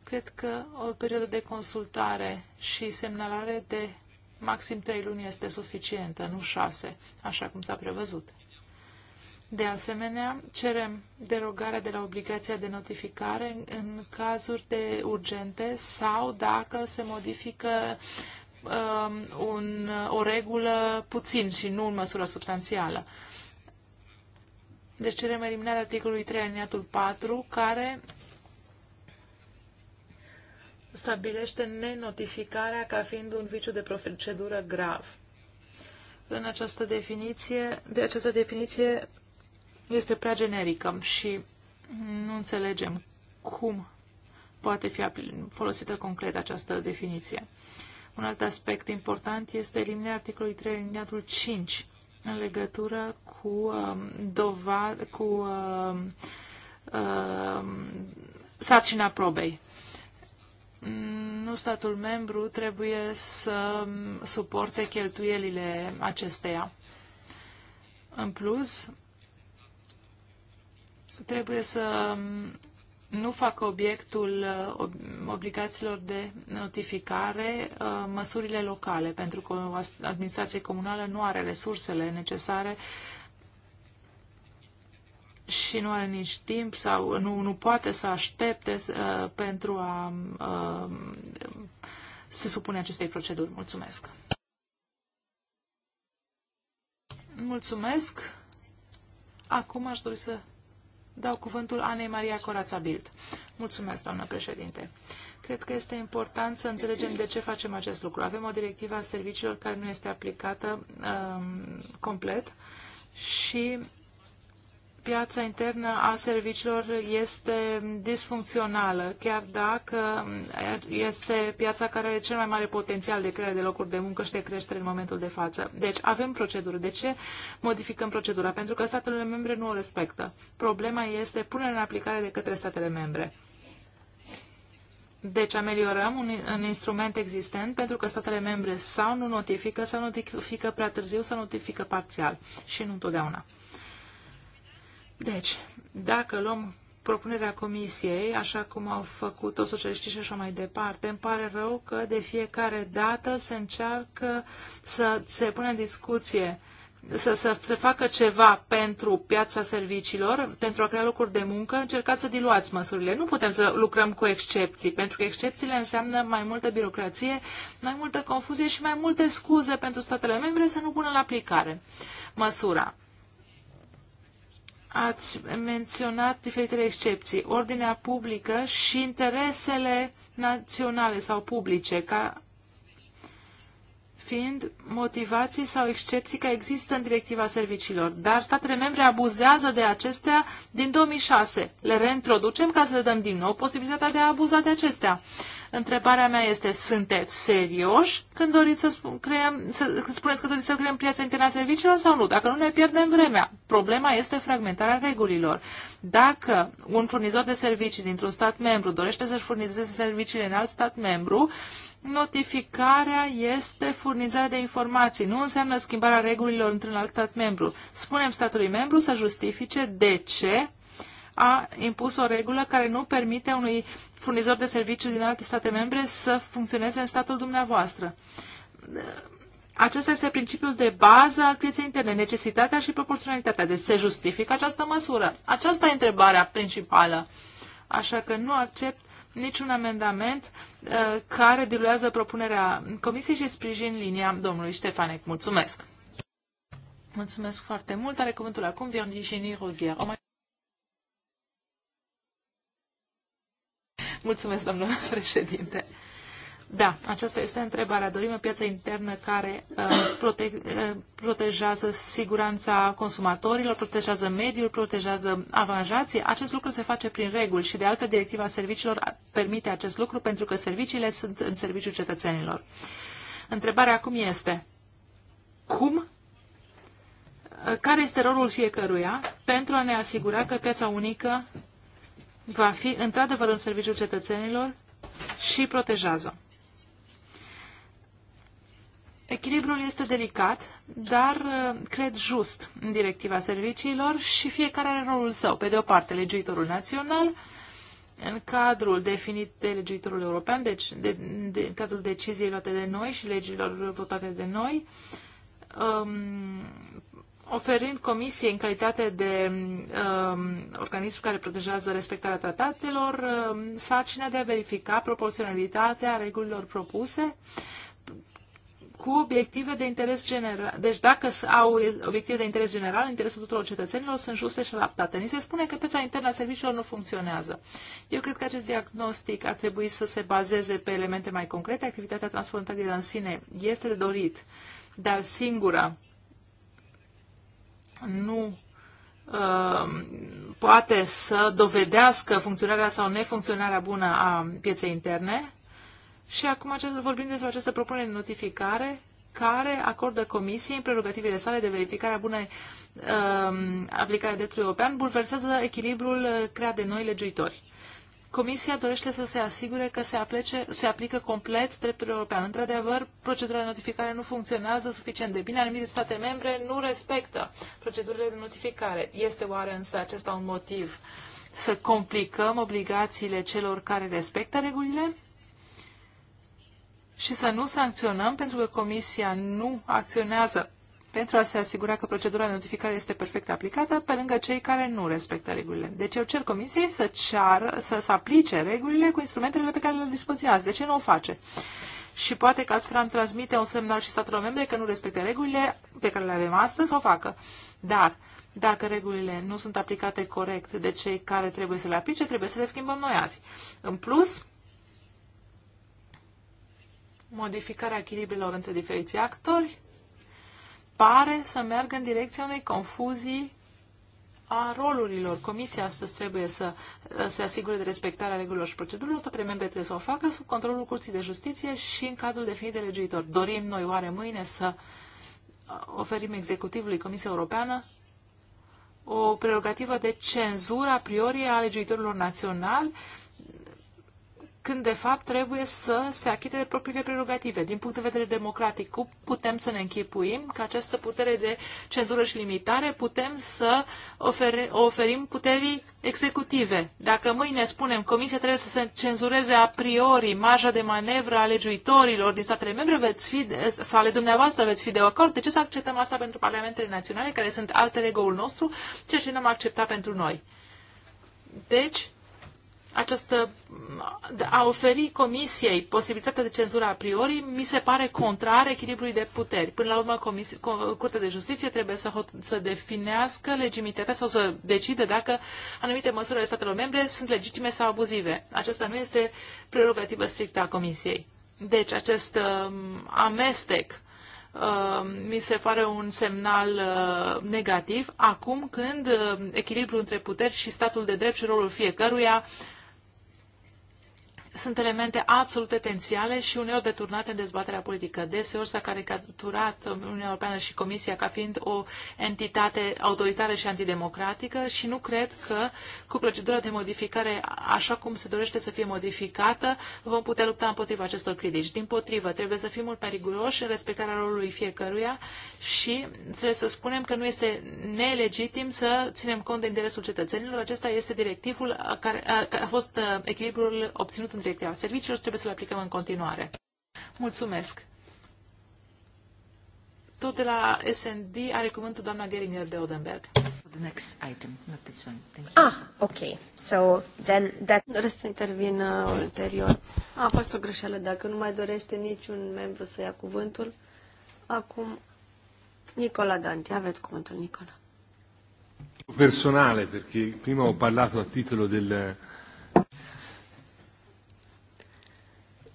Speaker 2: Cred că o perioadă de consultare și semnalare de maxim 3 luni este suficientă, nu 6, așa cum s-a prevăzut. De asemenea, cerem derogarea de la obligația de notificare în cazuri de urgente sau dacă se modifică um, un, o regulă puțin și nu în măsură substanțială. Uh, deci cerem eliminarea articolului 3 aliniatul 4, care stabilește nenotificarea ca fiind un viciu de procedură grav. În această definiție, de această definiție este prea generică și nu înțelegem cum poate fi folosită concret această definiție. Un alt aspect important este eliminarea articolului 3, aliniatul 5, în legătură cu, um, dovad, cu uh, uh, sarcina probei. Nu statul membru trebuie să suporte cheltuielile acesteia. În plus, trebuie să nu fac obiectul uh, obligațiilor de notificare uh, măsurile locale, pentru că o administrație comunală nu are resursele necesare și nu are nici timp sau nu, nu poate să aștepte uh, pentru a uh, se supune acestei proceduri. Mulțumesc! Mulțumesc! Acum aș dori să dau cuvântul Anei Maria Corața Bild. Mulțumesc, doamnă președinte. Cred că este important să înțelegem de ce facem acest lucru. Avem o directivă a serviciilor care nu este aplicată um, complet și piața internă a serviciilor este disfuncțională, chiar dacă este piața care are cel mai mare potențial de creare de locuri de muncă și de creștere în momentul de față. Deci avem proceduri. De ce modificăm procedura? Pentru că statele membre nu o respectă. Problema este punerea în aplicare de către statele membre. Deci ameliorăm un, un instrument existent pentru că statele membre sau nu notifică, sau notifică prea târziu, sau notifică parțial și nu întotdeauna. Deci, dacă luăm propunerea comisiei, așa cum au făcut-o socialiștii și așa mai departe. Îmi pare rău că de fiecare dată se încearcă să se pune în discuție să, să se facă ceva pentru piața serviciilor, pentru a crea locuri de muncă, încercați să diluați măsurile. Nu putem să lucrăm cu excepții, pentru că excepțiile înseamnă mai multă birocrație, mai multă confuzie și mai multe scuze pentru statele membre să nu pună la aplicare măsura ați menționat diferitele excepții, ordinea publică și interesele naționale sau publice, ca fiind motivații sau excepții care există în directiva serviciilor. Dar statele membre abuzează de acestea din 2006. Le reintroducem ca să le dăm din nou posibilitatea de a abuza de acestea. Întrebarea mea este, sunteți serioși când doriți să, spun, creăm, să spuneți că doriți să creăm piața internă a serviciilor sau nu? Dacă nu ne pierdem vremea, problema este fragmentarea regulilor. Dacă un furnizor de servicii dintr-un stat membru dorește să-și furnizeze serviciile în alt stat membru, notificarea este furnizarea de informații, nu înseamnă schimbarea regulilor într-un alt stat membru. Spunem statului membru să justifice de ce a impus o regulă care nu permite unui furnizor de serviciu din alte state membre să funcționeze în statul dumneavoastră. Acesta este principiul de bază al pieței interne, necesitatea și proporționalitatea. Deci se justifică această măsură. Aceasta e întrebarea principală. Așa că nu accept niciun amendament uh, care diluează propunerea Comisiei și sprijin linia domnului Ștefanec. Mulțumesc! Mulțumesc foarte mult. Are cuvântul acum Virginie Rozier. O mai... Mulțumesc, doamnă (laughs) președinte. Da, aceasta este întrebarea. Dorim o piață internă care uh, prote uh, protejează siguranța consumatorilor, protejează mediul, protejează avanjații. Acest lucru se face prin reguli și de altă directiva serviciilor permite acest lucru pentru că serviciile sunt în serviciul cetățenilor. Întrebarea acum este cum uh, care este rolul fiecăruia pentru a ne asigura că piața unică va fi într-adevăr în serviciul cetățenilor și protejează. Echilibrul este delicat, dar uh, cred just în directiva serviciilor și fiecare are rolul său. Pe de o parte, legiuitorul național, în cadrul definit de legiuitorul european, deci de, de, în cadrul deciziei luate de noi și legilor votate de noi, um, oferind comisiei în calitate de um, organism care protejează respectarea tratatelor um, sarcina de a verifica proporționalitatea regulilor propuse cu obiective de interes general. Deci dacă au obiective de interes general, interesul tuturor cetățenilor sunt juste și adaptate. Ni se spune că piața internă a serviciilor nu funcționează. Eu cred că acest diagnostic ar trebui să se bazeze pe elemente mai concrete. Activitatea transfrontalieră în sine este de dorit, dar singura nu uh, poate să dovedească funcționarea sau nefuncționarea bună a pieței interne. Și acum acest, vorbim despre această propunere de notificare care acordă comisiei în prerogativele sale de verificare a bunei uh, aplicare dreptului european, bulversează echilibrul creat de noi legiuitori. Comisia dorește să se asigure că se, aplece, se aplică complet dreptul european. Într-adevăr, procedura de notificare nu funcționează suficient de bine. Anumite state membre nu respectă procedurile de notificare. Este oare însă acesta un motiv să complicăm obligațiile celor care respectă regulile? și să nu sancționăm pentru că Comisia nu acționează pentru a se asigura că procedura de notificare este perfect aplicată, pe lângă cei care nu respectă regulile. Deci eu cer comisiei să, cear, să, să aplice regulile cu instrumentele pe care le dispoziție azi. De ce nu o face? Și poate că astfel am transmite un semnal și statelor membre că nu respectă regulile pe care le avem astăzi, o facă. Dar dacă regulile nu sunt aplicate corect de cei care trebuie să le aplice, trebuie să le schimbăm noi azi. În plus, modificarea echilibrelor între diferiții actori, pare să meargă în direcția unei confuzii a rolurilor. Comisia astăzi trebuie să se asigure de respectarea regulilor și procedurilor. Statele membre trebuie să o facă sub controlul Curții de Justiție și în cadrul definit de legiuitor. Dorim noi oare mâine să oferim executivului Comisia Europeană o prerogativă de cenzură a priori a legiuitorilor naționali când de fapt trebuie să se achite de propriile prerogative. Din punct de vedere democratic, cum putem să ne închipuim că această putere de cenzură și limitare putem să oferi, o oferim puterii executive? Dacă mâine spunem comisia trebuie să se cenzureze a priori marja de manevră a legiuitorilor din statele membre, veți fi, sau ale dumneavoastră veți fi de acord, de ce să acceptăm asta pentru parlamentele naționale, care sunt alte regoul nostru, ceea ce n-am acceptat pentru noi? Deci, această, a oferi comisiei posibilitatea de cenzură a priori mi se pare contrar echilibrului de puteri. Până la urmă, Curtea de Justiție trebuie să, să definească legitimitatea sau să decide dacă anumite măsuri ale statelor membre sunt legitime sau abuzive. Aceasta nu este prerogativă strictă a comisiei. Deci, acest uh, amestec uh, mi se pare un semnal uh, negativ acum când uh, echilibrul între puteri și statul de drept și rolul fiecăruia uh, sunt elemente absolut esențiale și uneori deturnate în dezbaterea politică. Deseori s-a caricaturat Uniunea Europeană și Comisia ca fiind o entitate autoritară și antidemocratică și nu cred că cu procedura de modificare așa cum se dorește să fie modificată vom putea lupta împotriva acestor critici. Din potrivă, trebuie să fim mult mai riguroși în respectarea rolului fiecăruia și trebuie să spunem că nu este nelegitim să ținem cont de interesul cetățenilor. Acesta este directivul care a, fost uh, echilibrul obținut în directiva serviciilor și trebuie să le aplicăm în continuare. Mulțumesc! Tot de la SND are cuvântul doamna Geringer de Odenberg. The next item, not this one. Thank
Speaker 3: you. Ah, ok. So then that... Doresc să intervin uh, ulterior. A, a fost o greșeală. Dacă nu mai dorește niciun membru să ia cuvântul, acum Nicola Danti. Aveți cuvântul, Nicola. Personale, perché prima ho parlato a titolo del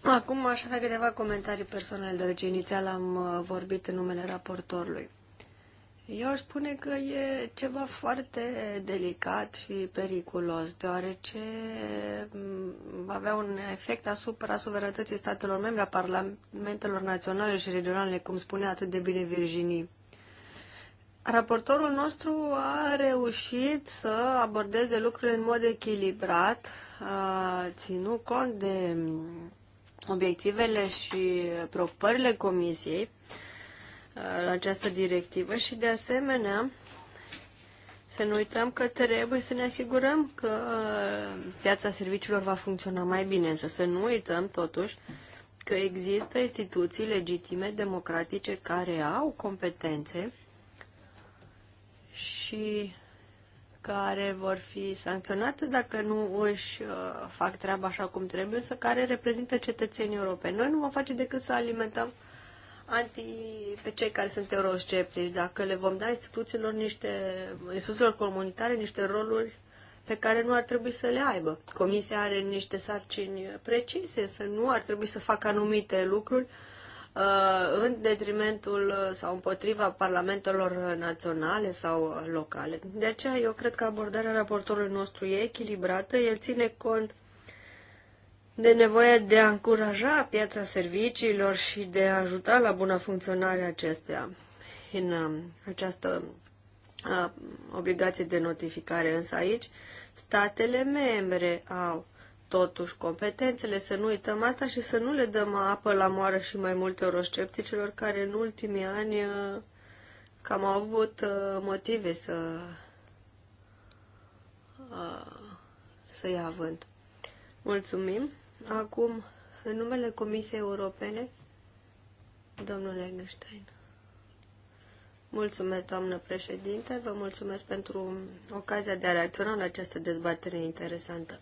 Speaker 3: Acum aș avea câteva comentarii personale, deoarece inițial am uh, vorbit în numele raportorului. Eu aș spune că e ceva foarte delicat și periculos, deoarece mm, va avea un efect asupra suveranității statelor membre, a parlamentelor naționale și regionale, cum spune atât de bine Virginie. Raportorul nostru a reușit să abordeze lucrurile în mod echilibrat, ținut cont de mm, obiectivele și propările Comisiei uh, la această directivă și, de asemenea, să nu uităm că trebuie să ne asigurăm că uh, piața serviciilor va funcționa mai bine, însă să nu uităm, totuși, că există instituții legitime, democratice, care au competențe și care vor fi sancționate dacă nu își uh, fac treaba așa cum trebuie, să care reprezintă cetățenii europeni. Noi nu vom face decât să alimentăm anti, pe cei care sunt eurosceptici, dacă le vom da instituțiilor, niște, instituțiilor comunitare niște roluri pe care nu ar trebui să le aibă. Comisia are niște sarcini precise, să nu ar trebui să facă anumite lucruri uh, Uh, în detrimentul sau împotriva parlamentelor naționale sau locale. De aceea eu cred că abordarea raportorului nostru e echilibrată, el ține cont de nevoia de a încuraja piața serviciilor și de a ajuta la bună funcționare acestea în uh, această uh, obligație de notificare. Însă aici statele membre au uh, totuși competențele, să nu uităm asta și să nu le dăm apă la moară și mai multe euroscepticilor care în ultimii ani uh, cam au avut uh, motive să uh, să ia avânt. Mulțumim. Acum, în numele Comisiei Europene, domnule Engelstein. Mulțumesc, doamnă președinte, vă mulțumesc pentru ocazia de a reacționa la această dezbatere interesantă.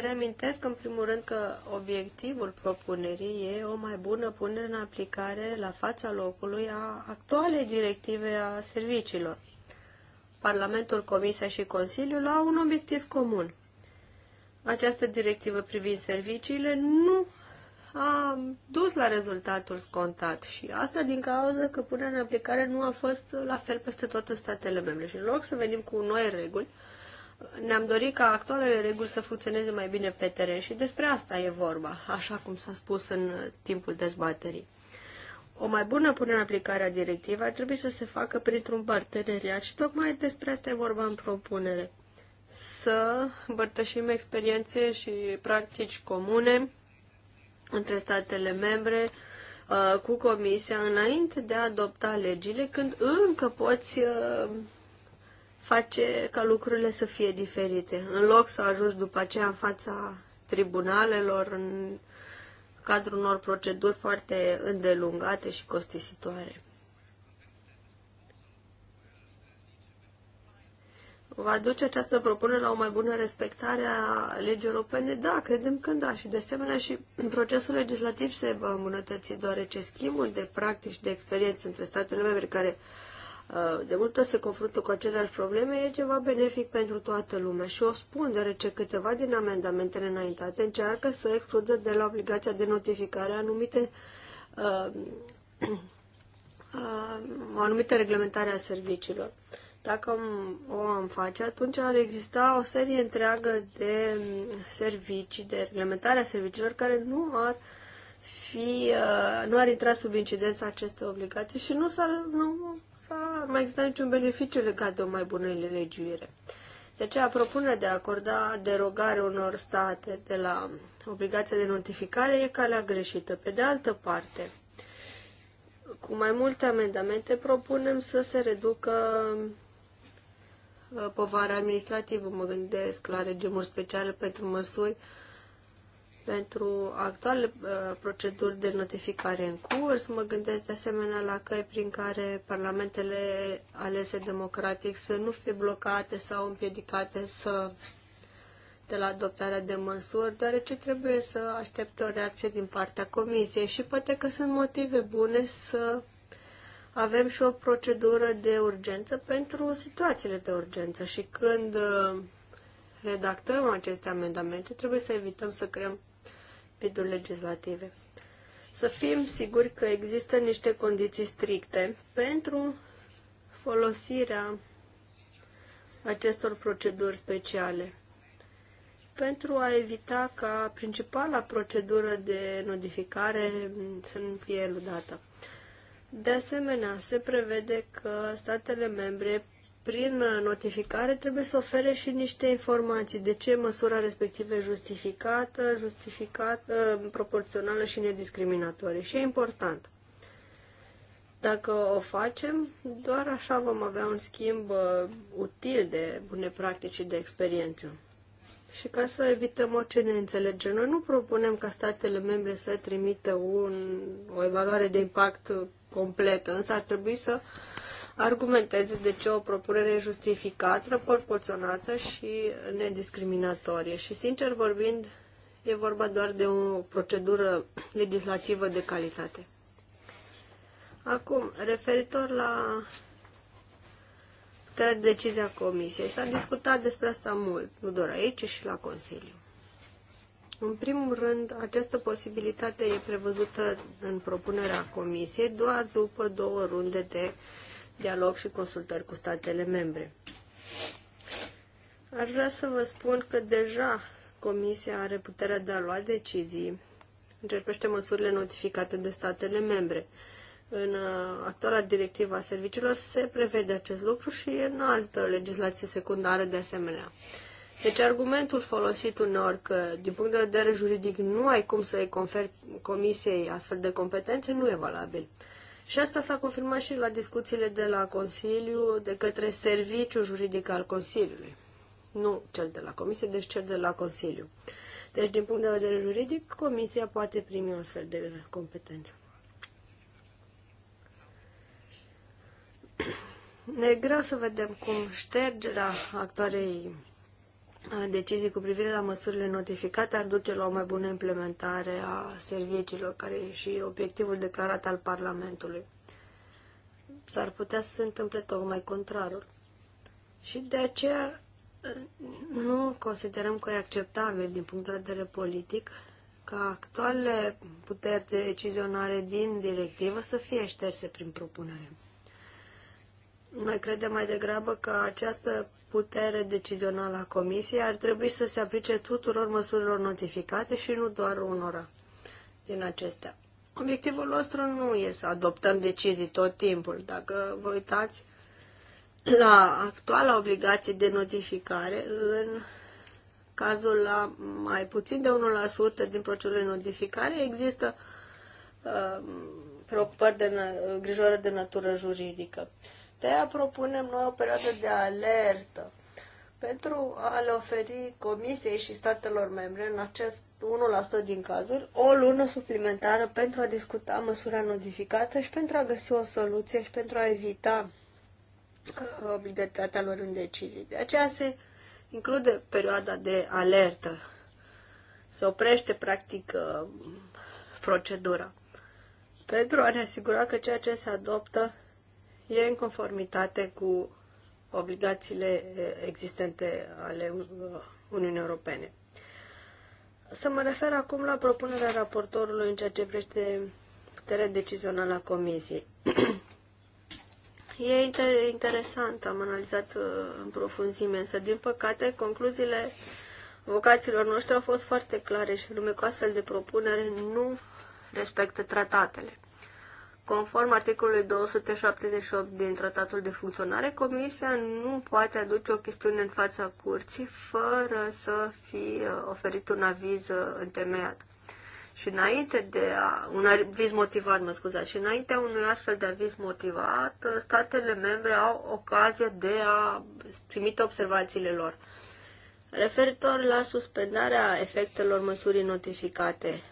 Speaker 3: Reamintesc în primul rând că obiectivul propunerii e o mai bună punere în aplicare la fața locului a actualei directive a serviciilor. Parlamentul, Comisia și Consiliul au un obiectiv comun. Această directivă privind serviciile nu a dus la rezultatul scontat și asta din cauza că punerea în aplicare nu a fost la fel peste tot în statele membre. Și în loc să venim cu noi reguli, ne-am dorit ca actualele reguli să funcționeze mai bine pe teren și despre asta e vorba, așa cum s-a spus în timpul dezbaterii. O mai bună punere în aplicare a directivei ar trebui să se facă printr-un parteneriat și tocmai despre asta e vorba în propunere. Să împărtășim experiențe și practici comune între statele membre uh, cu Comisia înainte de a adopta legile, când încă poți uh, face ca lucrurile să fie diferite. În loc să ajungi după aceea în fața tribunalelor, în cadrul unor proceduri foarte îndelungate și costisitoare. Va duce această propunere la o mai bună respectare a legii europene? Da, credem că da. Și de asemenea și procesul legislativ se va îmbunătăți, deoarece schimbul de practici, de experiență între statele membre care Uh, de multă se confruntă cu aceleași probleme, e ceva benefic pentru toată lumea. Și o spun, rece câteva din amendamentele înaintate încearcă să excludă de la obligația de notificare anumite uh, uh, o anumită reglementare a serviciilor. Dacă o am face, atunci ar exista o serie întreagă de servicii, de reglementare a serviciilor care nu ar fi, uh, nu ar intra sub incidența acestei obligații și nu s-ar, nu va mai exista niciun beneficiu legat de o mai bună legiuire. De aceea, propunerea de a acorda derogare unor state de la obligația de notificare e calea greșită. Pe de altă parte, cu mai multe amendamente propunem să se reducă uh, povara administrativă. Mă gândesc la regimuri speciale pentru măsuri uh, pentru actuale uh, proceduri de notificare în curs. Mă gândesc de asemenea la căi prin care parlamentele alese democratic să nu fie blocate sau împiedicate să de la adoptarea de măsuri, deoarece trebuie să aștepte o reacție din partea Comisiei și poate că sunt motive bune să avem și o procedură de urgență pentru situațiile de urgență și când uh, redactăm aceste amendamente, trebuie să evităm să creăm viduri legislative. Să fim siguri că există niște condiții stricte pentru folosirea acestor proceduri speciale pentru a evita ca principala procedură de notificare să nu fie eludată. De asemenea, se prevede că statele membre prin notificare trebuie să ofere și niște informații de ce măsura respectivă e justificată, justificată, uh, proporțională și nediscriminatorie. Și e important. Dacă o facem, doar așa vom avea un schimb uh, util de bune practici și de experiență. Și ca să evităm orice neînțelegere, noi nu propunem ca statele membre să trimită un, o evaluare de impact uh, completă, însă ar trebui să uh, argumenteze de ce o propunere justificată, proporționată și nediscriminatorie. Și, sincer vorbind, e vorba doar de o procedură legislativă de calitate. Acum, referitor la puterea de decizie a Comisiei, s-a discutat despre asta mult, nu doar aici, ci și la Consiliu. În primul rând, această posibilitate e prevăzută în propunerea Comisiei doar după două runde de dialog și consultări cu statele membre. Aș vrea să vă spun că deja Comisia are puterea de a lua decizii în ce privește măsurile notificate de statele membre. În uh, actuala directivă a serviciilor se prevede acest lucru și în altă legislație secundară de asemenea. Deci argumentul folosit uneori că din punct de vedere juridic nu ai cum să-i conferi comisiei astfel de competențe nu e valabil. Și asta s-a confirmat și la discuțiile de la Consiliu de către Serviciul Juridic al Consiliului. Nu cel de la Comisie, deci cel de la Consiliu. Deci, din punct de vedere juridic, Comisia poate primi o astfel de competență. Ne e greu să vedem cum ștergerea actoarei decizii cu privire la măsurile notificate ar duce la o mai bună implementare a serviciilor, care e și obiectivul declarat al Parlamentului. S-ar putea să se întâmple tocmai contrarul. Și de aceea nu considerăm că e acceptabil din punct de vedere politic ca actualele puteri de decizionare din directivă să fie șterse prin propunere. Noi credem mai degrabă că această putere decizională a Comisiei ar trebui să se aplice tuturor măsurilor notificate și nu doar unora din acestea. Obiectivul nostru nu e să adoptăm decizii tot timpul. Dacă vă uitați la actuala obligație de notificare, în cazul la mai puțin de 1% din procedurile de notificare, există uh, preocupări de îngrijorări de natură juridică. Uh, aia propunem noi o perioadă de alertă pentru a le oferi Comisiei și statelor membre, în acest 1% din cazuri, o lună suplimentară pentru a discuta măsura notificată și pentru a găsi o soluție și pentru a evita uh, obligativitatea lor în decizii. De aceea se include perioada de alertă. Se oprește, practic, uh, procedura pentru a ne asigura că ceea ce se adoptă e în conformitate cu obligațiile existente ale uh, Uniunii Europene. Să mă refer acum la propunerea raportorului în ceea ce privește puterea decizională a Comisiei. E inter- interesant, am analizat uh, în profunzime, însă, din păcate, concluziile vocațiilor noștri au fost foarte clare și lume cu astfel de propunere nu respectă tratatele. Conform articolului 278 din Tratatul de Funcționare, Comisia nu poate aduce o chestiune în fața curții fără să fi uh, oferit un aviz uh, întemeiat. Și înainte de a, un aviz motivat, mă scuzați, și înaintea unui astfel de aviz motivat, uh, statele membre au ocazia de a trimite observațiile lor. Referitor la suspendarea efectelor măsurii notificate,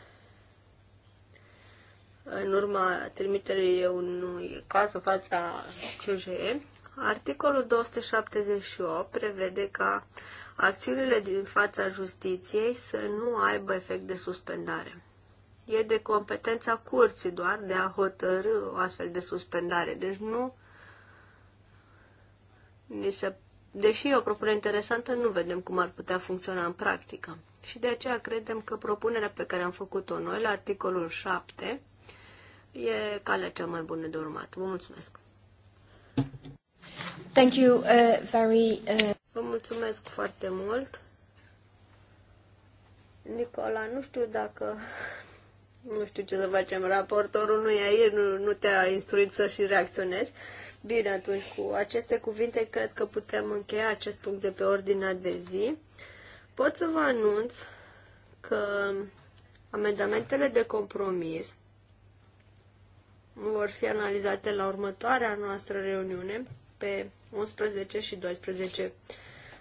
Speaker 3: în urma trimiterii unui caz în fața CJE, articolul 278 prevede ca acțiunile din fața justiției să nu aibă efect de suspendare. E de competența curții doar de a hotărâ o astfel de suspendare. Deci nu ni se Deși e o propunere interesantă, nu vedem cum ar putea funcționa în practică. Și de aceea credem că propunerea pe care am făcut-o noi la articolul 7 e calea cea mai bună de urmat. Vă mulțumesc! Thank you, uh, very, uh... Vă mulțumesc foarte mult. Nicola, nu știu dacă... Nu știu ce să facem. Raportorul nu e aici, nu, nu te-a instruit să și reacționezi. Bine, atunci, cu aceste cuvinte, cred că putem încheia acest punct de pe ordinea de zi. Pot să vă anunț că amendamentele de compromis vor fi analizate la următoarea noastră reuniune pe 11 și 12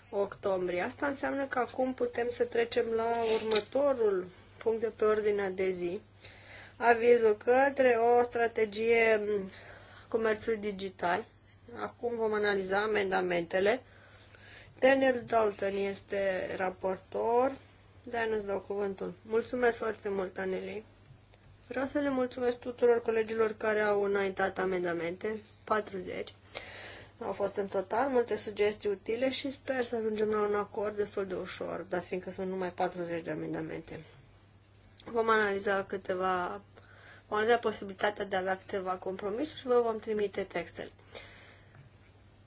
Speaker 3: octombrie. Asta înseamnă că acum putem să trecem la următorul punct de pe ordinea de zi, avizul către o strategie comerțului digital. Acum vom analiza amendamentele. Daniel Dalton este raportor. Dan, îți dau cuvântul. Mulțumesc foarte mult, Anelie. Vreau să le mulțumesc tuturor colegilor care au înaintat amendamente, 40. Au fost în total multe sugestii utile și sper să ajungem la un acord destul de ușor, dar fiindcă sunt numai 40 de amendamente. Vom analiza câteva, vom analiza posibilitatea de a avea câteva compromisuri și vă vom trimite textele.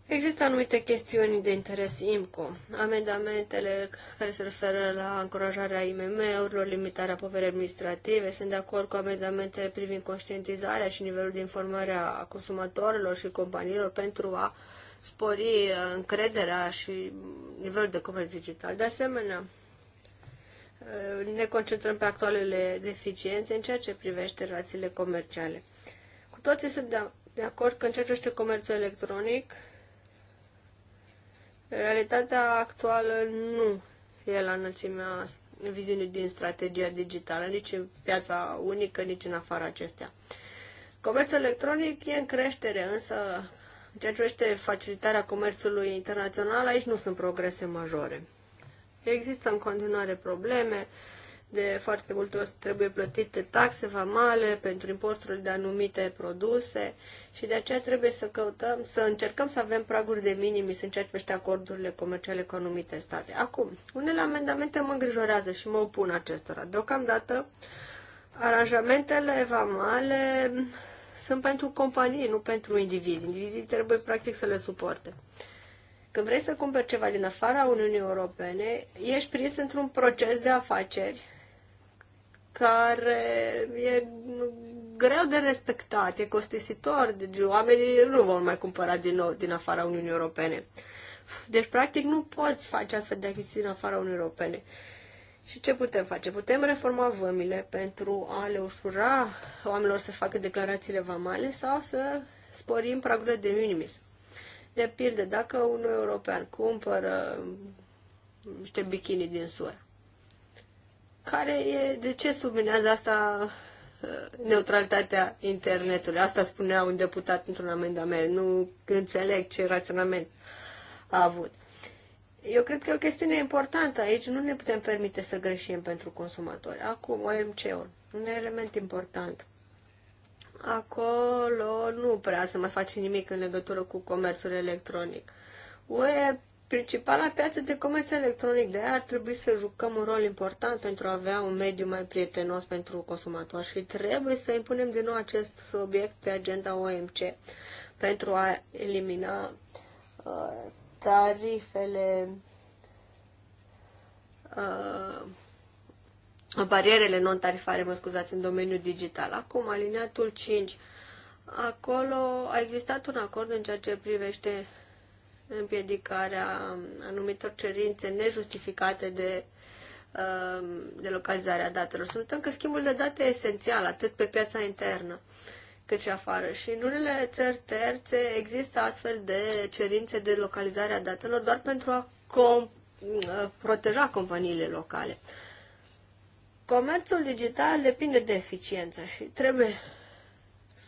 Speaker 3: Există anumite chestiuni de interes IMCO, amendamentele care se referă la încurajarea IMM-urilor, limitarea poverii administrative, sunt de acord cu amendamentele privind conștientizarea și nivelul de informare a consumatorilor și companiilor pentru a spori uh, încrederea și nivelul de comerț digital. De asemenea, uh, ne concentrăm pe actualele deficiențe în ceea ce privește relațiile comerciale. Cu toții sunt de, de acord că în ce privește comerțul electronic, Realitatea actuală nu e la înălțimea viziunii din strategia digitală, nici în piața unică, nici în afara acestea. Comerțul electronic e în creștere, însă în ceea ce privește facilitarea comerțului internațional, aici nu sunt progrese majore. Există în continuare probleme, de foarte multe ori trebuie plătite taxe vamale pentru importurile de anumite produse și de aceea trebuie să căutăm, să încercăm să avem praguri de minimi, să ceea ce acordurile comerciale cu anumite state. Acum, unele amendamente mă îngrijorează și mă opun acestora. Deocamdată, aranjamentele vamale sunt pentru companii, nu pentru indivizi. Indivizii trebuie practic să le suporte. Când vrei să cumperi ceva din afara Uniunii Europene, ești prins într-un proces de afaceri care e greu de respectat, e costisitor, deci oamenii nu vor mai cumpăra din nou din afara Uniunii Europene. Deci, practic, nu poți face astfel de achiziții din afara Uniunii Europene. Și ce putem face? Putem reforma vămile pentru a le ușura oamenilor să facă declarațiile vamale sau să sporim pragurile de minimis. De pildă, dacă un european cumpără niște bikini din sură, care e, de ce sublinează asta uh, neutralitatea internetului? Asta spunea un deputat într-un amendament. Nu înțeleg ce raționament a avut. Eu cred că e o chestiune importantă aici. Nu ne putem permite să greșim pentru consumatori. Acum, OMC-ul. Un element important. Acolo nu prea se mai face nimic în legătură cu comerțul electronic. UE principala piață de comerț electronic, de aia ar trebui să jucăm un rol important pentru a avea un mediu mai prietenos pentru consumator și trebuie să impunem din nou acest subiect pe agenda OMC pentru a elimina uh, tarifele, uh, barierele non-tarifare, mă scuzați, în domeniul digital. Acum, aliniatul 5. Acolo a existat un acord în ceea ce privește împiedicarea anumitor cerințe nejustificate de um, de localizarea datelor. Să notăm că schimbul de date e esențial, atât pe piața internă cât și afară. Și în unele țări terțe există astfel de cerințe de localizare a datelor doar pentru a com- uh, proteja companiile locale. Comerțul digital depinde de eficiență și trebuie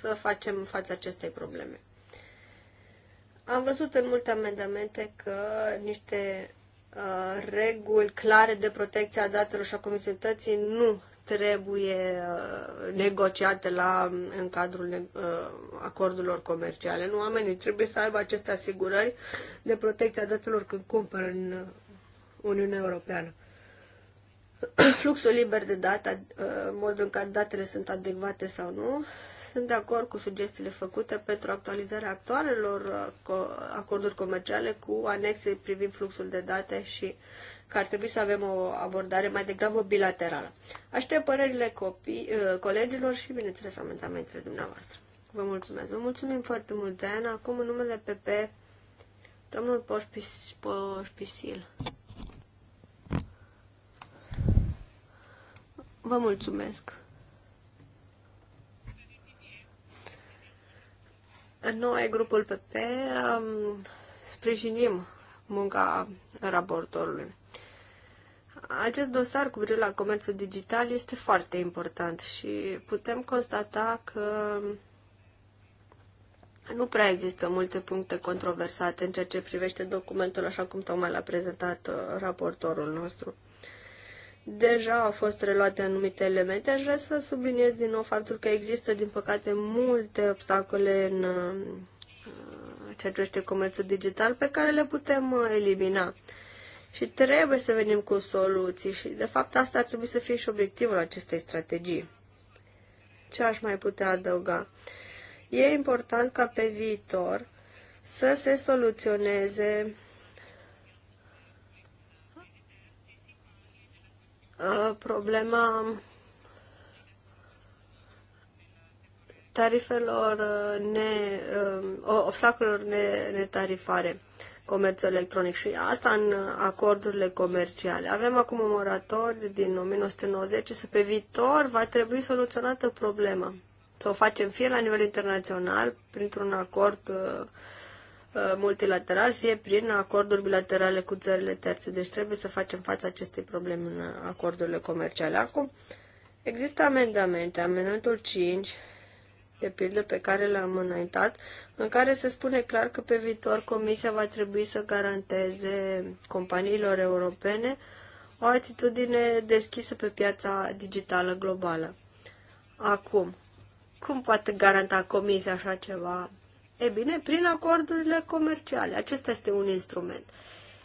Speaker 3: să facem față acestei probleme. Am văzut în multe amendamente că niște uh, reguli clare de protecție a datelor și a comisității nu trebuie uh, negociate la, în cadrul uh, acordurilor comerciale. Nu, oamenii trebuie să aibă aceste asigurări de protecție a datelor când cumpără în Uniunea Europeană. (clears throat) Fluxul liber de date, uh, modul în care datele sunt adecvate sau nu, sunt de acord cu sugestiile făcute pentru actualizarea actualelor uh, acorduri comerciale cu anexe privind fluxul de date și că ar trebui să avem o abordare mai degrabă bilaterală. Aștept părerile copii, uh, colegilor și, bineînțeles, amendamentele dumneavoastră. Vă mulțumesc. Vă mulțumim foarte mult, Diana. Acum, în numele PP, domnul Poșpis, Poșpisil. Vă mulțumesc. Noi, grupul PP, sprijinim munca raportorului. Acest dosar cu privire la comerțul digital este foarte important și putem constata că nu prea există multe puncte controversate în ceea ce privește documentul așa cum tocmai l-a prezentat uh, raportorul nostru. Deja au fost reluate anumite elemente. Aș vrea să subliniez din nou faptul că există, din păcate, multe obstacole în uh, ceea ce este comerțul digital pe care le putem uh, elimina. Și trebuie să venim cu soluții și, de fapt, asta ar trebui să fie și obiectivul acestei strategii. Ce aș mai putea adăuga? E important ca pe viitor să se soluționeze Uh, problema tarifelor uh, ne, uh, obstacolelor netarifare comerțul electronic și asta în acordurile comerciale. Avem acum un moratoriu din 1990 și pe viitor va trebui soluționată problema. Să o facem fie la nivel internațional, printr-un acord uh, Uh, multilateral, fie prin acorduri bilaterale cu țările terțe. Deci trebuie să facem față acestei probleme în acordurile comerciale. Acum, există amendamente, amendamentul 5, de pildă pe care l-am înaintat, în care se spune clar că pe viitor Comisia va trebui să garanteze companiilor europene o atitudine deschisă pe piața digitală globală. Acum, cum poate garanta Comisia așa ceva E bine, prin acordurile comerciale. Acesta este un instrument.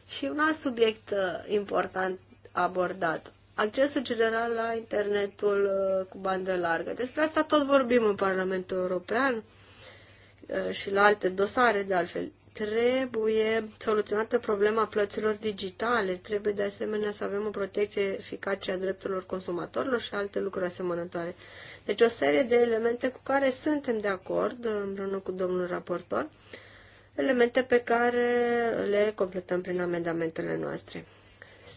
Speaker 3: Și un alt subiect uh, important abordat. Accesul general la internetul uh, cu bandă largă. Despre asta tot vorbim în Parlamentul European uh, și la alte dosare, de altfel trebuie soluționată problema plăților digitale, trebuie de asemenea să avem o protecție eficace a drepturilor consumatorilor și alte lucruri asemănătoare. Deci o serie de elemente cu care suntem de acord uh, împreună cu domnul raportor, elemente pe care le completăm prin amendamentele noastre.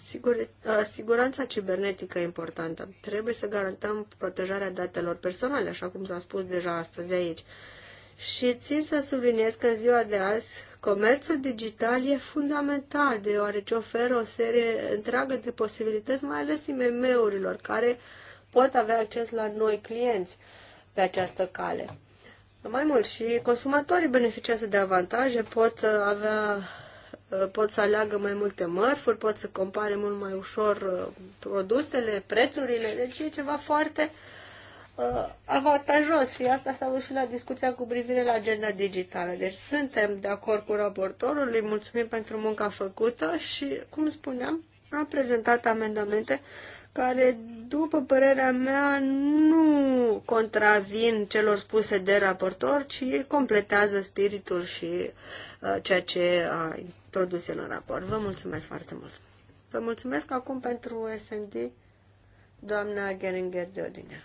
Speaker 3: Sigur, uh, siguranța cibernetică e importantă. Trebuie să garantăm protejarea datelor personale, așa cum s-a spus deja astăzi aici. Și țin să subliniez că în ziua de azi Comerțul digital e fundamental, deoarece oferă o serie întreagă de posibilități, mai ales IMM-urilor, care pot avea acces la noi clienți pe această cale. Mai mult, și consumatorii beneficiază de avantaje, pot uh, avea uh, pot să aleagă mai multe mărfuri, pot să compare mult mai ușor uh, produsele, prețurile, deci e ceva foarte uh, uh, avantajos și asta s-a văzut și la discuția cu privire la agenda digitală. Deci suntem de acord cu raportorul, îi mulțumim pentru munca făcută și, cum spuneam, am prezentat amendamente care, după părerea mea, nu contravin celor spuse de raportor, ci completează spiritul și uh, ceea ce a introdus el în raport. Vă mulțumesc foarte mult! Vă mulțumesc acum pentru SND, doamna Geringer de Odinea.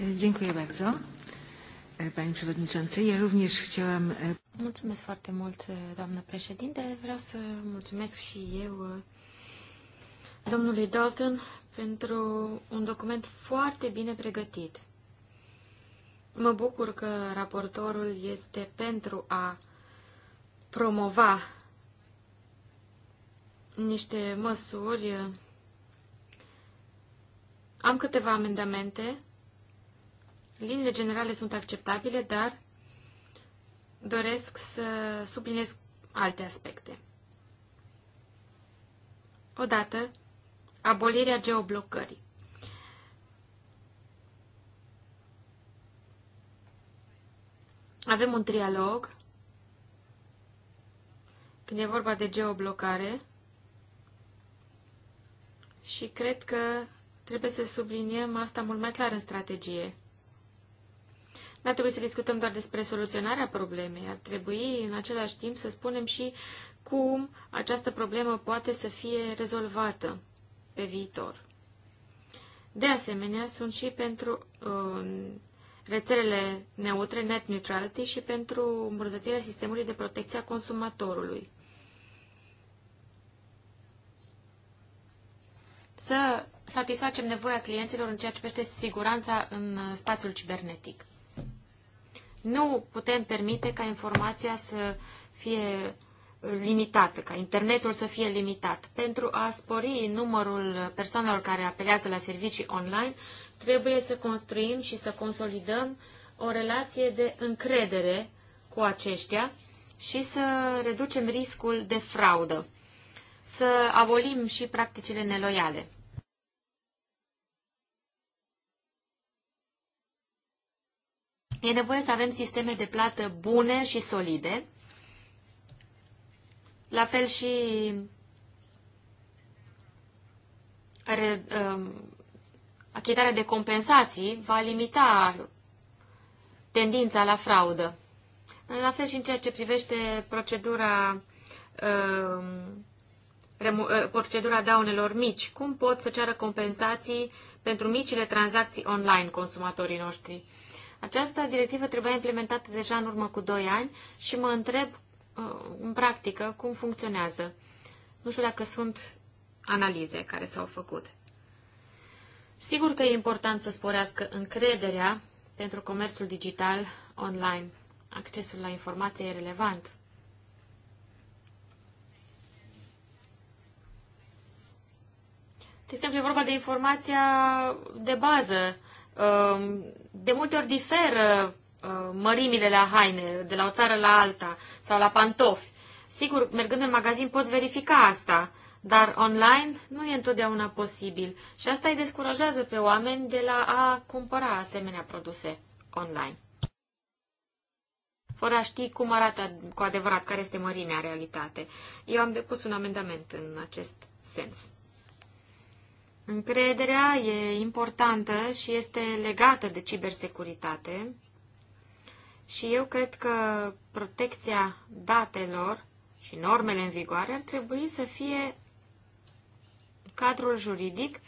Speaker 2: Dziękuję bardzo, Pani Przewodnicząca. Ja również chciałam...
Speaker 3: Mulțumesc
Speaker 1: foarte mult, doamnă președinte. Vreau să mulțumesc și eu domnului Dalton pentru un document foarte bine pregătit. Mă bucur că raportorul este pentru a promova niște măsuri. Am câteva amendamente Liniile generale sunt acceptabile, dar doresc să subliniez alte aspecte. Odată, abolirea geoblocării. Avem un trialog când e vorba de geoblocare și cred că trebuie să subliniem asta mult mai clar în strategie. N-ar trebui să discutăm doar despre soluționarea problemei, ar trebui în același timp să spunem și cum această problemă poate să fie rezolvată pe viitor. De asemenea, sunt și pentru uh, rețelele neutre, net neutrality, și pentru îmbunătățirea sistemului de protecție a consumatorului. Să satisfacem nevoia clienților în ceea ce privește siguranța în uh, spațiul cibernetic. Nu putem permite ca informația să fie limitată, ca internetul să fie limitat. Pentru a spori numărul persoanelor care apelează la servicii online, trebuie să construim și să consolidăm o relație de încredere cu aceștia și să reducem riscul de fraudă, să abolim și practicile neloiale. E nevoie să avem sisteme de plată bune și solide, la fel și re, um, achitarea de compensații va limita tendința la fraudă. La fel și în ceea ce privește procedura, um, uh, procedura daunelor mici. Cum pot să ceară compensații pentru micile tranzacții online consumatorii noștri? Această directivă trebuia implementată deja în urmă cu 2 ani și mă întreb uh, în practică cum funcționează. Nu știu dacă sunt analize care s-au făcut. Sigur că e important să sporească încrederea pentru comerțul digital online. Accesul la informație e relevant. De exemplu, e vorba de informația de bază um, de multe ori diferă uh, mărimile la haine, de la o țară la alta, sau la pantofi. Sigur, mergând în magazin poți verifica asta, dar online nu e întotdeauna posibil și asta îi descurajează pe oameni de la a cumpăra asemenea produse online. Fără a ști cum arată cu adevărat care este mărimea realitate. Eu am depus un amendament în acest sens. Încrederea e importantă și este legată de cibersecuritate și eu cred că protecția datelor și normele în vigoare ar trebui să fie cadrul juridic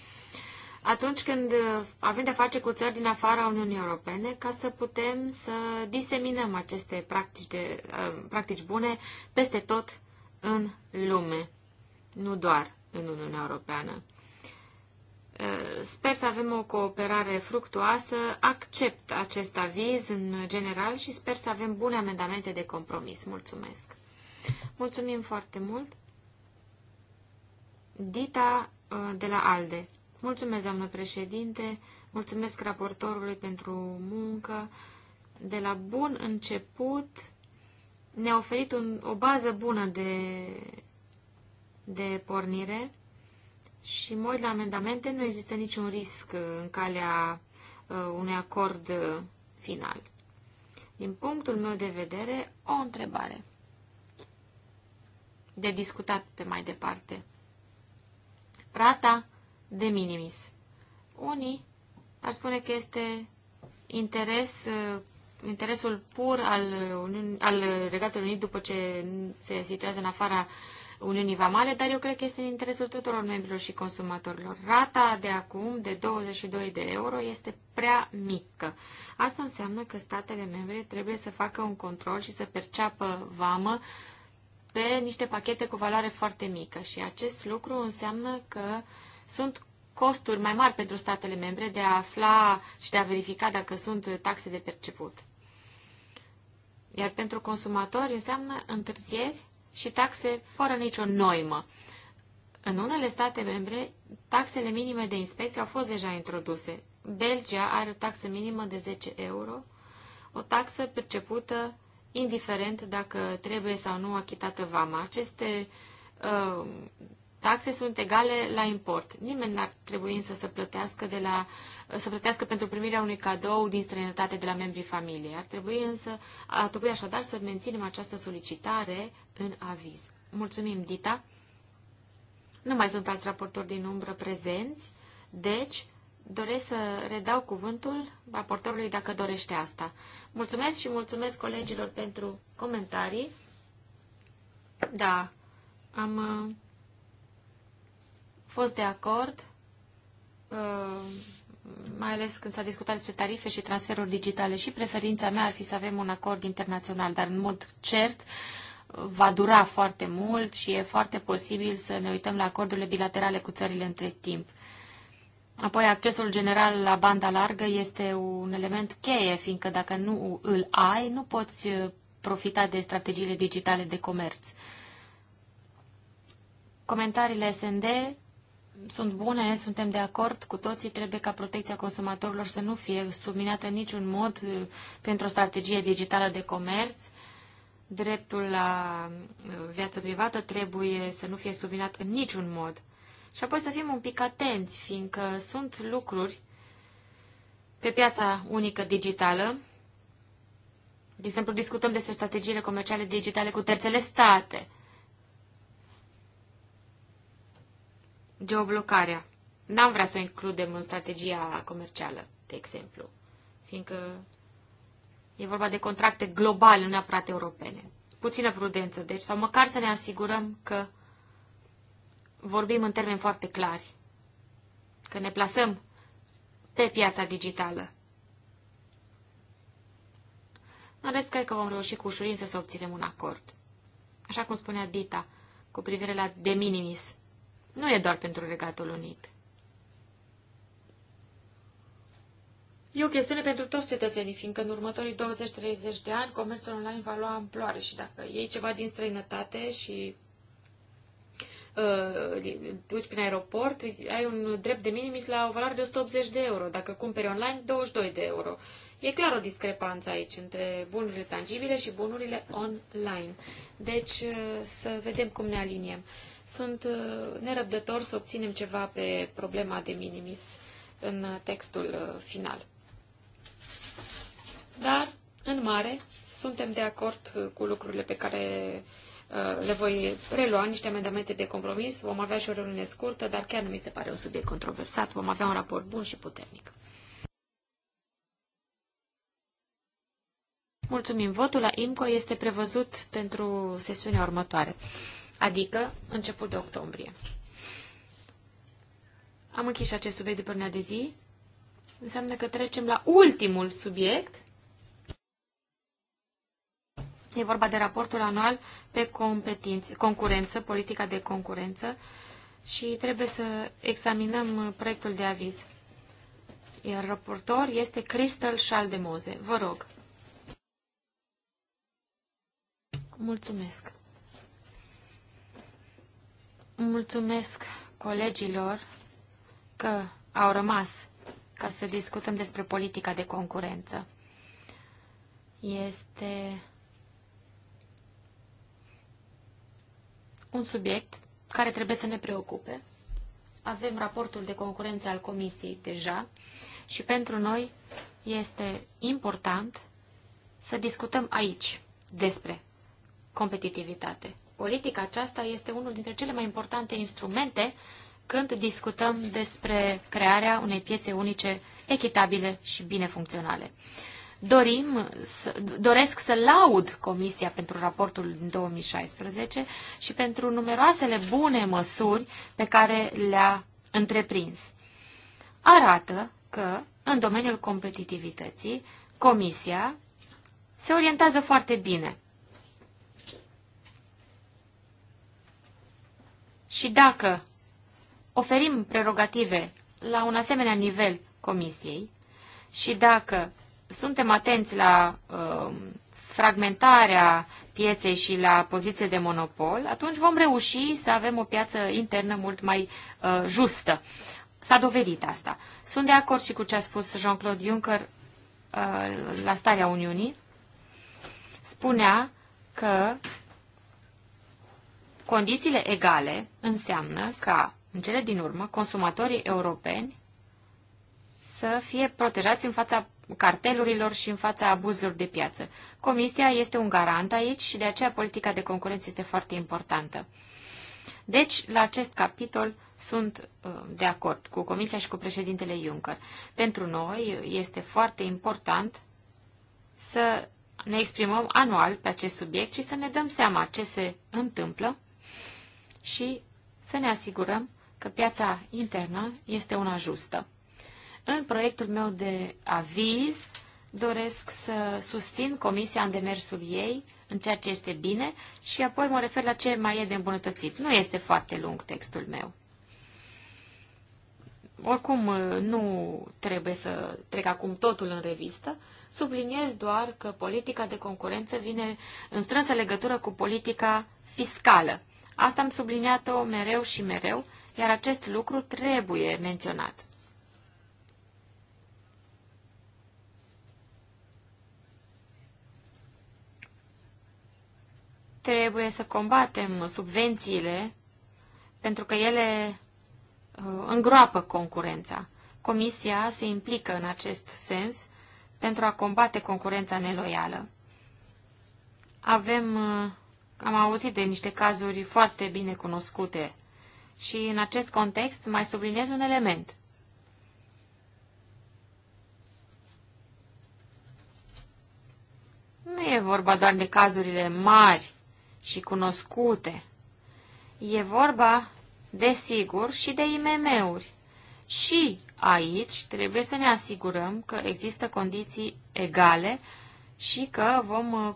Speaker 1: atunci când avem de-a face cu țări din afara Uniunii Europene ca să putem să diseminăm aceste practici, de, uh, practici bune peste tot în lume, nu doar în Uniunea Europeană. Eh, sper să avem o cooperare fructuoasă. Accept acest aviz în general și sper să avem bune amendamente de compromis. Mulțumesc! Mulțumim foarte mult! Dita eh, de la ALDE. Mulțumesc, doamnă președinte, mulțumesc raportorului pentru muncă. De la bun început ne-a oferit un, o bază bună de, de pornire și mă uit la amendamente, nu există niciun risc uh, în calea uh, unui acord uh, final. Din punctul meu de vedere, o întrebare de discutat pe mai departe. Rata de minimis. Unii ar spune că este interes, interesul pur al, al Regatului Unit după ce se situează în afara uh, Uniunii Vamale, dar eu cred că este în interesul tuturor membrilor și consumatorilor. Rata de acum de 22 de euro este prea mică. Asta înseamnă că statele membre trebuie să facă un control și să perceapă vamă pe niște pachete cu valoare foarte mică și acest lucru înseamnă că sunt costuri mai mari pentru statele membre de a afla și de a verifica dacă sunt taxe de perceput. Iar pentru consumatori înseamnă întârzieri și taxe fără nicio noimă. În unele state membre, taxele minime de inspecție au fost deja introduse. Belgia are o taxă minimă de 10 euro, o taxă percepută indiferent dacă trebuie sau nu achitată vama. Aceste uh, taxe sunt egale la import. Nimeni n-ar trebui însă să plătească, de la, să plătească pentru primirea unui cadou din străinătate de la membrii familiei. Ar trebui însă, ar trebui așadar să menținem această solicitare în aviz. Mulțumim, Dita. Nu mai sunt alți raportori din umbră prezenți, deci doresc să redau cuvântul raportorului dacă dorește asta. Mulțumesc și mulțumesc colegilor pentru comentarii. Da, am fost de acord, uh, mai ales când s-a discutat despre tarife și transferuri digitale și preferința mea ar fi să avem un acord internațional, dar în mod cert uh, va dura foarte mult și e foarte posibil să ne uităm la acordurile bilaterale cu țările între timp. Apoi, accesul general la banda largă este un element cheie, fiindcă dacă nu îl ai, nu poți uh, profita de strategiile digitale de comerț. Comentariile SND sunt bune, suntem de acord cu toții, trebuie ca protecția consumatorilor să nu fie subminată în niciun mod uh, pentru o strategie digitală de comerț. Dreptul la uh, viață privată trebuie să nu fie subminat în niciun mod. Și apoi să fim un pic atenți, fiindcă sunt lucruri pe piața unică digitală. De exemplu, discutăm despre strategiile comerciale digitale cu terțele state – geoblocarea. N-am vrea să o includem în strategia comercială, de exemplu, fiindcă e vorba de contracte globale, nu neapărat europene. Puțină prudență, deci, sau măcar să ne asigurăm că vorbim în termeni foarte clari, că ne plasăm pe piața digitală. În rest, cred că vom reuși cu ușurință să obținem un acord. Așa cum spunea Dita, cu privire la de minimis. Nu e doar pentru Regatul Unit. E o chestiune pentru toți cetățenii, fiindcă în următorii 20-30 de ani comerțul online va lua amploare și dacă iei ceva din străinătate și uh, duci prin aeroport, ai un drept de minimis la o valoare de 180 de euro. Dacă cumperi online, 22 de euro. E clar o discrepanță aici între bunurile tangibile și bunurile online. Deci uh, să vedem cum ne aliniem. Uh, sunt uh, nerăbdător să obținem ceva pe problema de minimis în uh, textul uh, final. Dar, în mare, suntem de acord cu lucrurile pe care le voi prelua niște amendamente de compromis. Vom avea și o reuniune scurtă, dar chiar nu mi se pare un subiect controversat. Vom avea un raport bun și puternic. Mulțumim. Votul la IMCO este prevăzut pentru sesiunea următoare adică început de octombrie. Am închis și acest subiect de până de zi. Înseamnă că trecem la ultimul subiect. E vorba de raportul anual pe concurență, politica de concurență și trebuie să examinăm proiectul de aviz. Iar raportor este Cristel Schaldemose. Vă rog. Mulțumesc. Mulțumesc colegilor că au rămas ca să discutăm despre politica de concurență. Este un subiect care trebuie să ne preocupe. Avem raportul de concurență al Comisiei deja și pentru noi este important să discutăm aici despre competitivitate politica aceasta este unul dintre cele mai importante instrumente când discutăm despre crearea unei piețe unice echitabile și bine funcționale. Dorim, doresc să laud Comisia pentru raportul din 2016 și pentru numeroasele bune măsuri pe care le-a întreprins. Arată că, în domeniul competitivității, Comisia se orientează foarte bine Și dacă oferim prerogative la un asemenea nivel comisiei și dacă suntem atenți la uh, fragmentarea pieței și la poziție de monopol, atunci vom reuși să avem o piață internă mult mai uh, justă. S-a dovedit asta. Sunt de acord și cu ce a spus Jean-Claude Juncker uh, la starea Uniunii. Spunea că Condițiile egale înseamnă ca, în cele din urmă, consumatorii europeni să fie protejați în fața cartelurilor și în fața abuzurilor de piață. Comisia este un garant aici și de aceea politica de concurență este foarte importantă. Deci, la acest capitol sunt uh, de acord cu Comisia și cu președintele Juncker. Pentru noi este foarte important să ne exprimăm anual pe acest subiect și să ne dăm seama ce se întâmplă și să ne asigurăm că piața internă este una justă. În proiectul meu de aviz doresc să susțin comisia în demersul ei, în ceea ce este bine și apoi mă refer la ce mai e de îmbunătățit. Nu este foarte lung textul meu. Oricum, nu trebuie să trec acum totul în revistă. Subliniez doar că politica de concurență vine în strânsă legătură cu politica fiscală. Asta am subliniat-o mereu și mereu, iar acest lucru trebuie menționat. Trebuie să combatem subvențiile pentru că ele uh, îngroapă concurența. Comisia se implică în acest sens pentru a combate concurența neloială. Avem uh, am auzit de niște cazuri foarte bine cunoscute și în acest context mai subliniez un element. Nu e vorba doar de cazurile mari și cunoscute. E vorba, desigur, și de IMM-uri. Și aici trebuie să ne asigurăm că există condiții egale și că vom uh,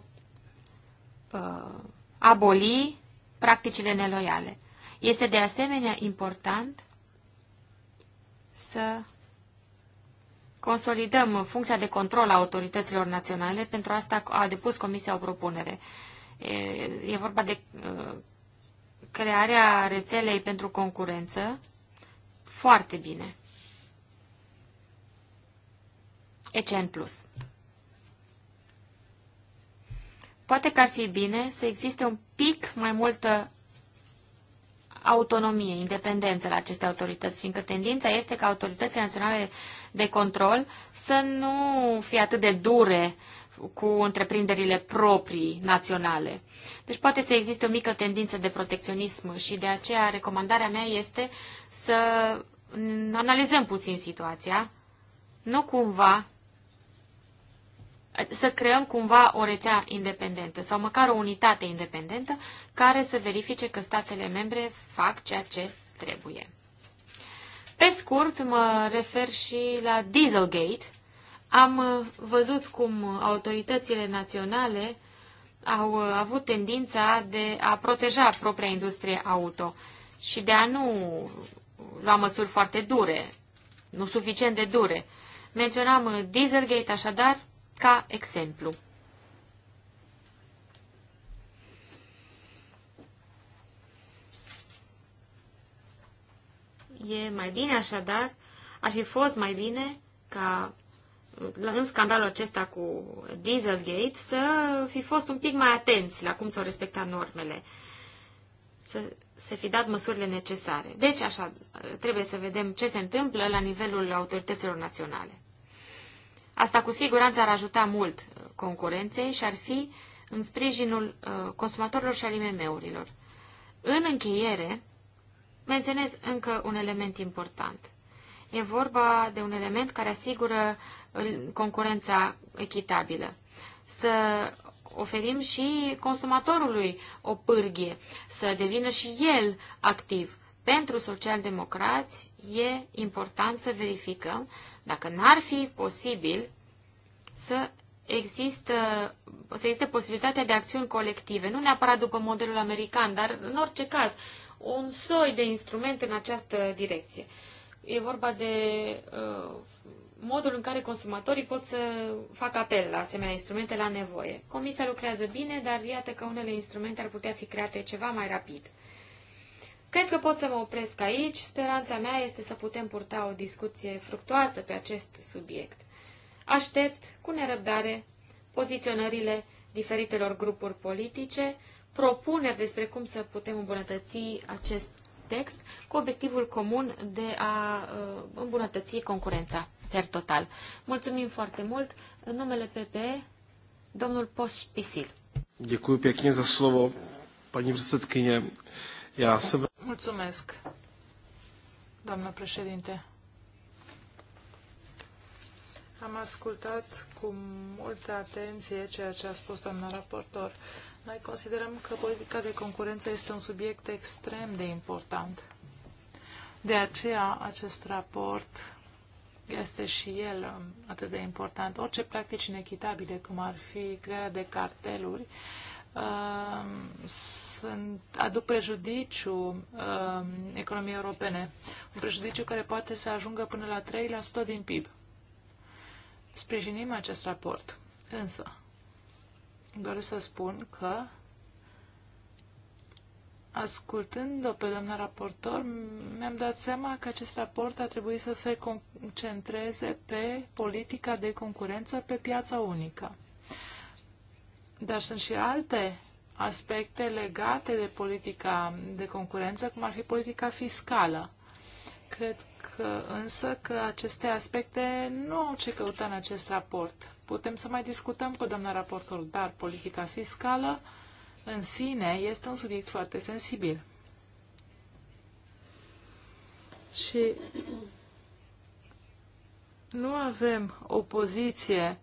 Speaker 1: aboli practicile neloiale. Este de asemenea important să consolidăm funcția de control a autorităților naționale. Pentru asta a depus Comisia o propunere. E vorba de uh, crearea rețelei pentru concurență. Foarte bine. ECN+. Poate că ar fi bine să existe un pic mai multă autonomie, independență la aceste autorități, fiindcă tendința este ca autoritățile naționale de control să nu fie atât de dure cu întreprinderile proprii naționale. Deci poate să existe o mică tendință de protecționism și de aceea recomandarea mea este să analizăm puțin situația, nu cumva să creăm cumva o rețea independentă sau măcar o unitate independentă care să verifice că statele membre fac ceea ce trebuie. Pe scurt, mă refer și la Dieselgate. Am văzut cum autoritățile naționale au avut tendința de a proteja propria industrie auto și de a nu lua măsuri foarte dure, nu suficient de dure. Menționam Dieselgate, așadar, ca exemplu. E mai bine așadar, ar fi fost mai bine ca în scandalul acesta cu Dieselgate să fi fost un pic mai atenți la cum s-au respectat normele, să se fi dat măsurile necesare. Deci așa trebuie să vedem ce se întâmplă la nivelul autorităților naționale. Asta cu siguranță ar ajuta mult uh, concurenței și ar fi în sprijinul uh, consumatorilor și al IMM-urilor. În încheiere, menționez încă un element important. E vorba de un element care asigură uh, concurența echitabilă. Să oferim și consumatorului o pârghie, să devină și el activ pentru socialdemocrați e important să verificăm dacă n-ar fi posibil să există, să existe posibilitatea de acțiuni colective, nu neapărat după modelul american, dar în orice caz, un soi de instrument în această direcție. E vorba de uh, modul în care consumatorii pot să facă apel la asemenea instrumente la nevoie. Comisia lucrează bine, dar iată că unele instrumente ar putea fi create ceva mai rapid. Cred că pot să mă opresc aici. Speranța mea este să putem purta o discuție fructuoasă pe acest subiect. Aștept cu nerăbdare poziționările diferitelor grupuri politice, propuneri despre cum să putem îmbunătăți acest text cu obiectivul comun de a uh, îmbunătăți concurența per total. Mulțumim foarte mult. În numele PP, domnul Pospisil.
Speaker 3: Děkuji pěkně za slovo, paní předsedkyně. Ia să...
Speaker 1: Mulțumesc, doamnă
Speaker 2: președinte. Am ascultat cu multă atenție ceea ce a spus doamna raportor. Noi considerăm că politica de concurență este un subiect extrem de important. De aceea, acest raport este și el um, atât de important. Orice practici inechitabile, cum ar fi crearea de carteluri, sunt, aduc prejudiciu uh, economiei europene, un prejudiciu care poate să ajungă până la 3% din PIB. Sprijinim acest raport, însă doresc să spun că ascultând-o pe doamna raportor, mi-am dat seama că acest raport a trebuit să se concentreze pe politica de concurență pe piața unică. Dar sunt și alte aspecte legate de politica de concurență, cum ar fi politica fiscală. Cred că, însă că aceste aspecte nu au ce căuta în acest raport. Putem să mai discutăm cu doamna raportor, dar politica fiscală în sine este un subiect foarte sensibil. Și nu avem o poziție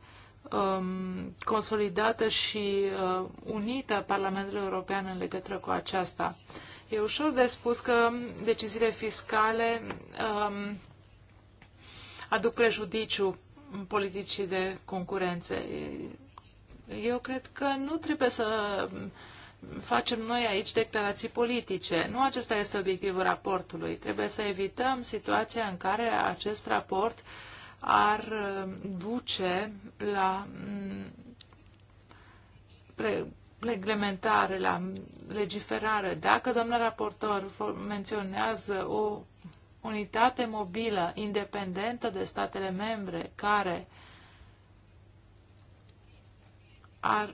Speaker 2: um, consolidată și uh, unită a Parlamentului European în legătură cu aceasta. E ușor de spus că deciziile fiscale um, aduc prejudiciu în politicii de concurență. Eu cred că nu trebuie să facem noi aici declarații politice. Nu acesta este obiectivul raportului. Trebuie să evităm situația în care acest raport uh, ar uh, duce la mm, reglementare, la legiferare. Dacă doamna raportor menționează o unitate mobilă independentă de statele membre care ar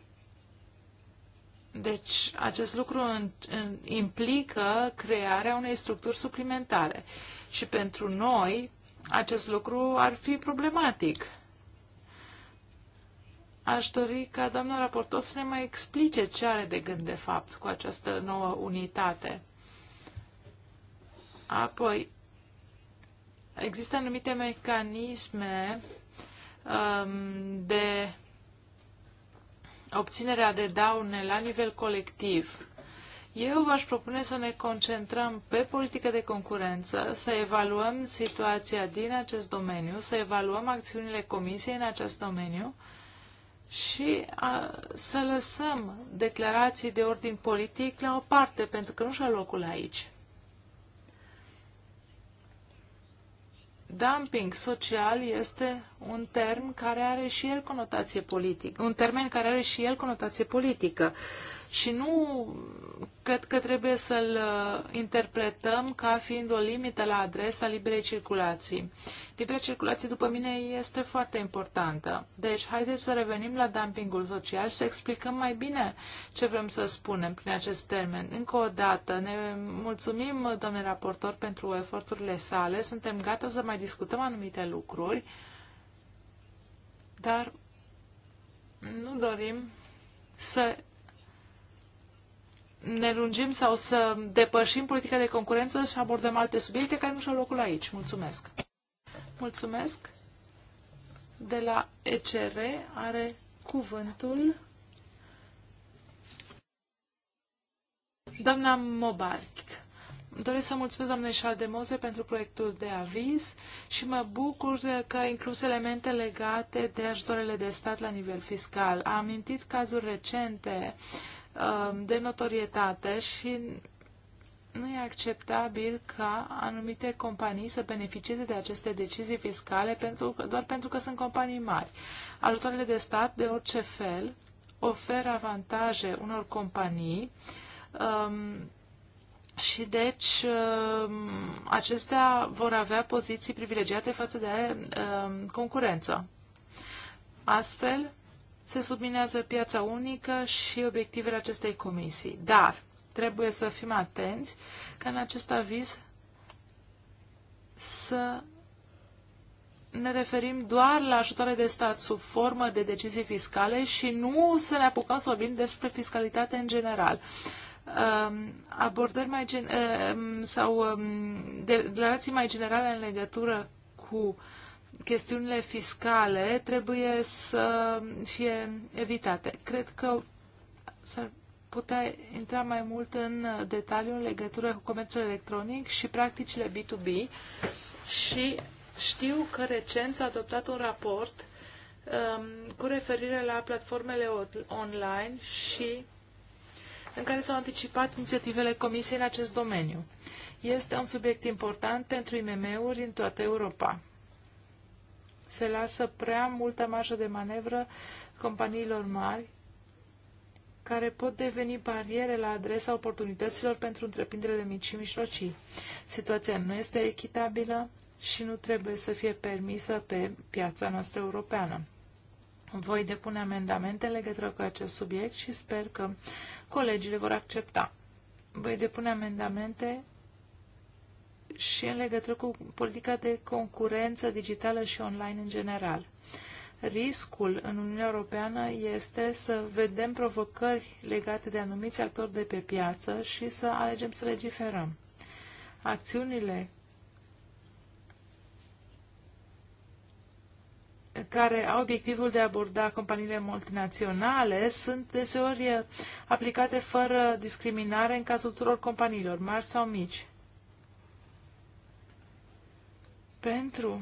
Speaker 2: deci, acest lucru în, în, implică crearea unei structuri suplimentare. Și pentru noi, acest lucru ar fi problematic. Aș dori ca doamna raportor să ne mai explice ce are de gând de fapt cu această nouă unitate. Apoi, există anumite mecanisme um, de obținerea de daune la nivel colectiv. Eu v-aș propune să ne concentrăm pe politică de concurență, să evaluăm situația din acest domeniu, să evaluăm acțiunile Comisiei în acest domeniu și a, să lăsăm declarații de ordin politic la o parte, pentru că nu și-a locul aici. Dumping social este un termen care are și el conotație politică, un termen care are și el conotație politică. Uh, și nu cred că trebuie să-l uh, interpretăm ca fiind o limită la adresa liberei circulații. Libera circulație, după mine, este foarte importantă. Deci, haideți să revenim la dumpingul social, și să explicăm mai bine ce vrem să spunem prin acest termen. Încă o dată, ne mulțumim, domnule raportor, pentru eforturile sale. Suntem gata să mai discutăm anumite lucruri, dar nu dorim să ne lungim sau să depășim politica de concurență și abordăm alte subiecte care nu și-au locul aici. Mulțumesc! Mulțumesc! De la ECR are cuvântul doamna Mobarc. Doresc să mulțumesc doamnei Șaldemoze pentru proiectul de aviz și mă bucur că a inclus elemente legate de ajutorele de stat la nivel fiscal. Am amintit cazuri recente uh, Um, de notorietate și nu e acceptabil ca anumite companii să beneficieze de aceste decizii fiscale pentru, doar pentru că sunt companii mari. Ajutoarele de stat, de orice fel, oferă avantaje unor companii um, și deci um, acestea vor avea poziții privilegiate față de um, concurență. Astfel, se subminează piața unică și obiectivele acestei comisii. Dar trebuie să fim atenți ca în acest aviz să ne referim doar la ajutoare de stat sub formă de decizii fiscale și nu să ne apucăm să vorbim despre fiscalitate în general. Um, abordări mai gen, um, sau um, declarații mai generale în legătură cu chestiunile fiscale trebuie să fie evitate. Cred că s-ar putea intra mai mult în detaliu în legătură cu comerțul electronic și practicile B2B și știu că recent s-a adoptat un raport um, cu referire la platformele online și în care s-au anticipat inițiativele Comisiei în acest domeniu. Este un subiect important pentru IMM-uri în toată Europa se lasă prea multă marjă de manevră companiilor mari care pot deveni bariere la adresa oportunităților pentru întreprinderile mici și mijlocii. Situația nu este echitabilă și nu trebuie să fie permisă pe piața noastră europeană. Voi depune amendamente legătură cu acest subiect și sper că colegii le vor accepta. Voi depune amendamente și în legătură cu politica de concurență digitală și online în general. Riscul în Uniunea Europeană este să vedem provocări legate de anumiți actori de pe piață și să alegem să legiferăm. Acțiunile care au obiectivul de a aborda companiile multinaționale sunt deseori aplicate fără discriminare în cazul tuturor companiilor, mari sau mici. Pentru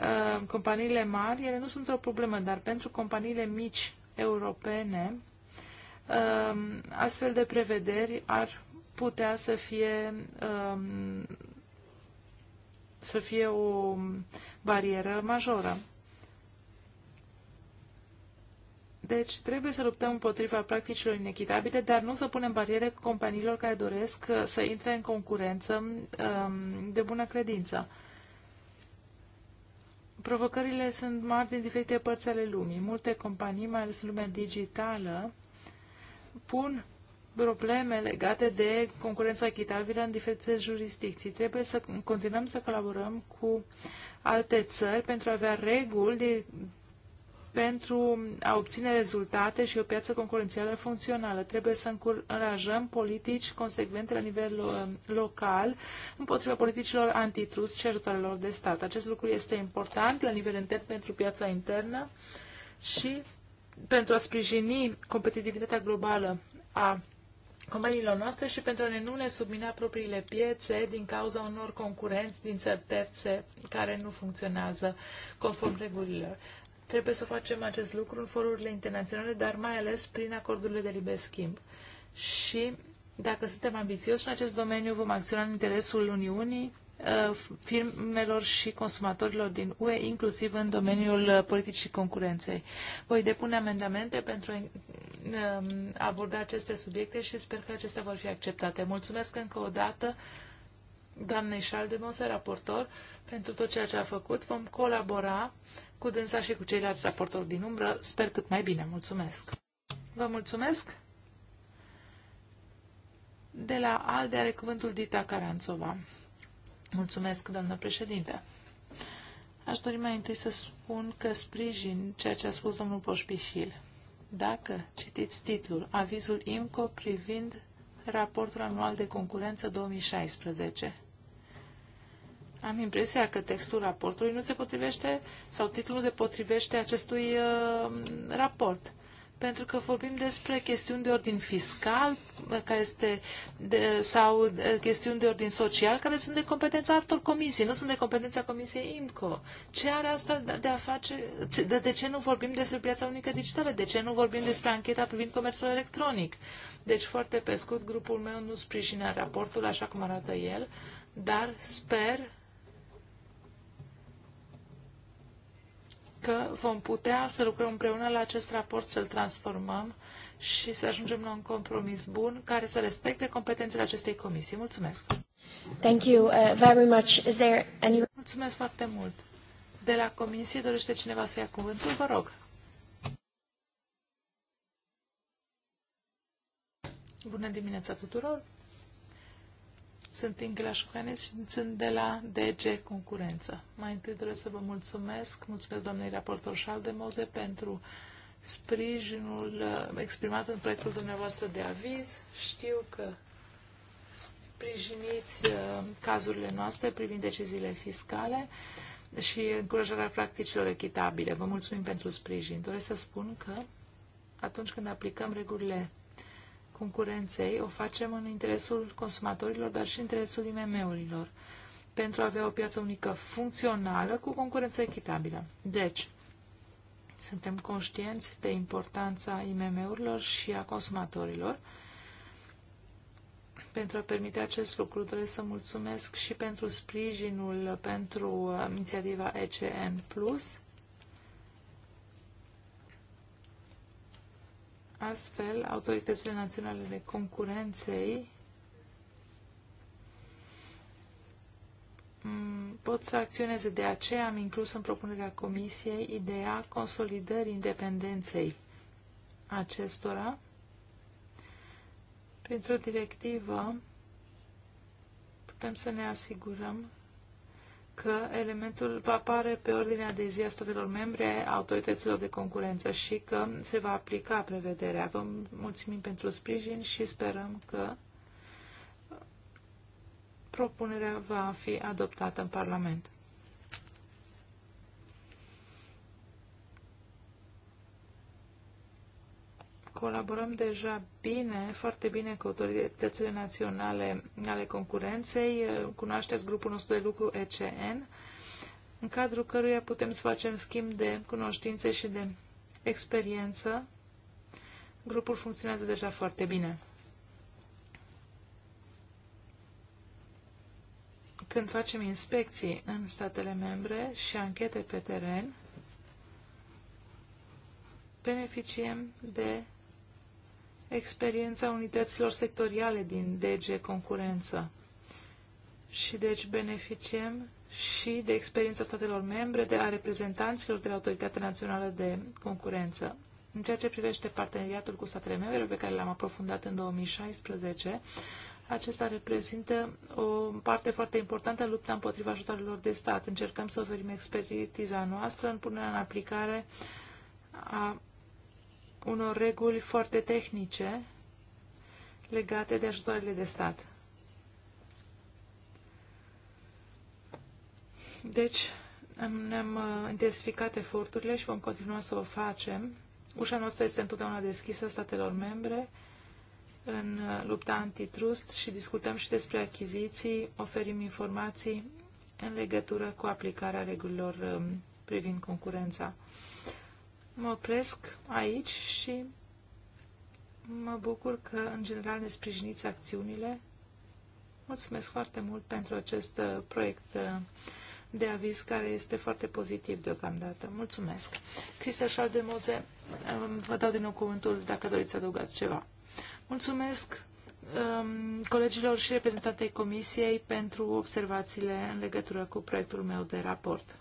Speaker 2: uh, companiile mari, ele nu sunt o problemă, dar pentru companiile mici europene, uh, astfel de prevederi ar putea să fie uh, să fie o barieră majoră. Deci trebuie să luptăm împotriva practicilor inechitabile, dar nu să punem bariere companiilor care doresc uh, să intre în concurență um, de bună credință. Provocările sunt mari din diferite părți ale lumii. Multe companii, mai ales în lumea digitală, pun probleme legate de concurența echitabilă în diferite jurisdicții. Trebuie să continuăm să colaborăm cu alte țări pentru a avea reguli de pentru a obține rezultate și o piață concurențială funcțională. Trebuie să încurajăm politici consecvente la nivel um, local împotriva politicilor antitrust și ajutoarelor de stat. Acest lucru este important la nivel intern pentru piața internă și pentru a sprijini competitivitatea globală a companiilor noastre și pentru a ne nu ne submina propriile piețe din cauza unor concurenți din țări terțe care nu funcționează conform regulilor. Trebuie să facem acest lucru în forurile internaționale, dar mai ales prin acordurile de liber schimb. Și dacă suntem ambițioși în acest domeniu, vom acționa în interesul Uniunii, uh, firmelor și consumatorilor din UE, inclusiv în domeniul uh, politicii concurenței. Voi depune amendamente pentru a uh, aborda aceste subiecte și sper că acestea vor fi acceptate. Mulțumesc încă o dată doamnei Schaldemose, raportor, pentru tot ceea ce a făcut. Vom colabora cu dânsa și cu ceilalți raportori din umbră. Sper cât mai bine. Mulțumesc! Vă mulțumesc! De la ALDE are cuvântul Dita Caranțova. Mulțumesc, doamnă președinte! Aș dori mai întâi să spun că sprijin ceea ce a spus domnul Poșpișil. Dacă citiți titlul Avizul IMCO privind raportul anual de concurență 2016, am impresia că textul raportului nu se potrivește sau titlul nu se potrivește acestui uh, raport. Pentru că vorbim despre chestiuni de ordin fiscal uh, care este de, sau uh, chestiuni de ordin social care sunt de competența altor comisii, nu sunt de competența comisiei IMCO. Ce are asta de a face? De, de ce nu vorbim despre piața unică digitală? De ce nu vorbim despre ancheta privind comerțul electronic? Deci, foarte pe scurt, grupul meu nu sprijină raportul așa cum arată el, dar sper că vom putea să lucrăm împreună la acest raport, să-l transformăm și să ajungem la un compromis bun care să respecte competențele acestei comisii. Mulțumesc!
Speaker 1: Thank you uh, very much. Is there any...
Speaker 2: Mulțumesc foarte mult! De la comisie dorește cineva să ia cuvântul? Vă rog! Bună dimineața tuturor! Sunt Ingela Șuhanes și sunt de la DG Concurență. Mai întâi trebuie să vă mulțumesc, mulțumesc doamnei raportor Șaldemose pentru sprijinul uh, exprimat în proiectul dumneavoastră de aviz. Știu că sprijiniți uh, cazurile noastre privind deciziile fiscale și încurajarea practicilor echitabile. Vă mulțumim pentru sprijin. Doresc să spun că atunci când aplicăm regulile concurenței o facem în interesul consumatorilor, dar și în interesul IMM-urilor, pentru a avea o piață unică funcțională cu concurență echitabilă. Deci, suntem conștienți de importanța IMM-urilor și a consumatorilor. Pentru a permite acest lucru, doresc să mulțumesc și pentru sprijinul pentru uh, inițiativa ECN+, Astfel, autoritățile naționale de concurenței mm, pot să acționeze. De aceea am inclus în propunerea Comisiei ideea consolidării independenței acestora printr-o directivă putem să ne asigurăm că elementul va apare pe ordinea de zi a statelor membre a autorităților de concurență și că se va aplica prevederea. Vă mulțumim pentru sprijin și sperăm că propunerea va fi adoptată în Parlament. Colaborăm deja bine, foarte bine cu autoritățile naționale ale concurenței. Cunoașteți grupul nostru de lucru ECN, în cadrul căruia putem să facem schimb de cunoștințe și de experiență. Grupul funcționează deja foarte bine. Când facem inspecții în statele membre și anchete pe teren, beneficiem de experiența unităților sectoriale din DG Concurență. Și deci beneficiem și de experiența statelor membre, de a reprezentanților de la Autoritatea Națională de Concurență. În ceea ce privește parteneriatul cu statele membre, pe care l-am aprofundat în 2016, acesta reprezintă o parte foarte importantă în lupta împotriva ajutoarelor de stat. Încercăm să oferim expertiza noastră în punerea în aplicare a unor reguli foarte tehnice legate de ajutoarele de stat. Deci, ne-am uh, intensificat eforturile și vom continua să o facem. Ușa noastră este întotdeauna deschisă statelor membre în uh, lupta antitrust și discutăm și despre achiziții, oferim informații în legătură cu aplicarea regulilor um, privind concurența. Mă opresc aici și mă bucur că, în general, ne sprijiniți acțiunile. Mulțumesc foarte mult pentru acest uh, proiect uh, de aviz care este foarte pozitiv deocamdată. Mulțumesc. Crista Șaldemoze, um, vă dau din nou cuvântul dacă doriți să adăugați ceva. Mulțumesc um, colegilor și reprezentantei Comisiei pentru observațiile în legătură cu proiectul meu de raport.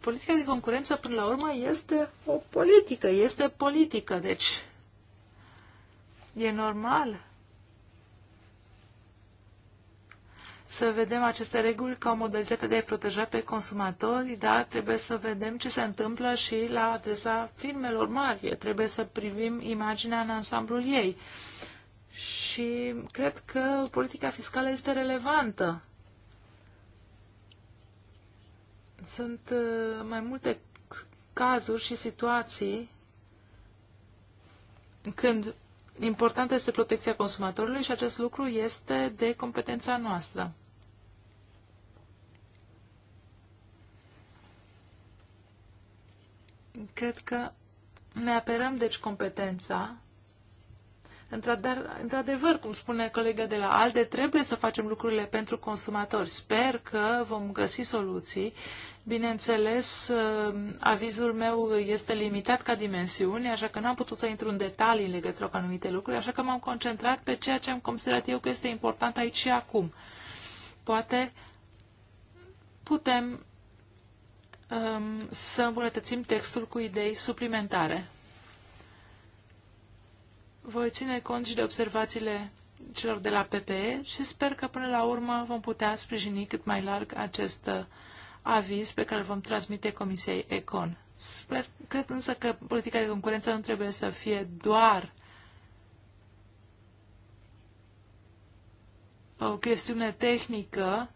Speaker 2: politica de concurență, până la urmă, este o politică, este politică, deci e normal să vedem aceste reguli ca o modalitate de a-i proteja pe consumatori, dar trebuie să vedem ce se întâmplă și la adresa firmelor mari. Trebuie să privim imaginea în ansamblul ei. Și cred că politica fiscală este relevantă Sunt uh, mai multe cazuri și situații când importantă este protecția consumatorului și acest lucru este de competența noastră. Cred că ne apărăm, deci, competența. Într-adevăr, cum spune colega de la ALDE, trebuie să facem lucrurile pentru consumatori. Sper că vom găsi soluții Bineînțeles, uh, avizul meu este limitat ca dimensiune, așa că n-am putut să intru în detalii în legătură cu anumite lucruri, așa că m-am concentrat pe ceea ce am considerat eu că este important aici și acum. Poate putem um, să îmbunătățim textul cu idei suplimentare. Voi ține cont și de observațiile celor de la PPE și sper că până la urmă vom putea sprijini cât mai larg acest uh, aviz pe care îl vom transmite Comisiei Econ. Sper, cred însă că politica de concurență nu trebuie să fie doar o chestiune tehnică.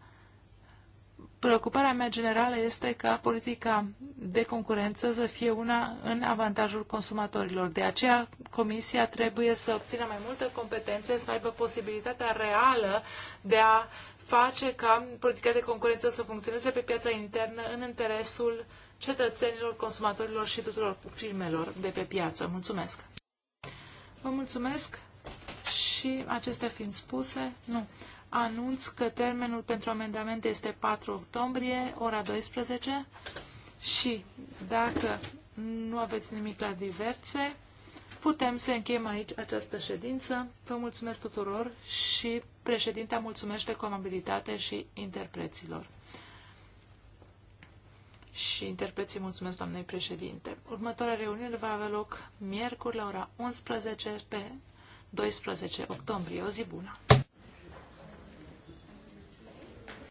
Speaker 2: Preocuparea mea generală este ca politica de concurență să fie una în avantajul consumatorilor. De aceea, Comisia trebuie să obțină mai multe competențe, să aibă posibilitatea reală de a face ca politica de concurență să funcționeze pe piața internă în interesul cetățenilor, consumatorilor și tuturor firmelor de pe piață. Mulțumesc! Vă mulțumesc și acestea fiind spuse, nu, anunț că termenul pentru amendamente este 4 octombrie, ora 12 și dacă nu aveți nimic la diverse, Putem să încheiem aici această ședință. Vă mulțumesc tuturor și președinta mulțumește cu amabilitate și interpreților. Și interpreții mulțumesc doamnei președinte. Următoarea reuniune va avea loc miercuri la ora 11 pe 12 octombrie. O zi bună!